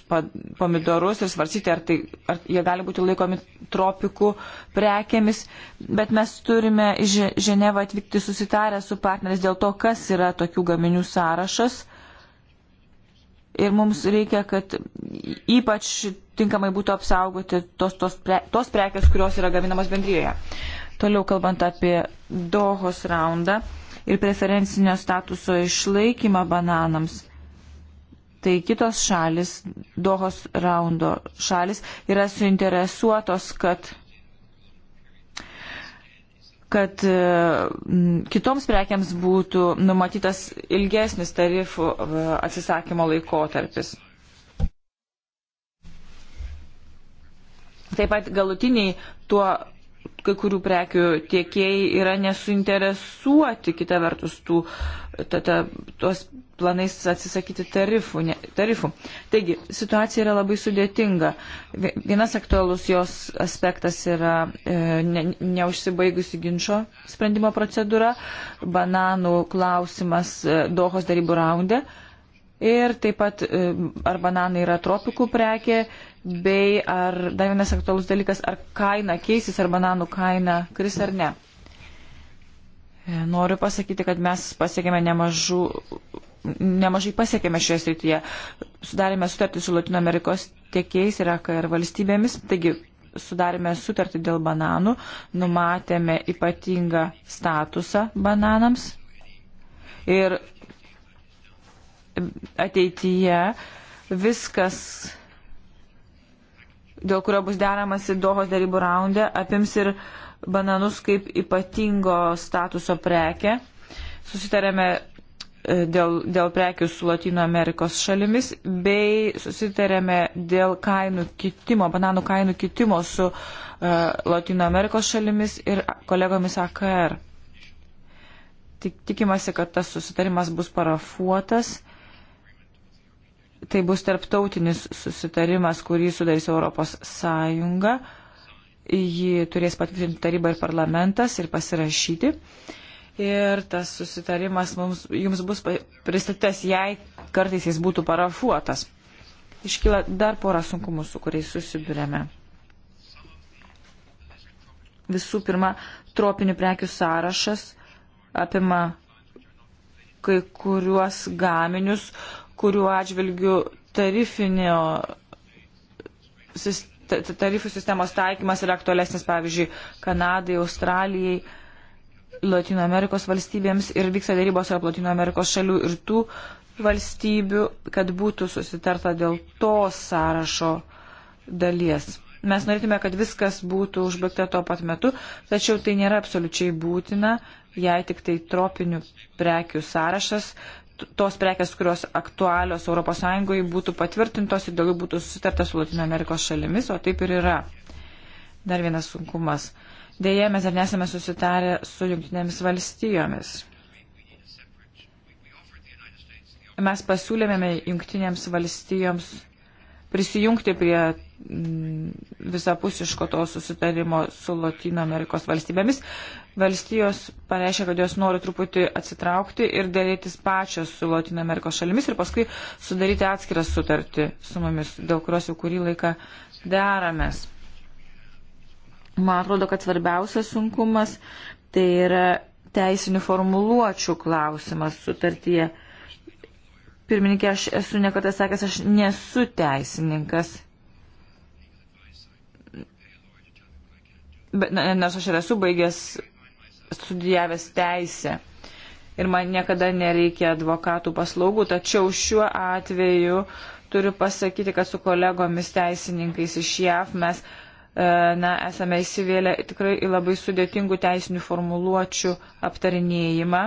pomidorus ir svarstyti, ar, tai, ar jie gali būti laikomi tropikų prekėmis, bet mes turime į Ženevą atvykti susitarę su partneriais dėl to, kas yra tokių gaminių sąrašas ir mums reikia, kad ypač tinkamai būtų apsaugoti tos, tos, pre, tos prekes, kurios yra gaminamos bendryje. Toliau kalbant apie Dohos raundą ir preferencinio statuso išlaikymą bananams, tai kitos šalis, Dohos raundo šalis, yra suinteresuotos, kad kad e, kitoms prekiams būtų numatytas ilgesnis tarifų e, atsisakymo laikotarpis. Taip pat galutiniai tuo kai kurių prekių tiekėjai yra nesuinteresuoti, kita vertus, tų, ta, ta, tuos planais atsisakyti tarifų, ne, tarifų. Taigi, situacija yra labai sudėtinga. Vienas aktualus jos aspektas yra e, ne, neužsibaigusi ginčio sprendimo procedūra, bananų klausimas e, Dohos darybų raunde. Ir taip pat, e, ar bananai yra tropikų prekė, bei ar dar vienas aktualus dalykas, ar kaina keisis, ar bananų kaina kris ar ne. E, noriu pasakyti, kad mes pasiekėme nemažų, nemažai pasiekėme šioje srityje. Sudarėme sutartį su Latino Amerikos tiekėjais ir AKR valstybėmis, taigi sudarėme sutartį dėl bananų, numatėme ypatingą statusą bananams ir ateityje viskas dėl kurio bus deramasi Dohos darybų raunde, apims ir bananus kaip ypatingo statuso prekę. Susitarėme e, dėl, dėl prekių su Latino Amerikos šalimis, bei susitarėme dėl kainų kitimo, bananų kainų kitimo su uh, Latino Amerikos šalimis ir kolegomis AKR. Tik, tikimasi, kad tas susitarimas bus parafuotas tai bus tarptautinis susitarimas, kurį sudarys Europos Sąjunga. Jį turės patvirtinti taryba ir parlamentas ir pasirašyti. Ir tas susitarimas mums, jums bus pristatytas, jei kartais jis būtų parafuotas. Iškyla dar pora sunkumų, su kuriais susidurėme. Visų pirma, tropinių prekių sąrašas apima kai kuriuos gaminius, kurių atžvilgių tarifinio sistemos tarifų sistemos taikymas yra aktualesnis, pavyzdžiui, Kanadai, Australijai, Latino Amerikos valstybėms ir vyksta dėrybos tarp Latino Amerikos šalių ir tų valstybių, kad būtų susitarta dėl to sąrašo dalies. Mes norėtume, kad viskas būtų užbaigta tuo pat metu, tačiau tai nėra absoliučiai būtina, jei tik tai tropinių prekių sąrašas tos prekes, kurios aktualios ES būtų patvirtintos ir daugiau būtų susitarta su Latino Amerikos šalimis, o taip ir yra. Dar vienas sunkumas. Deja, mes dar nesame susitarę su jungtinėmis valstijomis. Mes pasiūlėme jungtinėms valstijoms prisijungti prie mm, visapusiško to susitarimo su Latino Amerikos valstybėmis. Valstijos pareiškia, kad jos nori truputį atsitraukti ir dėrėtis pačios su Latino Amerikos šalimis ir paskui sudaryti atskirą sutartį su mumis, dėl kurios jau kurį laiką deramės. Man atrodo, kad svarbiausias sunkumas tai yra teisinių formuluočių klausimas sutartyje Pirmininkė, aš esu nekada sakęs, aš nesu teisininkas. Bet, nors aš ir esu baigęs studijavęs teisę ir man niekada nereikia advokatų paslaugų, tačiau šiuo atveju turiu pasakyti, kad su kolegomis teisininkais iš JAV mes e, na, esame įsivėlę tikrai į labai sudėtingų teisinių formuluočių aptarinėjimą.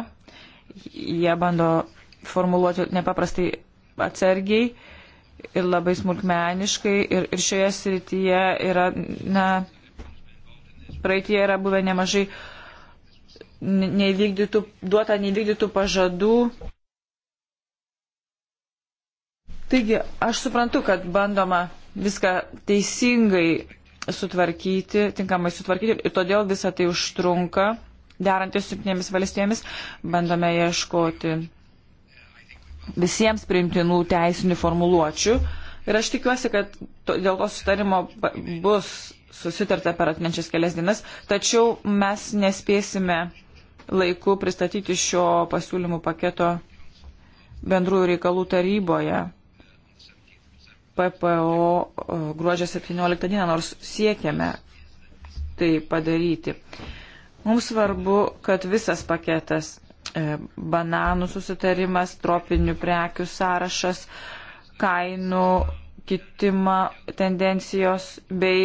Jie bando formuluoti nepaprastai atsargiai ir labai smulkmeniškai. Ir, ir šioje srityje yra, na, praeitie yra buvę nemažai neįvykdytų, duota neįvykdytų pažadų. Taigi, aš suprantu, kad bandoma viską teisingai sutvarkyti, tinkamai sutvarkyti ir todėl visą tai užtrunka, derantis su jungtinėmis valstybėmis, bandome ieškoti visiems priimtinų teisinių formuluočių. Ir aš tikiuosi, kad to, dėl to sutarimo bus susitarta per atmenčias kelias dienas, tačiau mes nespėsime laiku pristatyti šio pasiūlymų paketo bendrųjų reikalų taryboje PPO e, gruodžio 17 dieną, nors siekiame tai padaryti. Mums svarbu, kad visas paketas E, bananų susitarimas, tropinių prekių sąrašas, kainų kitimą tendencijos bei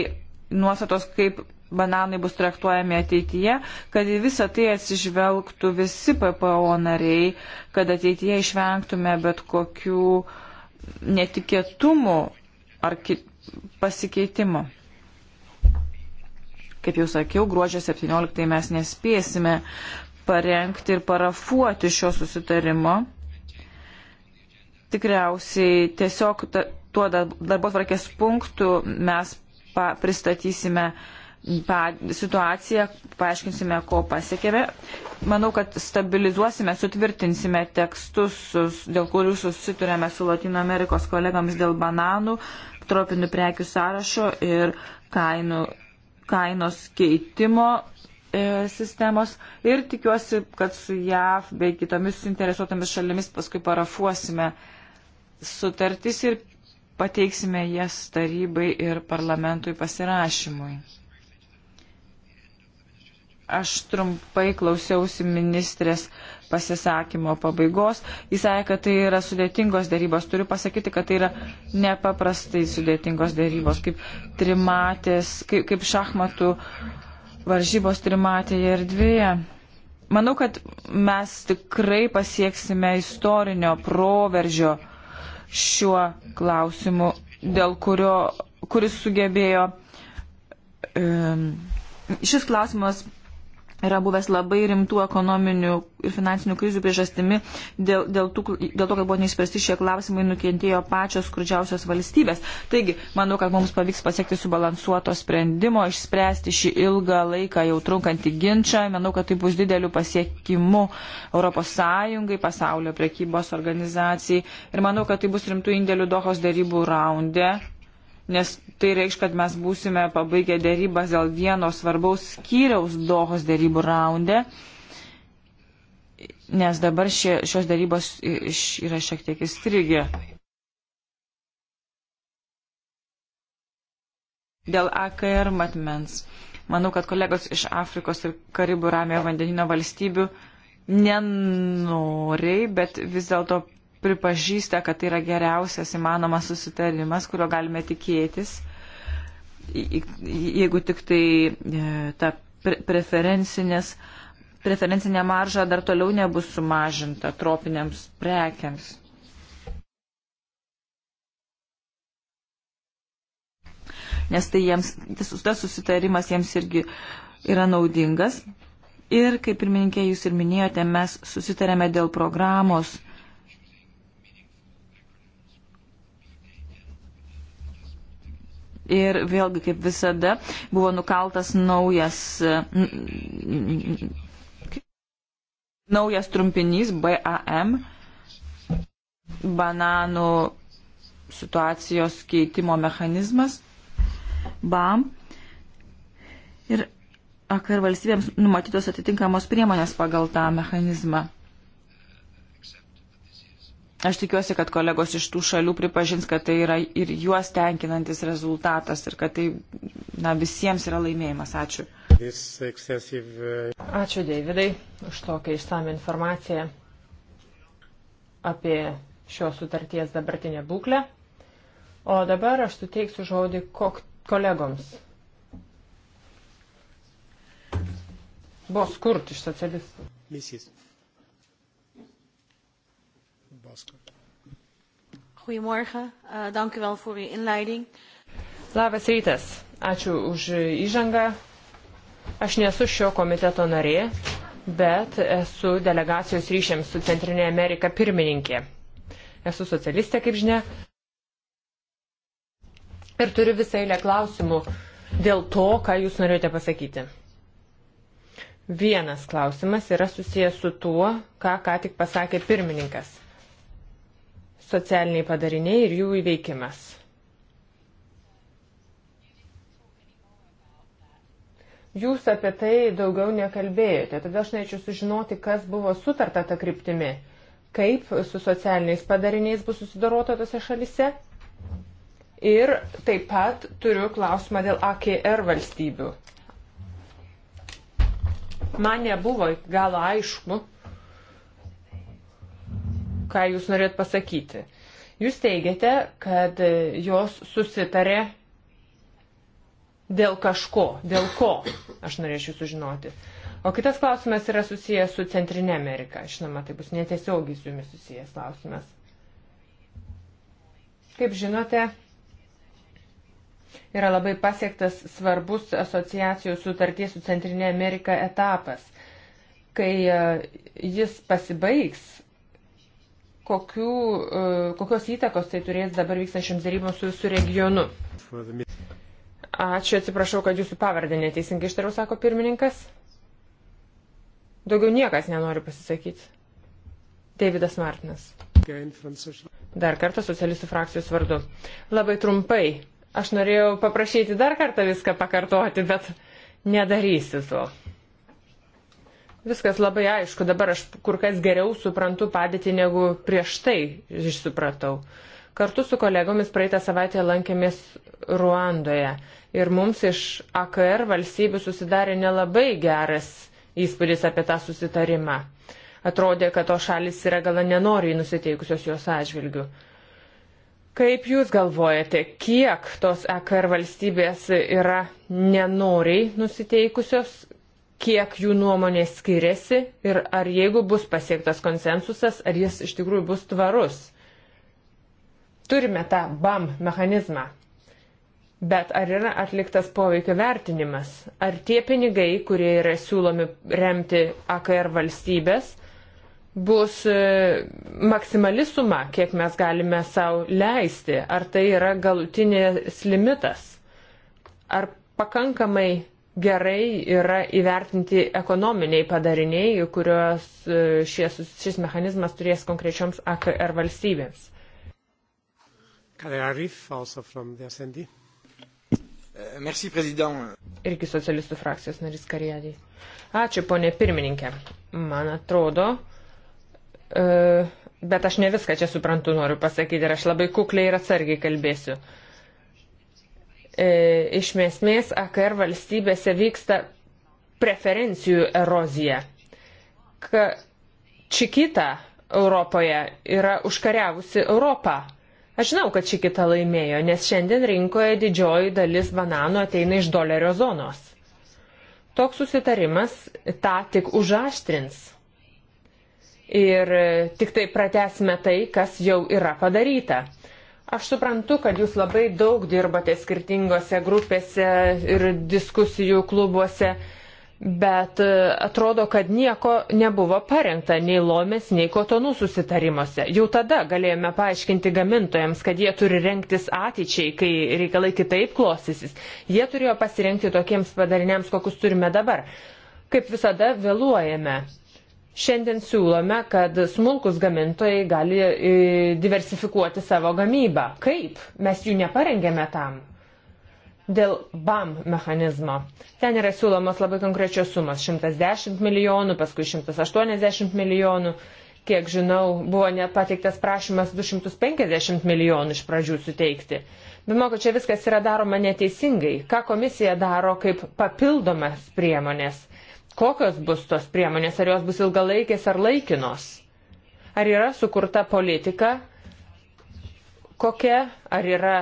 nuostatos, kaip bananai bus traktuojami ateityje, kad į visą tai atsižvelgtų visi PPO nariai, kad ateityje išvengtume bet kokių netikėtumų ar pasikeitimų. Kaip jau sakiau, gruodžio 17 mes nespėsime parengti ir parafuoti šio susitarimo. Tikriausiai tiesiog ta, tuo darbo tvarkės punktu mes pa, pristatysime pa, situaciją, paaiškinsime, ko pasiekėme. Manau, kad stabilizuosime, sutvirtinsime tekstus, dėl kurių susiturėme su Latino Amerikos kolegomis dėl bananų, tropinių prekių sąrašo ir kainų, kainos keitimo E, sistemos ir tikiuosi, kad su JAV bei kitomis interesuotomis šalimis paskui parafuosime sutartis ir pateiksime jas tarybai ir parlamentui pasirašymui. Aš trumpai klausiausi ministrės pasisakymo pabaigos. Jis sakė, kad tai yra sudėtingos dėrybos. Turiu pasakyti, kad tai yra nepaprastai sudėtingos dėrybos, kaip trimatės, kaip, kaip šachmatų uh, varžybos trimatėje erdvėje. Manau, kad mes tikrai pasieksime istorinio proveržio šiuo klausimu, dėl kurio, kuris sugebėjo. Um, šis klausimas yra buvęs labai rimtų ekonominių ir finansinių krizių priežastimi, dėl, dėl, tų, dėl to, kad buvo neįspręsti šie klausimai, nukentėjo pačios skurdžiausios valstybės. Taigi, manau, kad mums pavyks pasiekti subalansuoto sprendimo, išspręsti šį ilgą laiką jau trunkantį ginčą. Manau, kad tai bus dideliu pasiekimu ES, pasaulio prekybos organizacijai. Ir manau, kad tai bus rimtų indėlių Dohos darybų raunde nes tai reikš, kad mes būsime pabaigę dėrybas dėl vieno svarbaus skyriaus Dohos dėrybų raunde, nes dabar šie, šios dėrybos yra šiek tiek įstrigę. Dėl AKR matmens. Manau, kad kolegos iš Afrikos ir Karibų ramio vandenino valstybių nenoriai, bet vis dėlto pripažįsta, kad tai yra geriausias įmanomas susitarimas, kurio galime tikėtis, jeigu tik tai e, ta preferencinės, preferencinė marža dar toliau nebus sumažinta tropiniams prekiams. Nes tai jiems, tas, tas susitarimas jiems irgi yra naudingas. Ir, kaip pirmininkė, jūs ir minėjote, mes susitarėme dėl programos Ir vėlgi, kaip visada, buvo nukaltas naujas, naujas trumpinys BAM, bananų situacijos keitimo mechanizmas, BAM. Ir akar valstybėms numatytos atitinkamos priemonės pagal tą mechanizmą. Aš tikiuosi, kad kolegos iš tų šalių pripažins, kad tai yra ir juos tenkinantis rezultatas ir kad tai na, visiems yra laimėjimas. Ačiū. Excessive... Ačiū, Davidai, už tokią išsame informaciją apie šios sutarties dabartinę būklę. O dabar aš suteiksiu žodį kolegoms. Boskurt iš socialistų. Misijas. Paskui. Goedemorgen, uh, dank u wel voor uw inleiding. Labas rytas, ačiū už įžangą. Aš nesu šio komiteto narė, bet esu delegacijos ryšiams su Centrinė Amerika pirmininkė. Esu socialistė, kaip žinia. Ir turiu visą eilę klausimų dėl to, ką jūs norėjote pasakyti. Vienas klausimas yra susijęs su tuo, ką ką tik pasakė pirmininkas socialiniai padariniai ir jų įveikimas. Jūs apie tai daugiau nekalbėjote, tada aš norėčiau sužinoti, kas buvo sutarta tą kryptimį, kaip su socialiniais padariniais bus susidorota tose šalise. Ir taip pat turiu klausimą dėl AKR valstybių. Man nebuvo iki galo aišku, ką jūs norėt pasakyti. Jūs teigiate, kad jos susitarė dėl kažko, dėl ko, aš norėčiau sužinoti. O kitas klausimas yra susijęs su Centrinė Amerika. Žinoma, tai bus netiesiogiai su jumis susijęs klausimas. Kaip žinote, yra labai pasiektas svarbus asociacijos sutarties su Centrinė Amerika etapas. Kai e, jis pasibaigs, kokių, e, kokios įtakos tai turės dabar vykstančiams daryboms su visų regionu. Ačiū, atsiprašau, kad jūsų pavardę neteisingai ištariau, sako pirmininkas. Daugiau niekas nenori pasisakyti. Davidas Martinas. Dar kartą socialistų frakcijos vardu. Labai trumpai. Aš norėjau paprašyti dar kartą viską pakartoti, bet nedarysiu to. Viskas labai aišku, dabar aš kur kas geriau suprantu padėtį negu prieš tai išsupratau. Kartu su kolegomis praeitą savaitę lankėmės Ruandoje ir mums iš AKR valstybių susidarė nelabai geras įspūdis apie tą susitarimą. Atrodė, kad to šalis yra gala nenoriai nusiteikusios jos atžvilgių. Kaip Jūs galvojate, kiek tos AKR valstybės yra nenoriai nusiteikusios kiek jų nuomonė skiriasi ir ar jeigu bus pasiektas konsensusas, ar jis iš tikrųjų bus tvarus. Turime tą BAM mechanizmą. Bet ar yra atliktas poveikio vertinimas? Ar tie pinigai, kurie yra siūlomi remti AKR valstybės, bus e, maksimali suma, kiek mes galime savo leisti? Ar tai yra galutinės limitas? Ar pakankamai gerai yra įvertinti ekonominiai padariniai, kuriuos e, šies, šis mechanizmas turės konkrečioms AKR valstybėms. Arif, eh, Merci, Irgi socialistų frakcijos narys Karijadį. Ačiū, ponė pirmininkė. Man atrodo, e, bet aš ne viską čia suprantu, noriu pasakyti ir aš labai kukliai ir atsargiai kalbėsiu. E, iš esmės AKR valstybėse vyksta preferencijų erozija. Ka čikita Europoje yra užkariavusi Europą. Aš žinau, kad čikita laimėjo, nes šiandien rinkoje didžioji dalis bananų ateina iš dolerio zonos. Toks susitarimas tą tik užaštrins. Ir e, tik tai pratesime tai, kas jau yra padaryta Aš suprantu, kad jūs labai daug dirbate skirtingose grupėse ir diskusijų klubuose, bet e, atrodo, kad nieko nebuvo parengta nei lomės, nei kotonų susitarimuose. Jau tada galėjome paaiškinti gamintojams, kad jie turi renktis ateičiai, kai reikalai kitaip klostysis. Jie turėjo pasirengti tokiems padariniams, kokius turime dabar. Kaip visada, vėluojame. Šiandien siūlome, kad smulkus gamintojai gali e, diversifikuoti savo gamybą. Kaip? Mes jų neparengėme tam. Dėl BAM mechanizmo. Ten yra siūlomos labai konkrečios sumas - 110 milijonų, paskui 180 milijonų. Kiek žinau, buvo net pateiktas prašymas 250 milijonų iš pradžių suteikti. Bet manau, kad čia viskas yra daroma neteisingai. Ką komisija daro kaip papildomas priemonės? Kokios bus tos priemonės, ar jos bus ilgalaikės ar laikinos? Ar yra sukurta politika, kokia, ar yra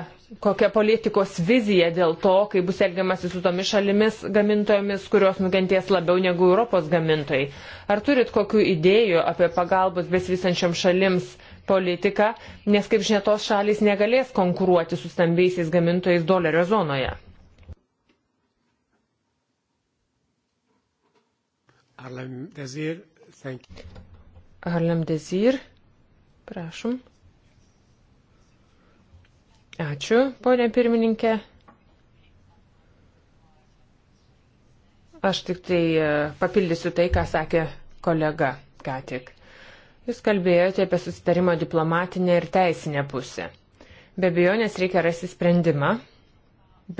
kokia politikos vizija dėl to, kaip bus elgiamasi su tomis šalimis gamintojomis, kurios nugenties labiau negu Europos gamintojai. Ar turit kokių idėjų apie pagalbos besivysančiam šalims politiką, nes kaip žinia, tos šalis negalės konkuruoti su stambiaisiais gamintojais dolerio zonoje? Harlem Desir, thank you. Harlem Desir, prašom. Ačiū, ponė pirmininkė. Aš tik tai e, papildysiu tai, ką sakė kolega ką tik. Jūs kalbėjote apie susitarimo diplomatinę ir teisinę pusę. Be abejonės reikia rasti sprendimą,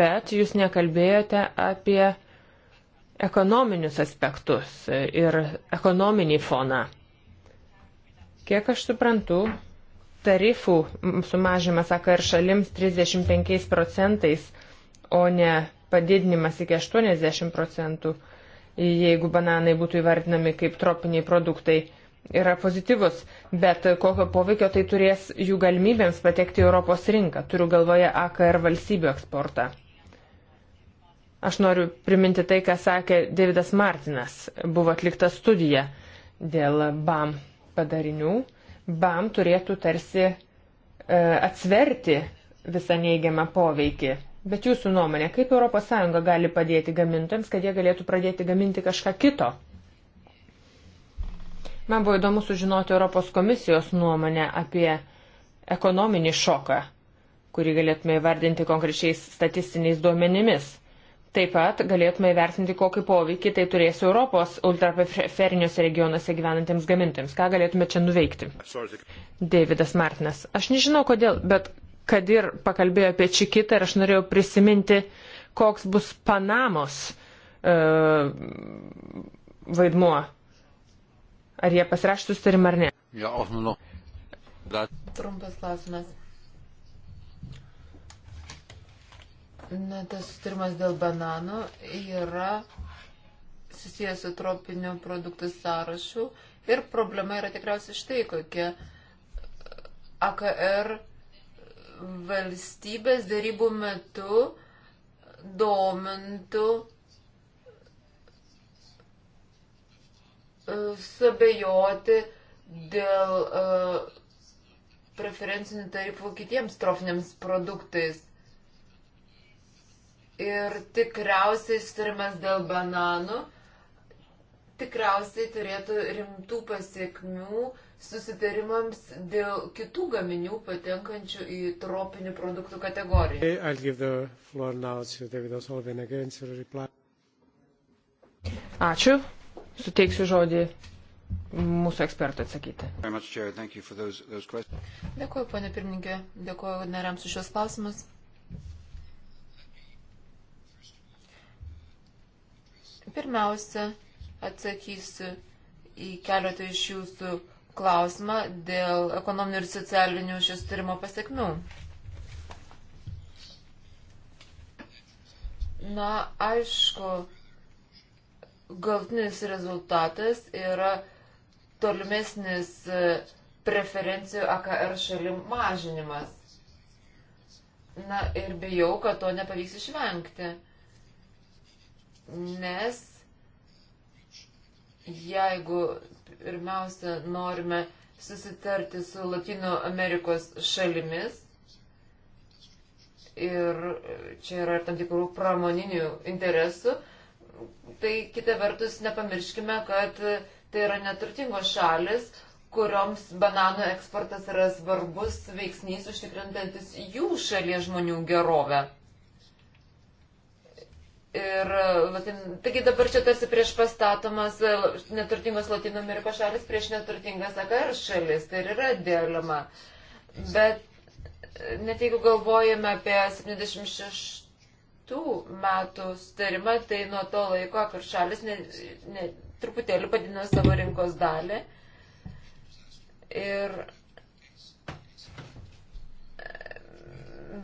bet jūs nekalbėjote apie ekonominius aspektus ir ekonominį foną. Kiek aš suprantu, tarifų sumažimas AKR šalims 35 procentais, o ne padidinimas iki 80 procentų, jeigu bananai būtų įvardinami kaip tropiniai produktai, yra pozityvus. Bet kokio poveikio tai turės jų galimybėms patekti į Europos rinką, turiu galvoje AKR valstybių eksportą. Aš noriu priminti tai, ką sakė Davidas Martinas. Buvo atlikta studija dėl BAM padarinių. BAM turėtų tarsi e, atsverti visą neigiamą poveikį. Bet jūsų nuomonė, kaip ES gali padėti gamintojams, kad jie galėtų pradėti gaminti kažką kito? Man buvo įdomu sužinoti Europos komisijos nuomonę apie ekonominį šoką, kurį galėtume įvardinti konkrečiais statistiniais duomenimis. Taip pat galėtume įvertinti, kokį poveikį tai turės Europos ultraperiniuose regionuose gyvenantiems gamintojams. Ką galėtume čia nuveikti? Davidas Martinas. Aš nežinau kodėl, bet kad ir pakalbėjo apie Čikitą ir aš norėjau prisiminti, koks bus Panamos uh, vaidmuo. Ar jie pasiraštų sustarimą ar ne? Ja, Trumpas klausimas. Na, tas sutarimas dėl bananų yra susijęs su tropiniu produktų sąrašu ir problema yra tikriausiai štai kokia. AKR valstybės darybų metu domintų e, sabėjoti dėl uh, preferencinių tarifų kitiems trofiniams produktais ir tikriausiai ištarimas dėl bananų tikriausiai turėtų rimtų pasiekmių susitarimams dėl kitų gaminių patenkančių į tropinių produktų kategoriją. Ačiū. Suteiksiu žodį mūsų ekspertų atsakyti. Dėkuoju, ponė pirmininkė. Dėkuoju nariams už šios klausimus. Pirmiausia, atsakysiu į keletą iš jūsų klausimą dėl ekonominių ir socialinių šis turimo pasiekmių. Na, aišku, galtinis rezultatas yra tolimesnis e, preferencijų AKR šalim mažinimas. Na ir bijau, kad to nepavyks išvengti nes jeigu pirmiausia norime susitarti su Latino Amerikos šalimis, ir čia yra ir tam tikrų pramoninių interesų, tai kita vertus nepamirškime, kad tai yra neturtingos šalis, kurioms bananų eksportas yra svarbus veiksnys užtikrintantis jų šalies žmonių gerovę. Ir e, Latin... taigi dabar čia tarsi prieš pastatomas e, neturtingos Latino Amerikos šalis prieš neturtingas AKR šalis. Tai ir yra dilema. Bet e, net jeigu galvojame apie 76 metų starimą, tai nuo to laiko AKR šalis ne, ne, truputėlį padidino savo rinkos dalį. Ir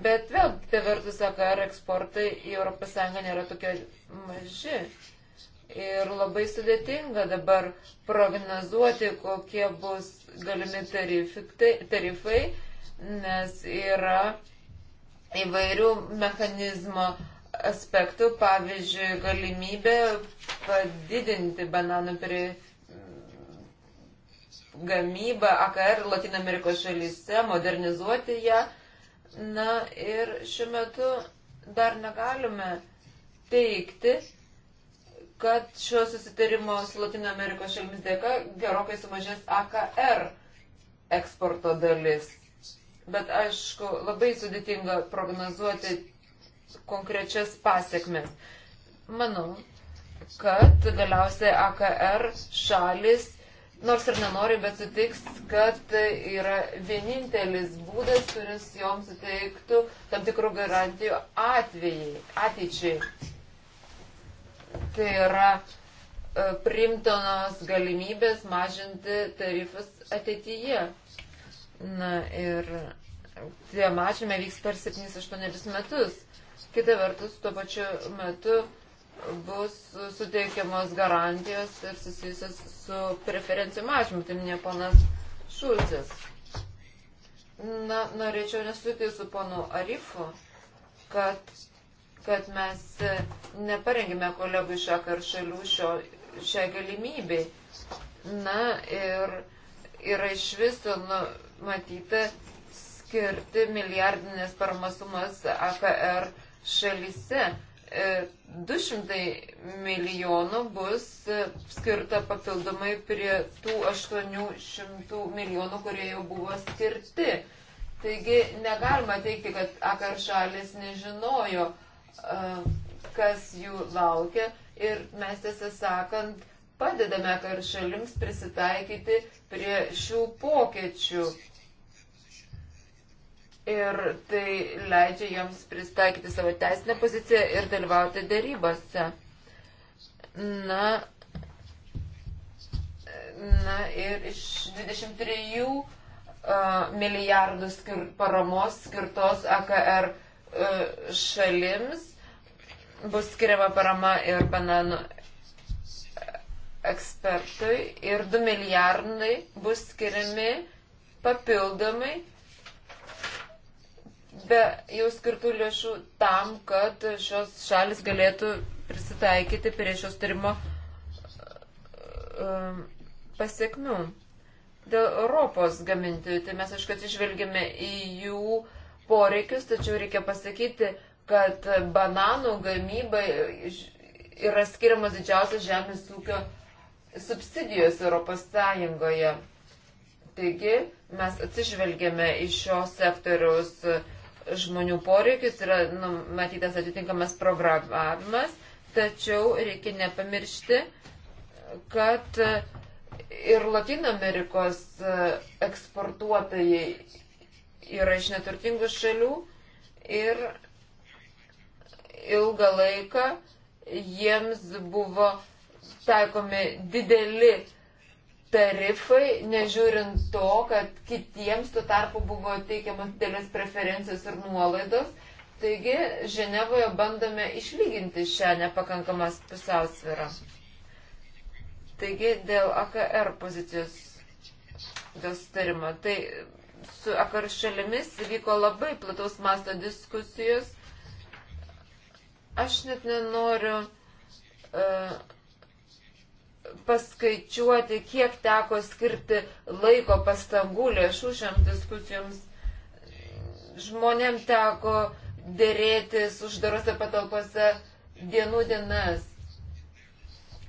Bet vėl, kita vertus, AKR eksportai į ES nėra tokie maži. Ir labai sudėtinga dabar prognozuoti, kokie bus galimi tarifai, tai, nes yra įvairių mechanizmo aspektų, pavyzdžiui, galimybė padidinti bananų prie gamybą AKR Latino Amerikos šalyse, modernizuoti ją. Ja Na ir šiuo metu dar negalime teikti, kad šio susitarimo su Latino Amerikos šalimis dėka gerokai sumažės AKR eksporto dalis. Bet aišku, labai sudėtinga prognozuoti konkrečias pasiekmes. Manau, kad galiausiai AKR šalis nors ir nenori, bet sutiks, kad tai yra vienintelis būdas, kuris joms suteiktų tam tikrų garantijų atvejai, ateičiai. Tai yra e, primtonos galimybės mažinti tarifus ateityje. Na ir tie mažymai vyks per 7-8 metus. Kita vertus, tuo pačiu metu bus suteikiamos garantijos ir susijusios su preferencijų mažymu, tai minėjo panas Šulcis. Na, norėčiau nesutikti su ponu Arifu, kad, kad mes neparengime kolegų iš akar šalių šio, šiai galimybei. Na ir yra iš viso numatyta skirti milijardinės parmasumas AKR šalyse. 200 e, milijonų bus e, skirta papildomai prie tų 800 milijonų, kurie jau buvo skirti. Taigi negalima teikti, kad akar šalis nežinojo, e, kas jų laukia ir mes tiesą sakant padedame akar šalims prisitaikyti prie šių pokėčių ir tai leidžia joms pristaikyti savo teisinę poziciją ir dalyvauti dėrybose. Na, na ir iš 23 uh, milijardų skir paramos skirtos AKR uh, šalims bus skiriama parama ir bananų ekspertui ir 2 milijardai bus skiriami papildomai be jau skirtų lėšų tam, kad šios šalis galėtų prisitaikyti prie šios tyrimo um, pasiekmių. Dėl Europos gamintojų, tai mes aišku atsižvelgime į jų poreikius, tačiau reikia pasakyti, kad bananų gamyba yra skiriamas didžiausias žemės ūkio subsidijos Europos Sąjungoje. Taigi mes atsižvelgėme į šio sektoriaus uh, žmonių poreikius, yra numatytas atitinkamas programavimas, tačiau reikia nepamiršti, kad e, ir Latino Amerikos e, eksportuotojai yra iš neturtingų šalių ir ilgą laiką jiems buvo taikomi dideli tarifai, nežiūrint to, kad kitiems tuo tarpu buvo teikiamas didelis preferencijos ir nuolaidos. Taigi Ženevoje bandome išlyginti šią nepakankamą pusiausvyrą. Taigi dėl AKR pozicijos dėl starimo. Tai su AKR šalimis vyko labai plataus masto diskusijos. Aš net nenoriu. Uh, paskaičiuoti, kiek teko skirti laiko, pastangų, lėšų šiam diskusijoms. Žmonėm teko dėrėtis uždarose patalpose dienų dienas.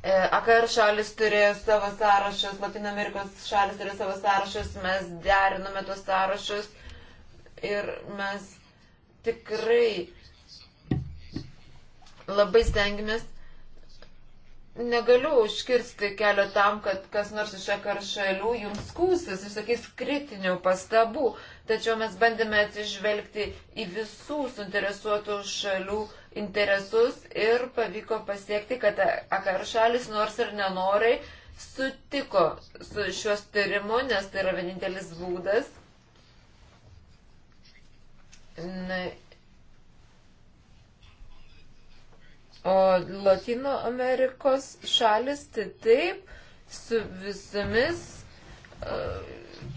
E, AKR šalis turėjo savo sąrašus, Latino Amerikos šalis turėjo savo sąrašus, mes derinome tos sąrašus ir mes tikrai labai stengiamės negaliu užkirsti kelio tam, kad kas nors iš ekar šalių jums skūsis, išsakys kritinių pastabų, tačiau mes bandėme atsižvelgti į visų suinteresuotų šalių interesus ir pavyko pasiekti, kad ekar šalis nors ir nenorai sutiko su šiuo tyrimu, nes tai yra vienintelis būdas. Na, O Latino Amerikos šalis tai taip su visomis uh, e,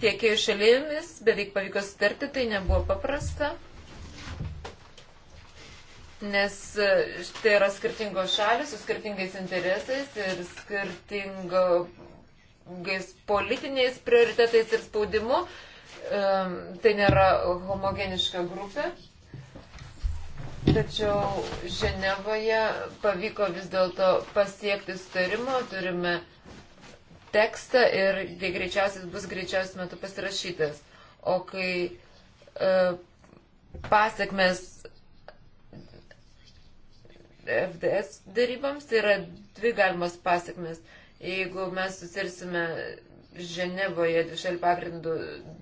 tiekėjų šalėmis beveik pavyko sutarti, tai nebuvo paprasta, nes e, tai yra skirtingos šalis su skirtingais interesais ir skirtingais politiniais prioritetais ir spaudimu. Um, tai nėra homogeniška grupė. Tačiau Ženevoje pavyko vis dėlto pasiekti sutarimo, turime tekstą ir tai greičiausias bus greičiausias metu pasirašytas. O kai e, pasiekmes FDS darybams, tai yra dvi galimos pasiekmes. Jeigu mes susirsime Ženevoje dvišalių pagrindų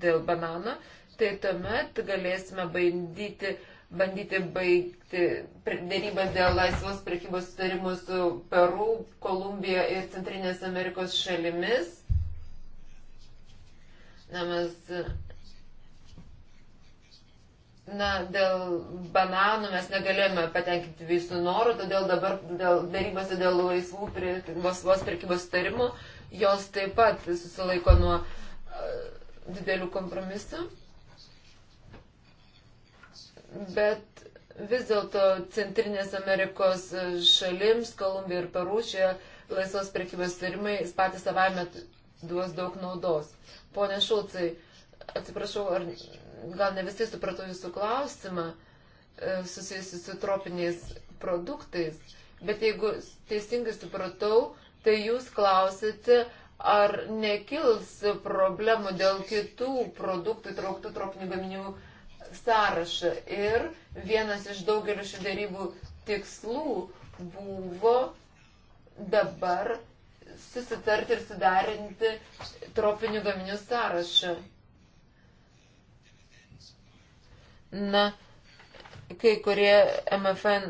dėl banano, tai tuomet galėsime bandyti bandyti baigti dėrybas dėl laisvos prekybos sutarimų su Peru, Kolumbija ir Centrinės Amerikos šalimis. Na, mes, na, dėl bananų mes negalėjome patenkinti visų norų, todėl dabar dėl darybose dėl laisvų laisvos prekybos sutarimų jos taip pat susilaiko nuo uh, didelių kompromisų bet vis dėlto Centrinės Amerikos šalims, Kolumbija ir Peru, šie laisvos prekybos tarimai patys savaime duos daug naudos. Pone Šulcai, atsiprašau, ar gal ne visai supratau jūsų klausimą e, susijusi su tropiniais produktais, bet jeigu teisingai supratau, tai jūs klausite, ar nekils problemų dėl kitų produktų įtrauktų tropinių gaminių sąrašą ir vienas iš daugelio šių darybų tikslų buvo dabar susitarti ir sudarinti tropinių gaminių sąrašą. Na, kai kurie MFN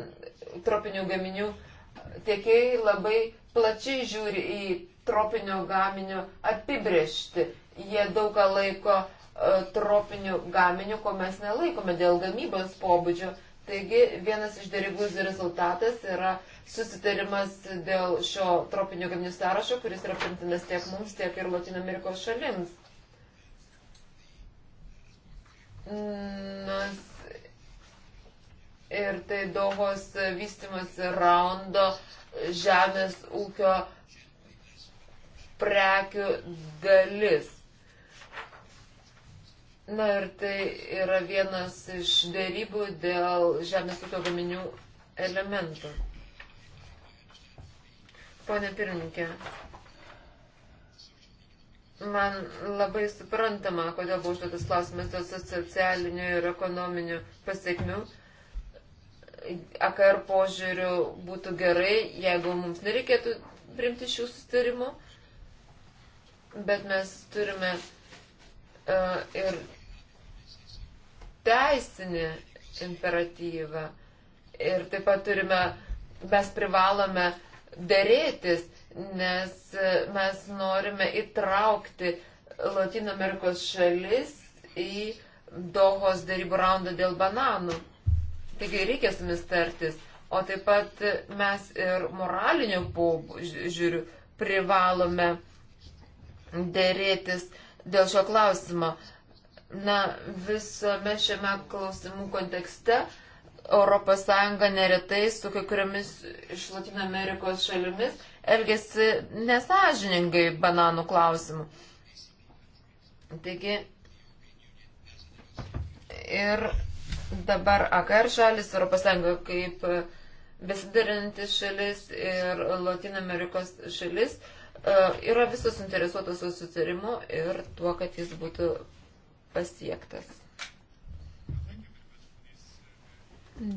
tropinių gaminių tiekėjai labai plačiai žiūri į tropinio gaminio apibriešti. Jie daugą laiko uh, E, tropinių gaminių, ko mes nelaikome dėl gamybos pobūdžio. Taigi vienas iš dėrybų rezultatas yra susitarimas dėl šio tropinio gaminių sąrašo, kuris yra primtinas tiek mums, tiek ir Latino Amerikos šalims. Nes ir tai Dohos vystimas raundo žemės ūkio prekių dalis. Na ir tai yra vienas iš dėrybų dėl žemės ūkio gaminių elementų. Pone pirmininkė, man labai suprantama, kodėl buvo užduotas klausimas dėl socialinių ir ekonominių pasiekmių. AKR požiūrių būtų gerai, jeigu mums nereikėtų priimti šių sustarimų, bet mes turime uh, ir teisinį imperatyvą. Ir taip pat turime, mes privalome dėrėtis, nes e, mes norime įtraukti Latino Amerikos šalis į Dohos darybų raundą dėl bananų. Taigi reikia su mumis tartis. O taip pat mes ir moraliniu požiūriu privalome dėrėtis dėl šio klausimo. Na, visame šiame klausimų kontekste ES neretai su kai kuriomis iš Latino Amerikos šalimis elgesi nesažiningai bananų klausimų. Taigi, ir dabar AKR šalis, ES kaip besidarintis šalis ir Latino Amerikos šalis e, yra visos interesuotos susitarimu ir tuo, kad jis būtų pasiektas.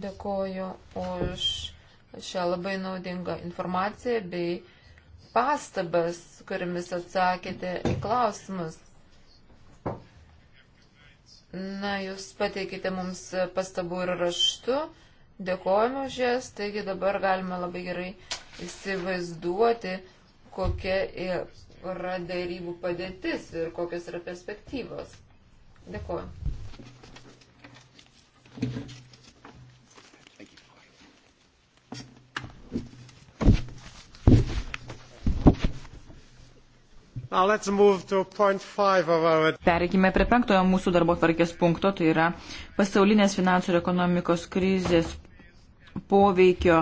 Dėkoju už šią labai naudingą informaciją bei pastabas, kuriamis atsakėte į klausimus. Na, jūs pateikite mums pastabų ir raštu. Dėkojame už jas, taigi dabar galime labai gerai įsivaizduoti, kokia yra dėrybų padėtis ir kokios yra perspektyvos. Dėkuoju. Our... Pereikime prie penktojo mūsų darbo tvarkės punkto, tai yra pasaulinės finansų ir ekonomikos krizės poveikio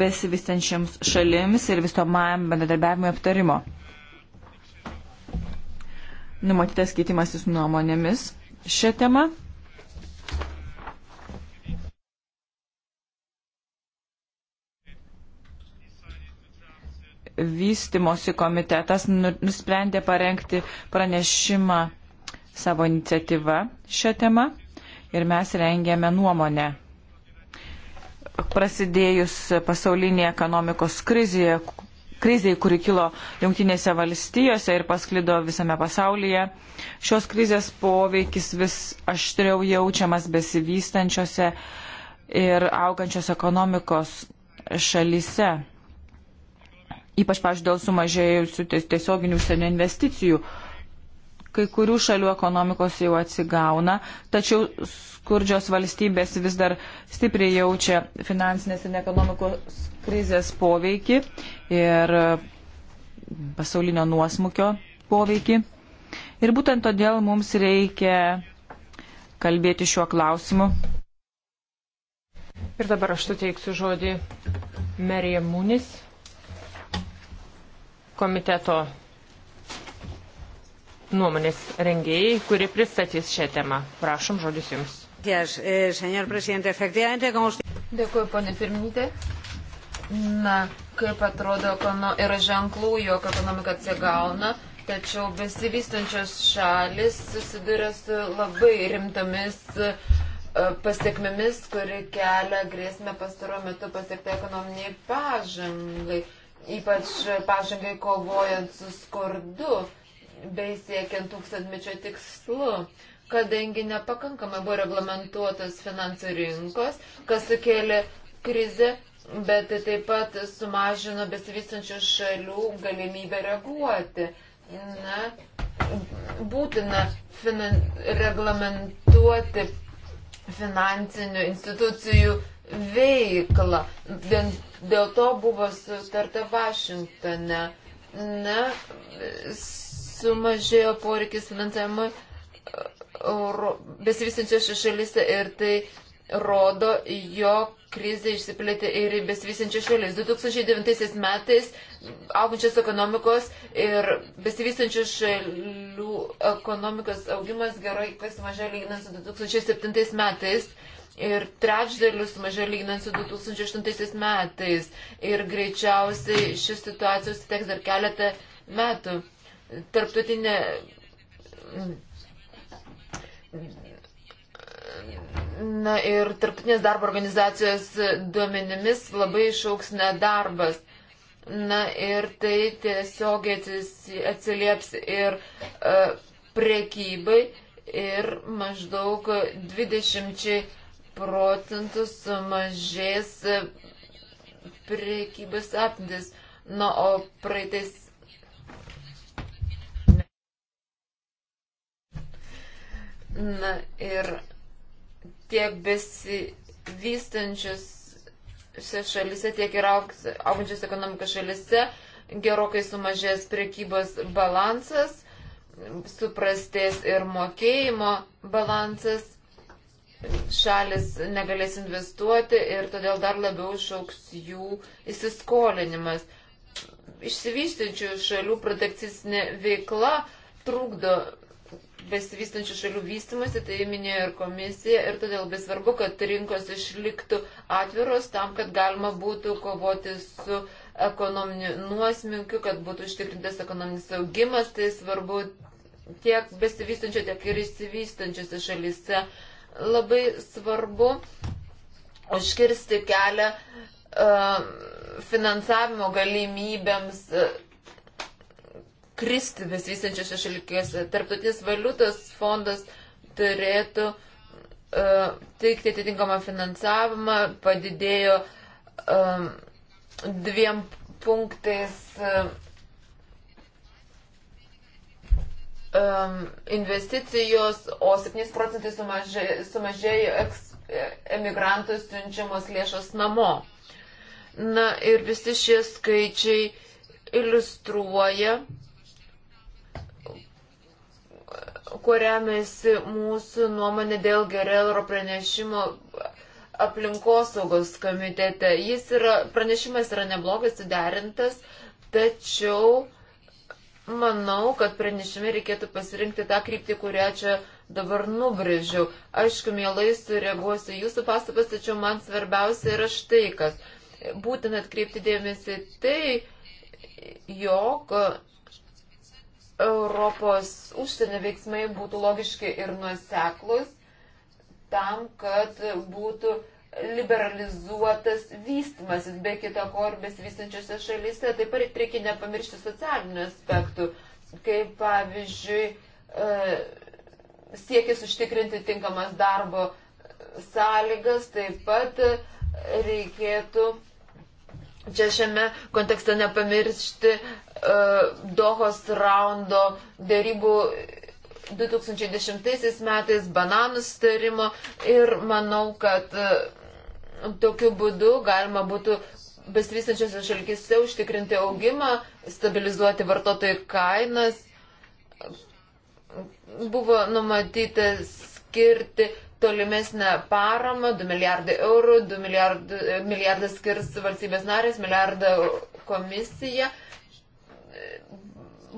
besivystančiams šalims ir visomajam bendradarbiavimui aptarimo. Numatytas keitimasis nuomonėmis šią temą. Vystimosi komitetas nu-, nusprendė parengti pranešimą savo iniciatyvą šią temą ir mes rengėme nuomonę. Prasidėjus pasaulinėje ekonomikos krizėje, kriziai, kuri kilo Junktinėse valstijose ir pasklido visame pasaulyje. Šios krizės poveikis vis aštriau jaučiamas besivystančiose ir augančios ekonomikos šalyse. Ypač, pažiūrėjau, dėl sumažėjusių tiesioginių užsienio investicijų. Uh, Kai kurių šalių ekonomikos jau atsigauna, tačiau skurdžios valstybės vis dar stipriai jaučia finansinės ir ekonomikos krizės poveikį ir pasaulinio nuosmukio poveikį. Ir būtent todėl mums reikia kalbėti šiuo klausimu. Ir dabar aš suteiksiu žodį Merija Munis, komiteto nuomonės rengėjai, kuri pristatys šią temą. Prašom, žodis Jums. Eh, Dėkuoju, ponė pirmininkė. Na, kaip atrodo, yra ženklų, jog ekonomika atsigauna, tačiau besivystančios šalis susiduria su labai rimtomis e, pasiekmėmis, kuri kelia grėsmę pastaruo metu pasiekti ekonominiai pažangai, ypač pažangai kovojant su skurdu bei siekiant tūkstantmečio tikslu, kadangi nepakankamai buvo reglamentuotos finansų rinkos, kas sukėlė krizę, bet tai taip pat sumažino besivystančių šalių galimybę reaguoti. Na, būtina finan reglamentuoti finansinių institucijų veiklą. Dėl, dėl to buvo sutarta Vašingtone. Na, sumažėjo poreikis finansavimui e, besivystančiose šalyse ir tai rodo, jog krizė išsiplėtė ir į besivystančias šalis. 2009 metais augančios ekonomikos ir besivystančių šalių ekonomikos augimas gerai pasimažė lyginant su 2007 metais. Ir trečdalius mažiau lyginant su 2008 metais. Ir greičiausiai šis situacijos teks dar keletą metų tarptautinė Na ir tarptautinės darbo organizacijos duomenimis labai išauks nedarbas. Na ir tai tiesiog atsilieps ir uh, prekybai ir maždaug 20 procentų sumažės e, prekybos apimtis. Na, o praeitais Na ir tiek besivystančiose šalise, tiek ir augančios ekonomikos šalise gerokai sumažės prekybos balansas, suprastės ir mokėjimo balansas, šalis negalės investuoti ir todėl dar labiau išauks jų įsiskolinimas. Išsivystyčių šalių protekcistinė veikla trukdo besivystančių šalių vystimasi, tai minėjo ir komisija, ir todėl labai svarbu, kad rinkos išliktų atviros tam, kad galima būtų kovoti su ekonominiu nuosminkiu, kad būtų užtikrintas ekonominis augimas, tai svarbu tiek besivystančio, tiek ir išsivystančiose šalyse. Labai svarbu užkirsti kelią uh, finansavimo galimybėms uh, kristi besivystančiose šalikėse. Tarptautinis valiutos fondas turėtų uh, teikti atitinkamą finansavimą, padidėjo um, dviem punktais um, investicijos, o 7 procentai sumažėjo, sumažėjo eks, emigrantų siunčiamos lėšos namo. Na ir visi šie skaičiai iliustruoja, kuo remiasi mūsų nuomonė dėl gerelro pranešimo aplinkosaugos komitete. Jis yra, pranešimas yra neblogai suderintas, tačiau manau, kad pranešime reikėtų pasirinkti tą kryptį, kurią čia dabar nubrėžiau. Aišku, mielai sureaguosiu jūsų pastabas, tačiau man svarbiausia yra štai kas. Būtent atkreipti dėmesį tai, jog Europos užsienio veiksmai būtų logiški ir nuoseklus tam, kad būtų liberalizuotas vystimasis, be kita ko ir besivystančiose šalyse. Taip pat reikia nepamiršti socialinių aspektų, kaip pavyzdžiui e, siekis užtikrinti tinkamas darbo sąlygas, taip pat reikėtų čia šiame kontekste nepamiršti E, Dohos raundo dėrybų 2010 metais bananų starimo ir manau, kad e, tokiu būdu galima būtų besivystančiose šalkise užtikrinti augimą, stabilizuoti vartotojų kainas. Buvo numatyta skirti tolimesnę paramą, 2 milijardai eurų, 2 milijardai, e, milijardas skirs valstybės narės, milijardą komisija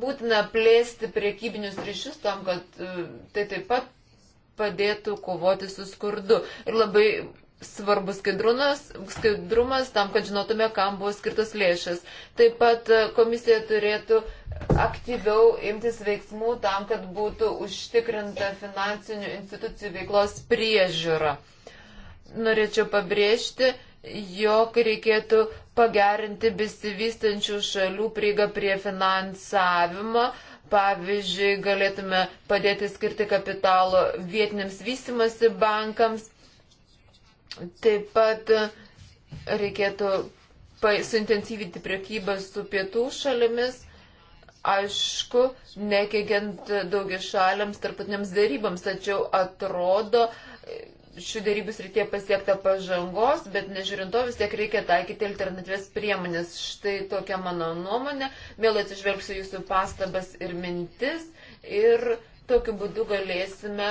būtina plėsti priekybinius ryšius tam, kad e, tai taip pat padėtų kovoti su skurdu. Ir labai svarbus skaidrumas, skaidrumas tam, kad žinotume, kam buvo skirtas lėšas. Taip pat e, komisija turėtų aktyviau imtis veiksmų tam, kad būtų užtikrinta finansinių institucijų veiklos priežiūra. Norėčiau pabrėžti, jog reikėtų pagerinti besivystančių šalių prieigą prie finansavimo. Pavyzdžiui, galėtume padėti skirti kapitalo vietiniams vystimasi bankams. Taip pat reikėtų suintensyvinti priekybą su pietų šalimis, aišku, nekeikiant daugia šaliams tarptautiniams dėrybams, tačiau atrodo, šių dėrybių srityje pasiekta pažangos, bet nežiūrint to vis tiek reikia taikyti alternatyvės priemonės. Štai tokia mano nuomonė. Mėl atsižvelgsiu jūsų pastabas ir mintis ir tokiu būdu galėsime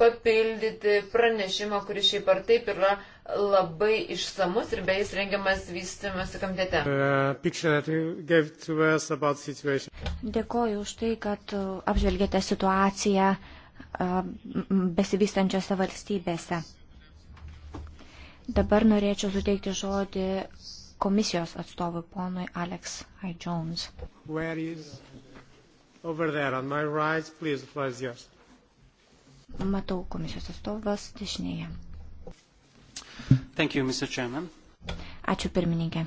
papildyti pranešimą, kuris šiaip ar taip yra labai išsamus ir beje rengiamas vystymas komitete. Uh, Dėkoju už tai, kad uh, apžvelgėte situaciją besivystančiose valstybėse. Dabar norėčiau suteikti žodį komisijos atstovui ponui Alex I. Jones. Right, please, Matau komisijos atstovas dešinėje. Thank you, Mr. Chairman. Ačiū pirmininkė.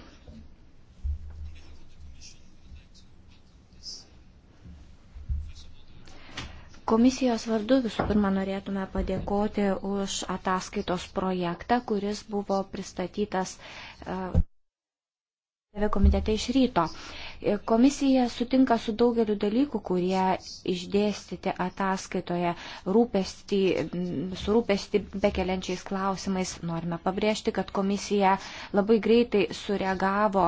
Komisijos vardu visų pirma norėtume padėkoti už ataskaitos projektą, kuris buvo pristatytas e, komitete iš ryto. E, komisija sutinka su daugeliu dalykų, kurie išdėstyti ataskaitoje rūpestį, su rūpestį bekeliančiais klausimais. Norime pabrėžti, kad komisija labai greitai sureagavo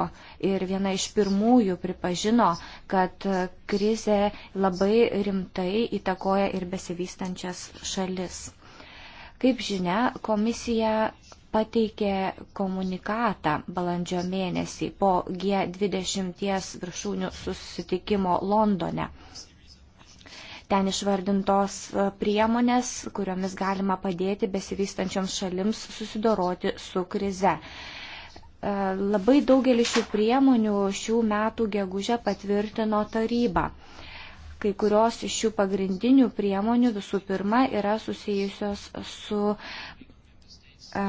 ir viena iš pirmųjų pripažino, kad krize labai rimtai įtakoja ir besivystančias šalis. Kaip žinia, komisija pateikė komunikatą balandžio mėnesį po G20 viršūnių susitikimo Londone. Ten išvardintos e, priemonės, kuriomis galima padėti besivystančioms šalims susidoroti su krize. E, labai daugelį šių priemonių šių metų gegužę patvirtino taryba. Kai kurios iš šių pagrindinių priemonių visų pirma yra susijusios su E,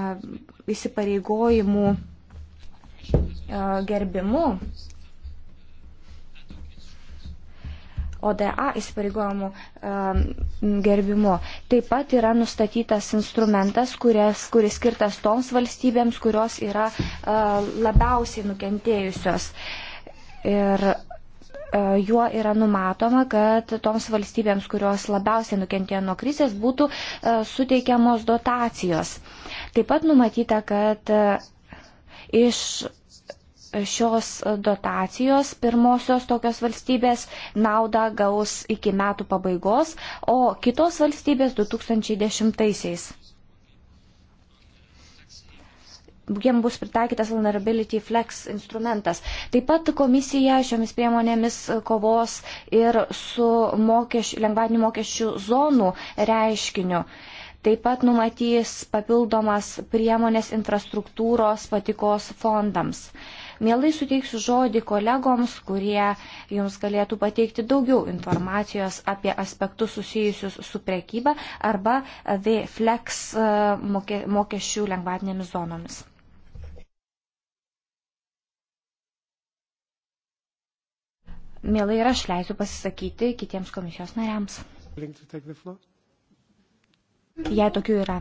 įsipareigojimų e, gerbimu, ODA įsipareigojimų e, gerbimu. Taip pat yra nustatytas instrumentas, kuris, kuris skirtas toms valstybėms, kurios yra labiausiai nukentėjusios. Ir E, juo yra numatoma, kad toms valstybėms, kurios labiausiai nukentėjo nuo krizės, būtų e, suteikiamos dotacijos. Taip pat numatyta, kad e, iš šios dotacijos pirmosios tokios valstybės naudą gaus iki metų pabaigos, o kitos valstybės 2010. -aisiais jiem bus pritaikytas Vulnerability Flex instrumentas. Taip pat komisija šiomis priemonėmis e, kovos ir su mokeš, lengvatinių mokesčių zonų reiškiniu. Taip pat numatys papildomas priemonės infrastruktūros patikos fondams. Mielai suteiksiu žodį kolegoms, kurie jums galėtų pateikti daugiau informacijos apie aspektus susijusius su prekyba arba VFLEX e, mokesčių lengvatinėmis zonomis. Mielai ir aš leisiu pasisakyti kitiems komisijos nariams. Jei tokių yra.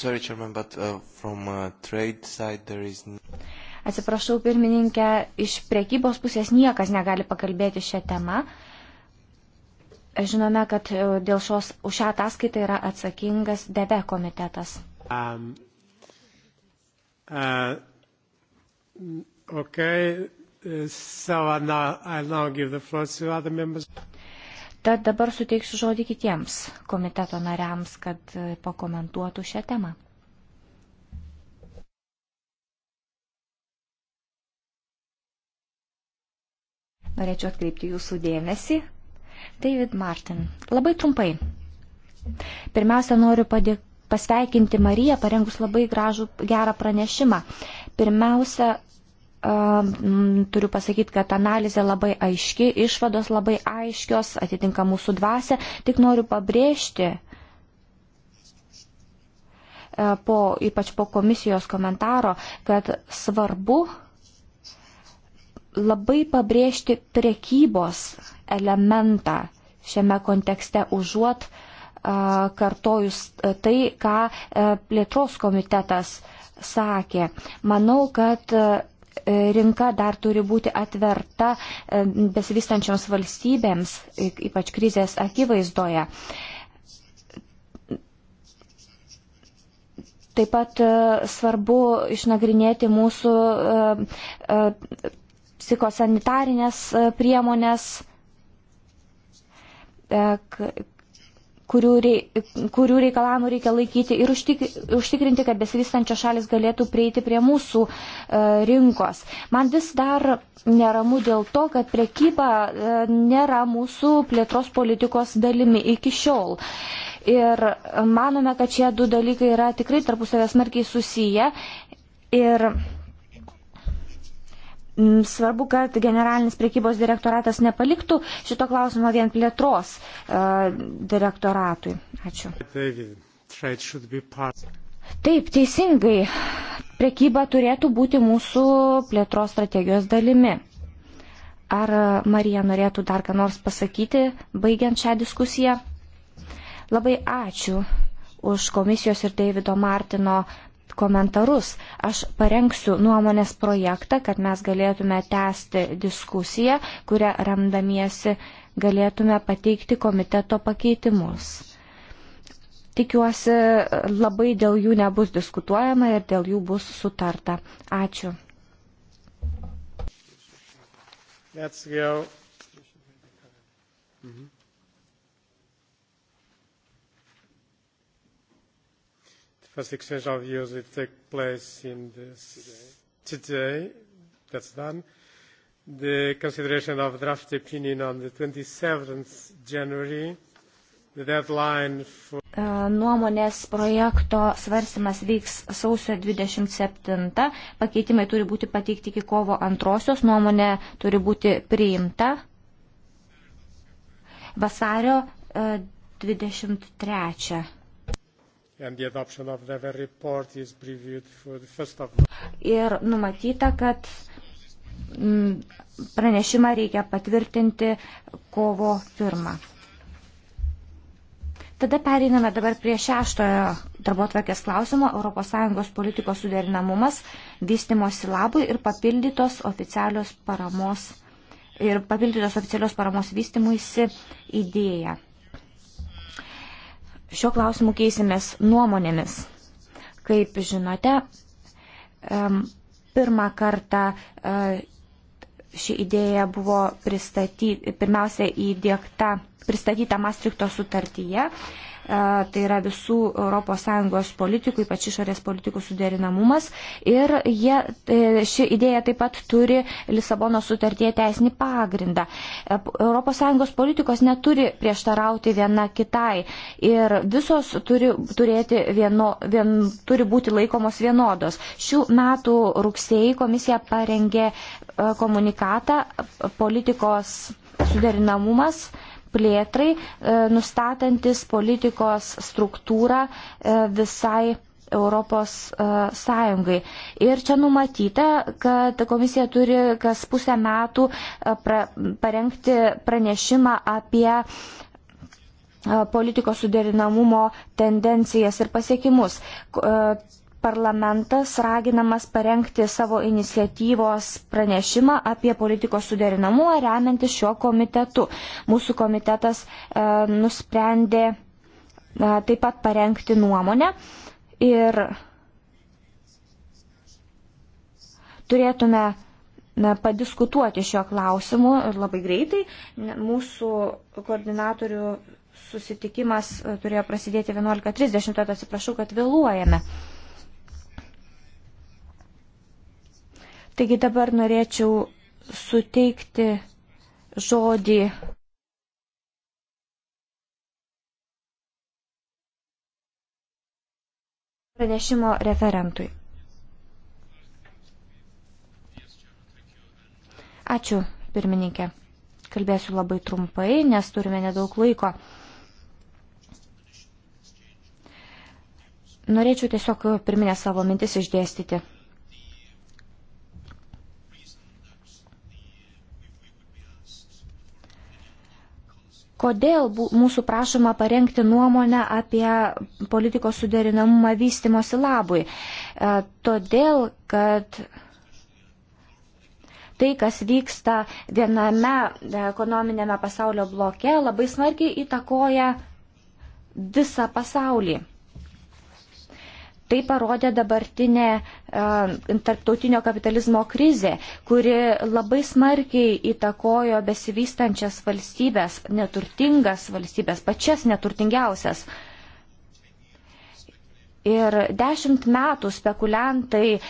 Sorry, Chairman, but, uh, from, uh, is... Atsiprašau, pirmininkė, iš priekybos pusės niekas negali pakalbėti šią temą. Žinome, kad e, dėl šios, už šią ataskaitą yra atsakingas DB komitetas. Um, uh, okay. So I'll now, I'll now give the floor to other members. Tad dabar suteiksiu žodį kitiems komiteto nariams, kad e, pakomentuotų šią temą. Norėčiau atkreipti jūsų dėmesį. David Martin. Labai trumpai. Pirmiausia, noriu padėkoti pasveikinti Mariją, parengus labai gražų, gerą pranešimą. Pirmiausia, turiu pasakyti, kad analizė labai aiški, išvados labai aiškios, atitinka mūsų dvasę. Tik noriu pabrėžti, e, po, ypač po komisijos komentaro, kad svarbu labai pabrėžti prekybos elementą šiame kontekste užuot kartojus tai, ką e, plėtros komitetas sakė. Manau, kad E, rinka dar turi būti atverta e, besivystančioms valstybėms, e, ypač krizės akivaizdoje. Taip pat svarbu išnagrinėti mūsų psichosanitarinės priemonės, kurių, rei, kurių reikalavimų reikia laikyti ir užtik, užtikrinti, kad besivystančios šalis galėtų prieiti prie mūsų e, rinkos. Man vis dar neramu dėl to, kad prekyba e, nėra mūsų plėtros politikos dalimi iki šiol. Ir manome, kad šie du dalykai yra tikrai tarpusavės smarkiai susiję. Ir Mm, svarbu, kad generalinis priekybos direktoratas nepaliktų šito klausimo vien plėtros uh, direktoratui. Ačiū. Taip, teisingai. Prekyba turėtų būti mūsų plėtros strategijos dalimi. Ar Marija norėtų dar ką nors pasakyti, baigiant šią diskusiją? Labai ačiū už komisijos ir Davido Martino komentarus. Aš parengsiu nuomonės projektą, kad mes galėtume tęsti diskusiją, kurią remdamiesi galėtume pateikti komiteto pakeitimus. Tikiuosi, labai dėl jų nebus diskutuojama ir dėl jų bus sutarta. Ačiū. Let's go. Mm-hmm. first exchange of views will take place in this today. today. That's done. The consideration of draft opinion on the 27th January. The deadline for e, Nuomonės projekto svarstymas vyks sausio 27. Pakeitimai turi būti pateikti iki kovo antrosios. Nuomonė turi būti priimta vasario 23. E, and the adoption of the report is previewed for the first of Ir numatyta, kad mm, pranešimą reikia patvirtinti kovo pirmą. Tada pereiname dabar prie šeštojo darbo tvarkės klausimo - ES politikos suderinamumas, vystimosi labui ir papildytos oficialios paramos, ir papildytos oficialios paramos vystimuisi idėja. Šiuo klausimu keisimės nuomonėmis. Kaip žinote, pirmą kartą e, ši idėja buvo pristatyta, pirmiausia įdėkta, pristatyta Mastrichto sutartyje tai yra visų ES politikų, ypač išorės politikų suderinamumas. Ir jie, e, ši idėja taip pat turi Lisabono sutartie teisinį pagrindą. E, ES politikos neturi prieštarauti viena kitai ir visos turi, turėti vieno, vien, turi būti laikomos vienodos. Šių metų rugsėjai komisija parengė e, komunikatą politikos suderinamumas plėtrai, e, nustatantis politikos struktūrą e, visai Europos e, Sąjungai. Ir čia numatyta, kad komisija turi kas pusę metų pra, parengti pranešimą apie politikos suderinamumo tendencijas ir pasiekimus parlamentas raginamas parengti savo iniciatyvos pranešimą apie politikos suderinamumą remiantis šiuo komitetu. Mūsų komitetas e, nusprendė e, taip pat parengti nuomonę ir turėtume na, padiskutuoti šio klausimu ir labai greitai. Mūsų koordinatorių susitikimas e, turėjo prasidėti 11.30, tad atsiprašau, kad vėluojame. Taigi dabar norėčiau suteikti žodį. Pranešimo referentui. Ačiū, pirmininkė. Kalbėsiu labai trumpai, nes turime nedaug laiko. Norėčiau tiesiog pirminę savo mintis išdėstyti. Kodėl mūsų prašoma parengti nuomonę apie politikos suderinamumą vystimosi labui? E, todėl, kad tai, kas vyksta viename ekonominėme pasaulio bloke, labai smarkiai įtakoja visą pasaulį. Tai parodė dabartinė e, tarptautinio kapitalizmo krizė, kuri labai smarkiai įtakojo besivystančias valstybės, neturtingas valstybės, pačias neturtingiausias. Ir dešimt metų spekuliantai e,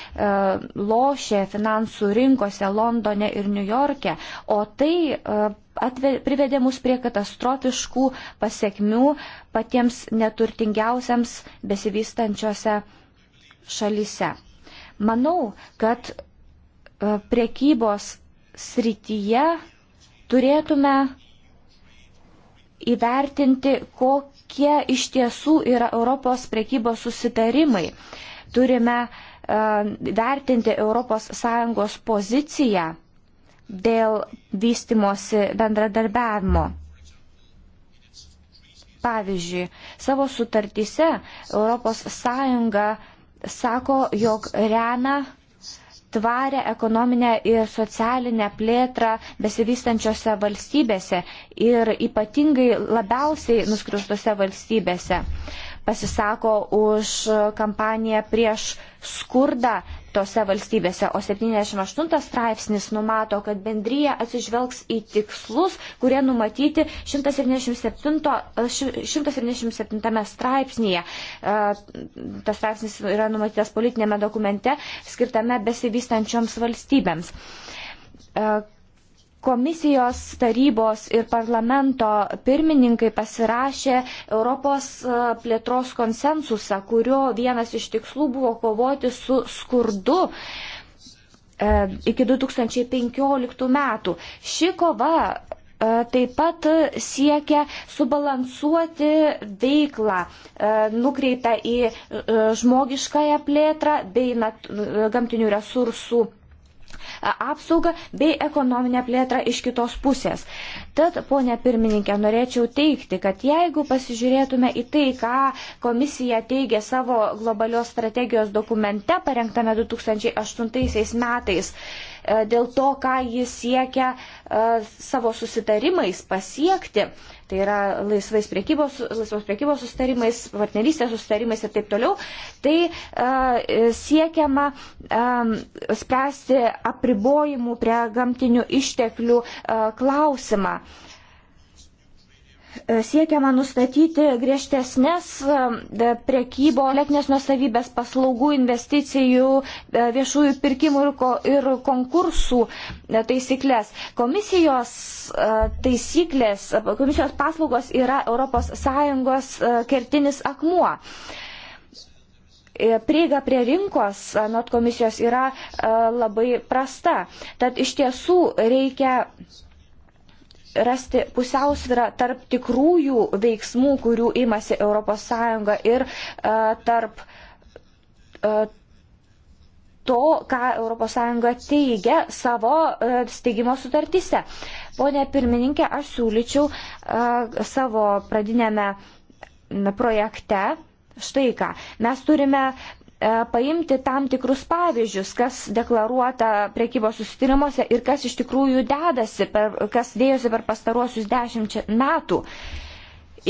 lošė finansų rinkose Londone ir Niujorke, o tai e, atve, privedė mus prie katastrofiškų pasiekmių patiems neturtingiausiams besivystančiose šalyse. Manau, kad e, priekybos srityje turėtume įvertinti, kokie iš tiesų yra Europos priekybos susitarimai. Turime uh, vertinti ES poziciją dėl vystimosi bendradarbiavimo. Pavyzdžiui, savo sutartyse ES sako, jog remia tvarę ekonominę ir socialinę plėtrą besivystančiose valstybėse ir ypatingai labiausiai nuskriustose valstybėse. Pasisako už kampaniją prieš skurdą tose valstybėse, o 78 straipsnis numato, kad bendryje atsižvelgs į tikslus, kurie numatyti 177, 177 straipsnėje. E, tas straipsnis yra numatytas politinėme dokumente skirtame besivystančioms valstybėms e, Komisijos tarybos ir parlamento pirmininkai pasirašė Europos e, plėtros konsensusą, kurio vienas iš tikslų buvo kovoti su skurdu e, iki 2015 metų. Ši kova e, taip pat siekia subalansuoti veiklą nukreiptą į žmogiškąją plėtrą bei gamtinių resursų E, apsaugą bei ekonominę plėtrą iš kitos pusės. Tad, ponė pirmininkė, norėčiau teikti, kad jeigu pasižiūrėtume į tai, ką komisija teigia savo globalios strategijos dokumente parengtame 2008 metais, e, dėl to, ką jis siekia e, savo susitarimais pasiekti, tai yra laisvais priekybos, laisvos priekybos sustarimais, partnerystės sustarimais ir taip toliau, tai e, siekiama e, spręsti apribojimų prie gamtinių išteklių e, klausimą. E, E, siekiama nustatyti griežtesnės e, priekybo, lėtinės nusavybės paslaugų, investicijų, e, viešųjų pirkimų ir, ko, ir konkursų taisyklės. Komisijos taisyklės, komisijos paslaugos yra ES kertinis akmuo. Prieiga prie rinkos, anot komisijos, yra labai prasta. Tad iš tiesų reikia rasti pusiausvyrą tarp tikrųjų veiksmų, kurių imasi ES ir e, tarp e, to, ką ES teigia savo e, steigimo sutartyse. Pone pirmininkė, aš siūlyčiau e, savo pradinėme projekte štai ką. Mes turime E, paimti tam tikrus pavyzdžius, kas deklaruota priekybos susitirimuose ir kas iš tikrųjų dedasi, per, kas dėjosi per pastaruosius dešimt metų.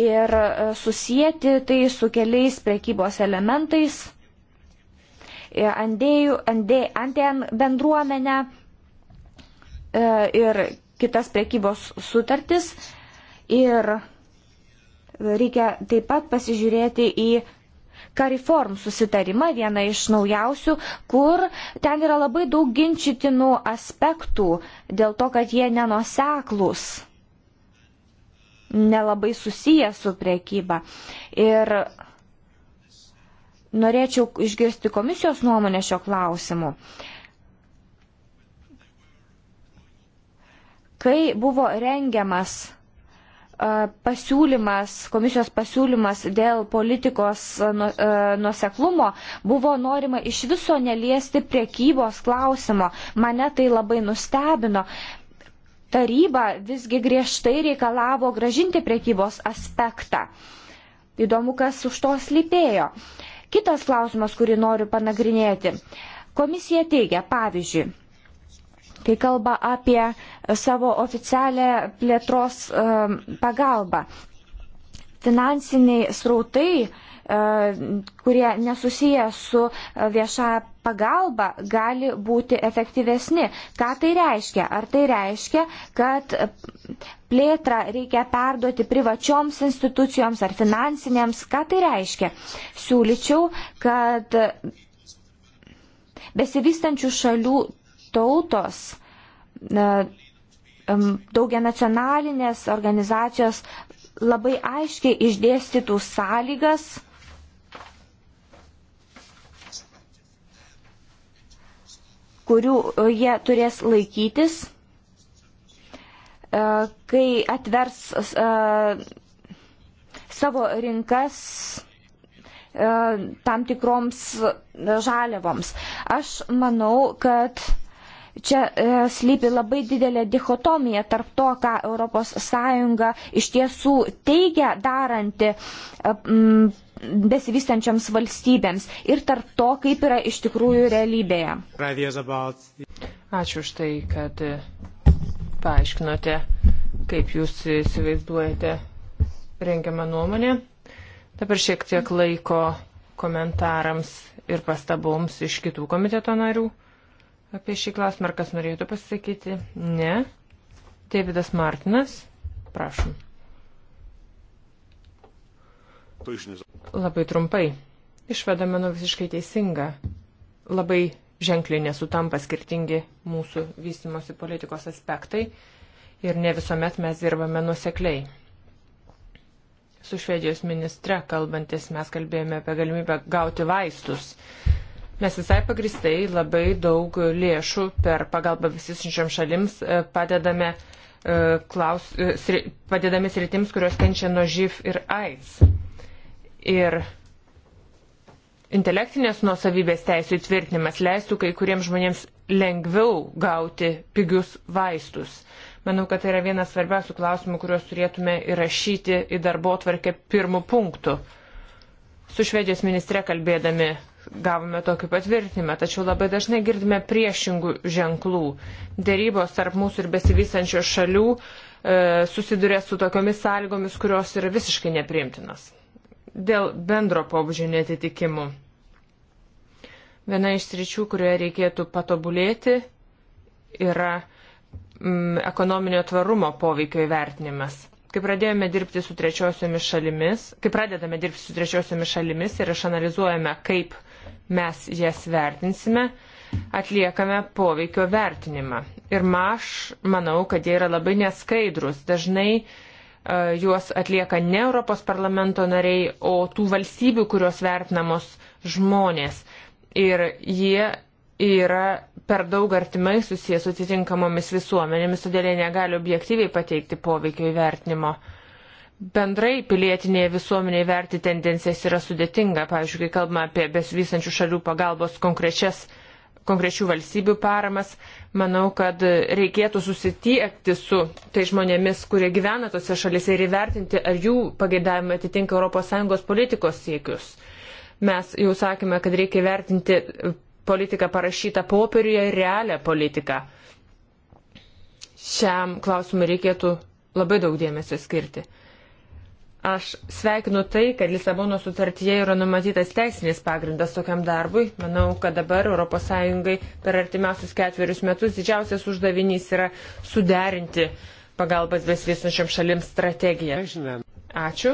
Ir e, susijęti tai su keliais priekybos elementais, e, andėjų, andė, antien bendruomenę ir kitas priekybos sutartis. Ir reikia taip pat pasižiūrėti į Kariform susitarimą, vieną iš naujausių, kur ten yra labai daug ginčytinų aspektų dėl to, kad jie nenoseklus nelabai susiję su priekyba. Ir norėčiau išgirsti komisijos nuomonę šio klausimu. Kai buvo rengiamas pasiūlymas, komisijos pasiūlymas dėl politikos nuseklumo buvo norima iš viso neliesti priekybos klausimo. Mane tai labai nustebino. Taryba visgi griežtai reikalavo gražinti priekybos aspektą. Įdomu, kas už to slypėjo. Kitas klausimas, kurį noriu panagrinėti. Komisija teigia, pavyzdžiui, kai kalba apie savo oficialią plėtros e, pagalbą. Finansiniai srautai, e, kurie nesusiję su viešaja pagalba, gali būti efektyvesni. Ką tai reiškia? Ar tai reiškia, kad plėtrą reikia perduoti privačioms institucijoms ar finansinėms? Ką tai reiškia? Siūlyčiau, kad besivystančių šalių tautos, daugia nacionalinės organizacijos labai aiškiai išdėstytų sąlygas, kurių e, jie turės laikytis, e, kai atvers e, savo rinkas tam tikroms žaliavoms. Aš manau, kad Čia e, slypi labai didelė dichotomija tarp to, ką ES iš tiesų teigia daranti e, m, besivystančiams valstybėms ir tarp to, kaip yra iš tikrųjų realybėje. Ačiū už tai, kad paaiškinote, kaip jūs įsivaizduojate rengiamą nuomonę. Dabar šiek tiek laiko komentarams ir pastaboms iš kitų komiteto narių. Apie šį klausimą ar kas norėtų pasisakyti? Ne. Davidas Martinas, prašom. Labai trumpai. Išvada, manau, visiškai teisinga. Labai ženkliai nesutampa skirtingi mūsų vystimosi politikos aspektai ir ne visuomet mes dirbame nusekliai. Su Švedijos ministre kalbantis mes kalbėjome apie galimybę gauti vaistus Mes visai pagristai labai daug lėšų per pagalbą visisinčiam šalims e, padedame, e, klaus, e, padedame sritims, kurios kenčia nuo živ ir AIDS. Ir intelektinės nuosavybės teisų įtvirtinimas leistų kai kuriems žmonėms lengviau gauti pigius vaistus. Manau, kad tai yra vienas svarbiausių klausimų, kuriuos turėtume įrašyti į darbo tvarkę pirmų punktų. Su švedijos ministre kalbėdami gavome tokį patvirtinimą, tačiau labai dažnai girdime priešingų ženklų. Dėrybos tarp mūsų ir besivystančios šalių e, susiduria su tokiomis sąlygomis, kurios yra visiškai nepriimtinas. Dėl bendro pobūdžio netitikimų. Viena iš sričių, kurioje reikėtų patobulėti, yra mm, ekonominio tvarumo poveikio įvertinimas kai pradėjome dirbti su trečiosiomis šalimis, kai pradedame dirbti su trečiosiomis šalimis ir išanalizuojame, kaip mes jas vertinsime, atliekame poveikio vertinimą. Ir aš manau, kad jie yra labai neskaidrus. Dažnai uh, juos atlieka ne Europos parlamento nariai, o tų valstybių, kurios vertinamos žmonės. Ir jie yra per daug artimai susijęs su atitinkamomis visuomenėmis, todėl jie negali objektyviai pateikti poveikio įvertinimo uh, bendrai pilietinėje visuomenėje verti tendencijas yra sudėtinga. Pavyzdžiui, kai kalbame apie besivysančių šalių pagalbos konkrečias konkrečių valstybių paramas, manau, kad reikėtų susitiekti su tai žmonėmis, kurie gyvena tose šalise ir įvertinti, ar jų pageidavimai atitinka ES politikos siekius. Mes jau sakėme, kad reikia vertinti politiką parašytą popieriuje ir realią politiką. Šiam klausimui reikėtų labai daug dėmesio skirti. Aš sveikinu tai, kad Lisabono sutartyje yra numatytas teisinis pagrindas tokiam darbui. Manau, kad dabar ES per artimiausius ketverius metus didžiausias uždavinys yra suderinti pagalbas besvysnušiam šalims strategiją. Ačiū.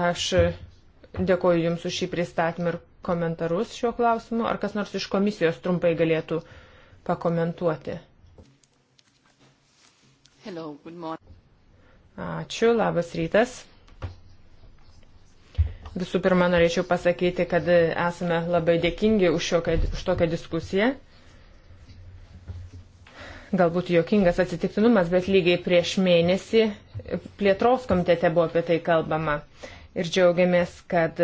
Aš dėkoju Jums už šį pristatymą ir komentarus šiuo klausimu. Ar kas nors iš komisijos trumpai galėtų pakomentuoti? Hello, good morning. Ačiū, labas rytas. Visų pirma, norėčiau pasakyti, kad esame labai dėkingi už, šiokią, už tokią diskusiją. Galbūt jokingas atsitiktinumas, bet lygiai prieš mėnesį plėtros komitete buvo apie tai kalbama. Ir džiaugiamės, kad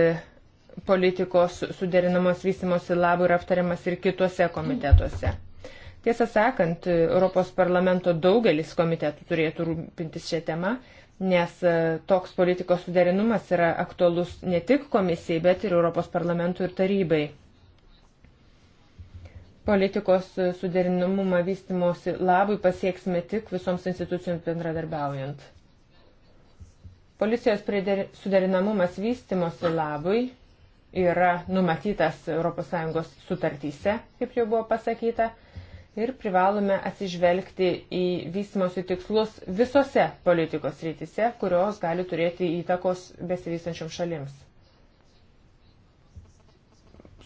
politikos suderinamos vystimosi labų yra aptariamas ir kituose komitetuose. Tiesą sakant, Europos parlamento daugelis komitetų turėtų rūpintis šią temą, nes e, toks politikos suderinumas yra aktualus ne tik komisijai, bet ir Europos parlamentui ir tarybai. Politikos suderinamumą vystimosi labui pasieksime tik visoms institucijoms bendradarbiaujant. Policijos suderinamumas vystimosi labui yra numatytas ES sutartyse, kaip jau buvo pasakyta, ir privalome atsižvelgti į vystimosi tikslus visose politikos rytise, kurios gali turėti įtakos besivystančiom šalims.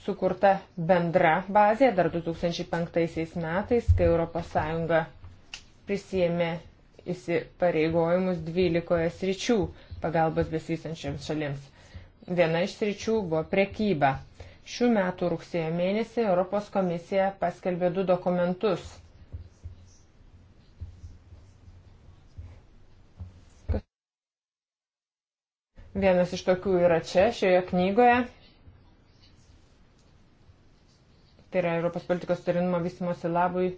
Sukurta bendra bazė dar 2005 metais, kai ES prisėmė įsipareigojimus 12 sričių pagalbos besivystančiams šalims. Viena iš sričių buvo prekyba Šių metų rugsėjo mėnesį Europos komisija paskelbė du dokumentus. Vienas iš tokių yra čia, šioje knygoje. Tai yra Europos politikos turinumo vystimosi labui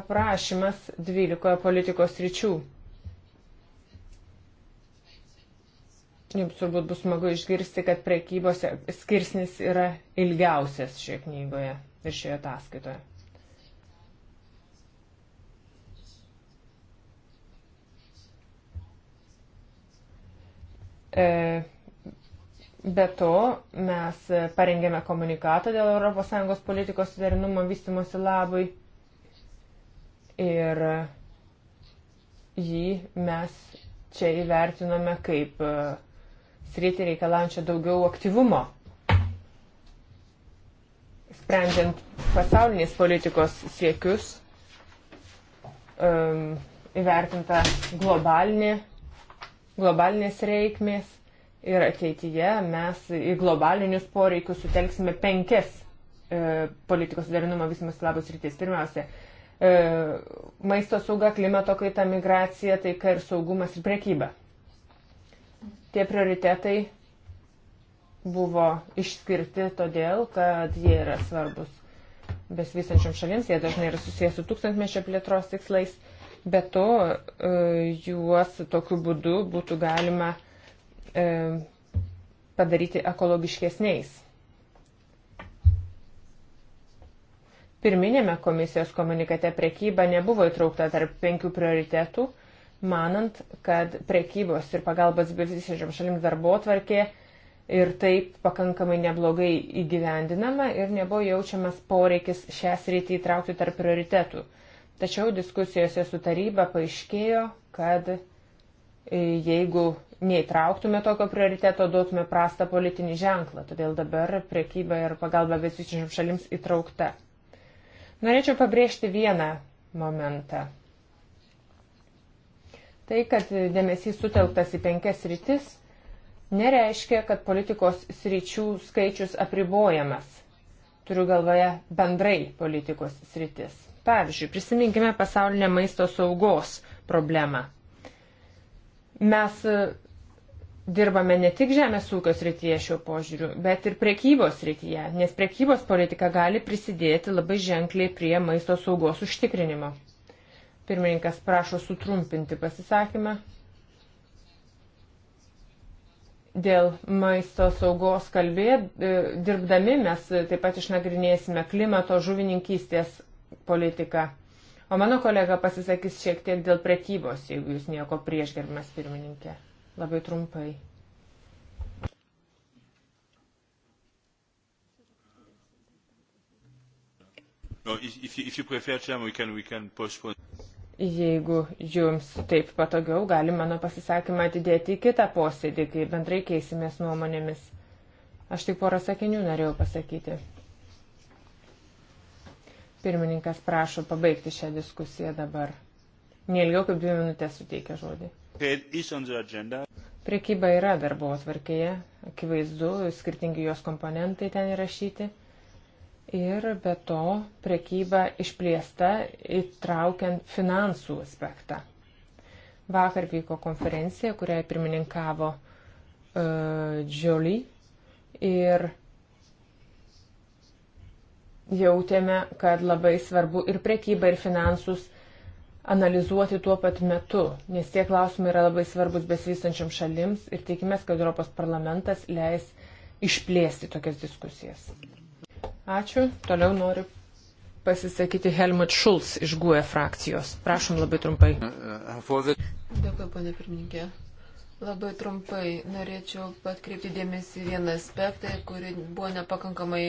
aprašymas 12 politikos ryčių. Jums turbūt bus smagu išgirsti, kad prekybos skirsnis yra ilgiausias šioje knygoje ir šioje ataskaitoje. E, be to, mes parengėme komunikatą dėl ES politikos suderinimo vystimosi labui ir jį mes čia įvertinome kaip e, sritį reikalaujančią daugiau aktyvumo. Sprendžiant pasaulinės politikos siekius, um, įvertinta globalinė, globalinės reikmės ir ateityje mes į globalinius poreikius sutelksime penkias e, politikos derinimo visimus labus rytis. Pirmiausia, e, maisto sauga, klimato kaita, migracija, taika ir saugumas ir prekyba. Tie prioritetai buvo išskirti todėl, kad jie yra svarbus besivystančiom šalims, jie dažnai yra susijęs su tūkstantmečio plėtros tikslais, bet to e, juos tokiu būdu būtų galima e, padaryti ekologiškesniais. Pirminėme komisijos komunikate prekyba nebuvo įtraukta tarp penkių prioritetų, manant, kad prekybos ir pagalbos bevisišiam šalims darbo tvarkė ir taip pakankamai neblogai įgyvendinama ir nebuvo jaučiamas poreikis šią sritį įtraukti tarp prioritetų. Tačiau diskusijose su taryba paaiškėjo, kad e, jeigu neįtrauktume tokio prioriteto, duotume prastą politinį ženklą. Todėl dabar priekyba ir pagalba besičiančiam šalims įtraukta. Norėčiau pabrėžti vieną momentą. Tai, kad dėmesys sutelktas į penkias rytis, nereiškia, kad politikos sričių skaičius apribojamas. Turiu galvoje bendrai politikos sritis. Pavyzdžiui, prisiminkime pasaulinę maisto saugos problemą. Mes e, dirbame ne tik žemės ūkio srityje šiuo požiūriu, bet ir prekybos srityje, nes prekybos politika gali prisidėti labai ženkliai prie maisto saugos užtikrinimo. Pirmininkas prašo sutrumpinti pasisakymą dėl maisto saugos kalbė, e, dirbdami mes taip pat išnagrinėsime klimato žuvininkystės politiką. O mano kolega pasisakys šiek tiek dėl prekybos, jeigu jūs nieko prieš gerbimas pirmininkė. Labai trumpai. No, if, if you prefer, Chairman, we can, we can postpone. Jeigu jums taip patogiau, gali mano pasisakymą atidėti į kitą posėdį, kai bendrai keisimės nuomonėmis. Aš tik porą sakinių norėjau pasakyti. Pirmininkas prašo pabaigti šią diskusiją dabar. Nelgiau kaip dvi minutės suteikia žodį. Prekyba yra darbo atvarkėje, akivaizdu, skirtingi jos komponentai ten įrašyti. Ir be to prekyba išplėsta įtraukiant finansų aspektą. Vakar vyko konferencija, kuriai pirmininkavo uh, e, Džioli ir jautėme, kad labai svarbu ir prekybą, ir finansus analizuoti tuo pat metu, nes tie klausimai yra labai svarbus besivystančiam šalims ir tikimės, kad Europos parlamentas leis išplėsti tokias diskusijas. Ačiū. Toliau noriu pasisakyti Helmut Schulz iš GUE frakcijos. Prašom labai trumpai. Dėkui, ponė pirmininkė. Labai trumpai norėčiau patkreipti dėmesį vieną aspektą, kuri buvo nepakankamai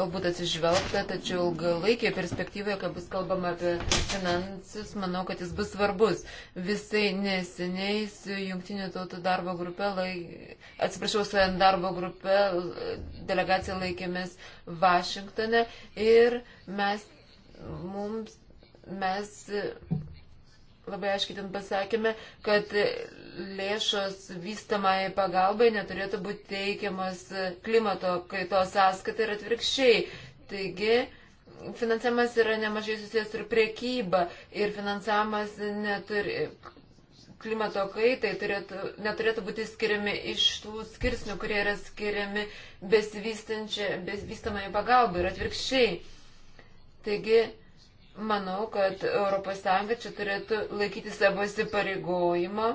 galbūt atsižvelgta, tačiau ilgalaikėje perspektyvoje, kai bus kalbama apie finansus, manau, kad jis bus svarbus. Visai neseniai su Junktinių tautų darbo grupė, laik... atsiprašau, su N darbo grupė e, delegacija laikėmės Vašingtone ir mes, mums, mes labai aiškiai ten pasakėme, kad lėšos vystamai pagalbai neturėtų būti teikiamas klimato kaitos sąskaita ir atvirkščiai. Taigi, finansavimas yra nemažai susijęs ir priekyba ir finansavimas neturi, klimato kaitai turėtų, neturėtų būti skiriami iš tų skirsnių, kurie yra skiriami besivystamai pagalbai ir atvirkščiai. Taigi, Manau, kad ES čia turėtų laikyti savo įsipareigojimo.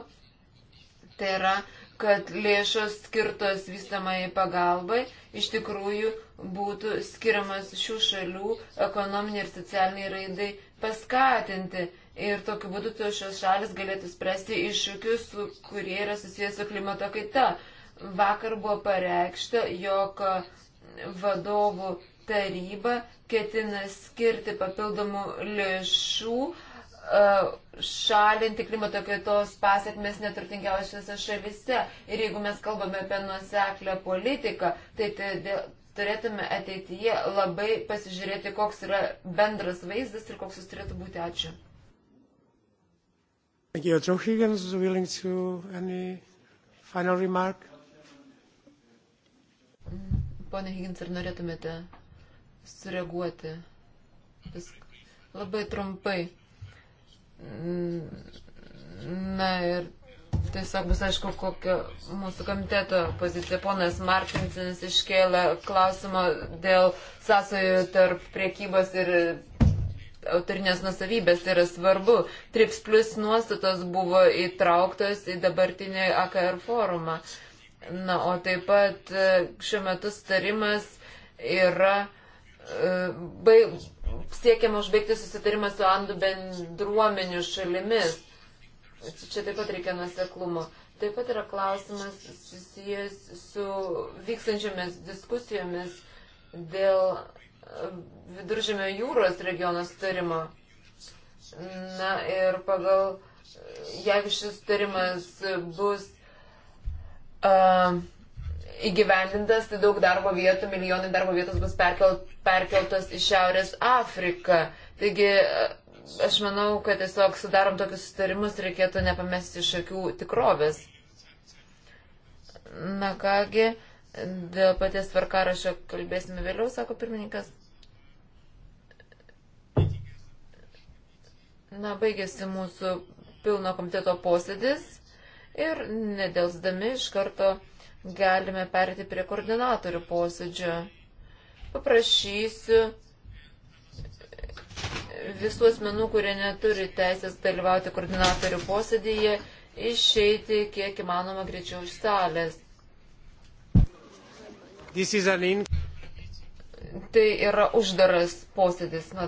Tai yra, kad lėšos skirtos vystamai pagalbai iš tikrųjų būtų skiriamas šių šalių ekonominiai ir socialiniai raidai paskatinti. Ir tokiu būdu to šios šalis galėtų spręsti iššūkius, kurie yra susijęs su klimato kaita. Vakar buvo pareikšta, jog vadovų taryba ketina skirti papildomų lėšų e, šalinti klimato kaitos pasiekmes neturtingiausiose šalise. Ir jeigu mes kalbame apie nuseklę politiką, tai turėtume ateityje labai pasižiūrėti, koks yra bendras vaizdas ir koks jis turėtų būti. Ačiū. Thank you. Joe Higgins is willing to any final remark. Pone Higgins, ar norėtumėte sureaguoti. Vis labai trumpai. Na ir Tiesiog bus aišku, kokia mūsų komiteto pozicija. Ponas Martinsinis iškėlė klausimą dėl sąsojų tarp priekybos ir autorinės nusavybės. Tai yra svarbu. TRIPS plus nuostatos buvo įtrauktos į dabartinį AKR forumą. Na, o taip pat e, šiuo metu starimas yra baig, siekiama užbaigti susitarimą su Andų bendruomenių šalimis. Čia taip pat reikia nuseklumo. Taip pat yra klausimas susijęs su vykstančiomis diskusijomis dėl e, viduržėmio jūros regiono sutarimo. Na ir pagal, e, jeigu šis sutarimas bus uh, įgyvendintas, tai daug darbo vietų, milijonai darbo vietos bus perkelt, perkeltos į Šiaurės Afriką. Taigi e, aš manau, kad tiesiog sudarom tokius sustarimus reikėtų nepamesti iš akių tikrovės. Na kągi, dėl paties tvarkarašio kalbėsime vėliau, sako pirmininkas. Na, baigėsi mūsų pilno komiteto posėdis ir nedelsdami iš karto galime perėti prie koordinatorių posėdžio. Paprašysiu visų asmenų, kurie neturi teisės dalyvauti koordinatorių posėdėje, išeiti kiek įmanoma greičiau iš salės. Tai yra uždaras posėdis.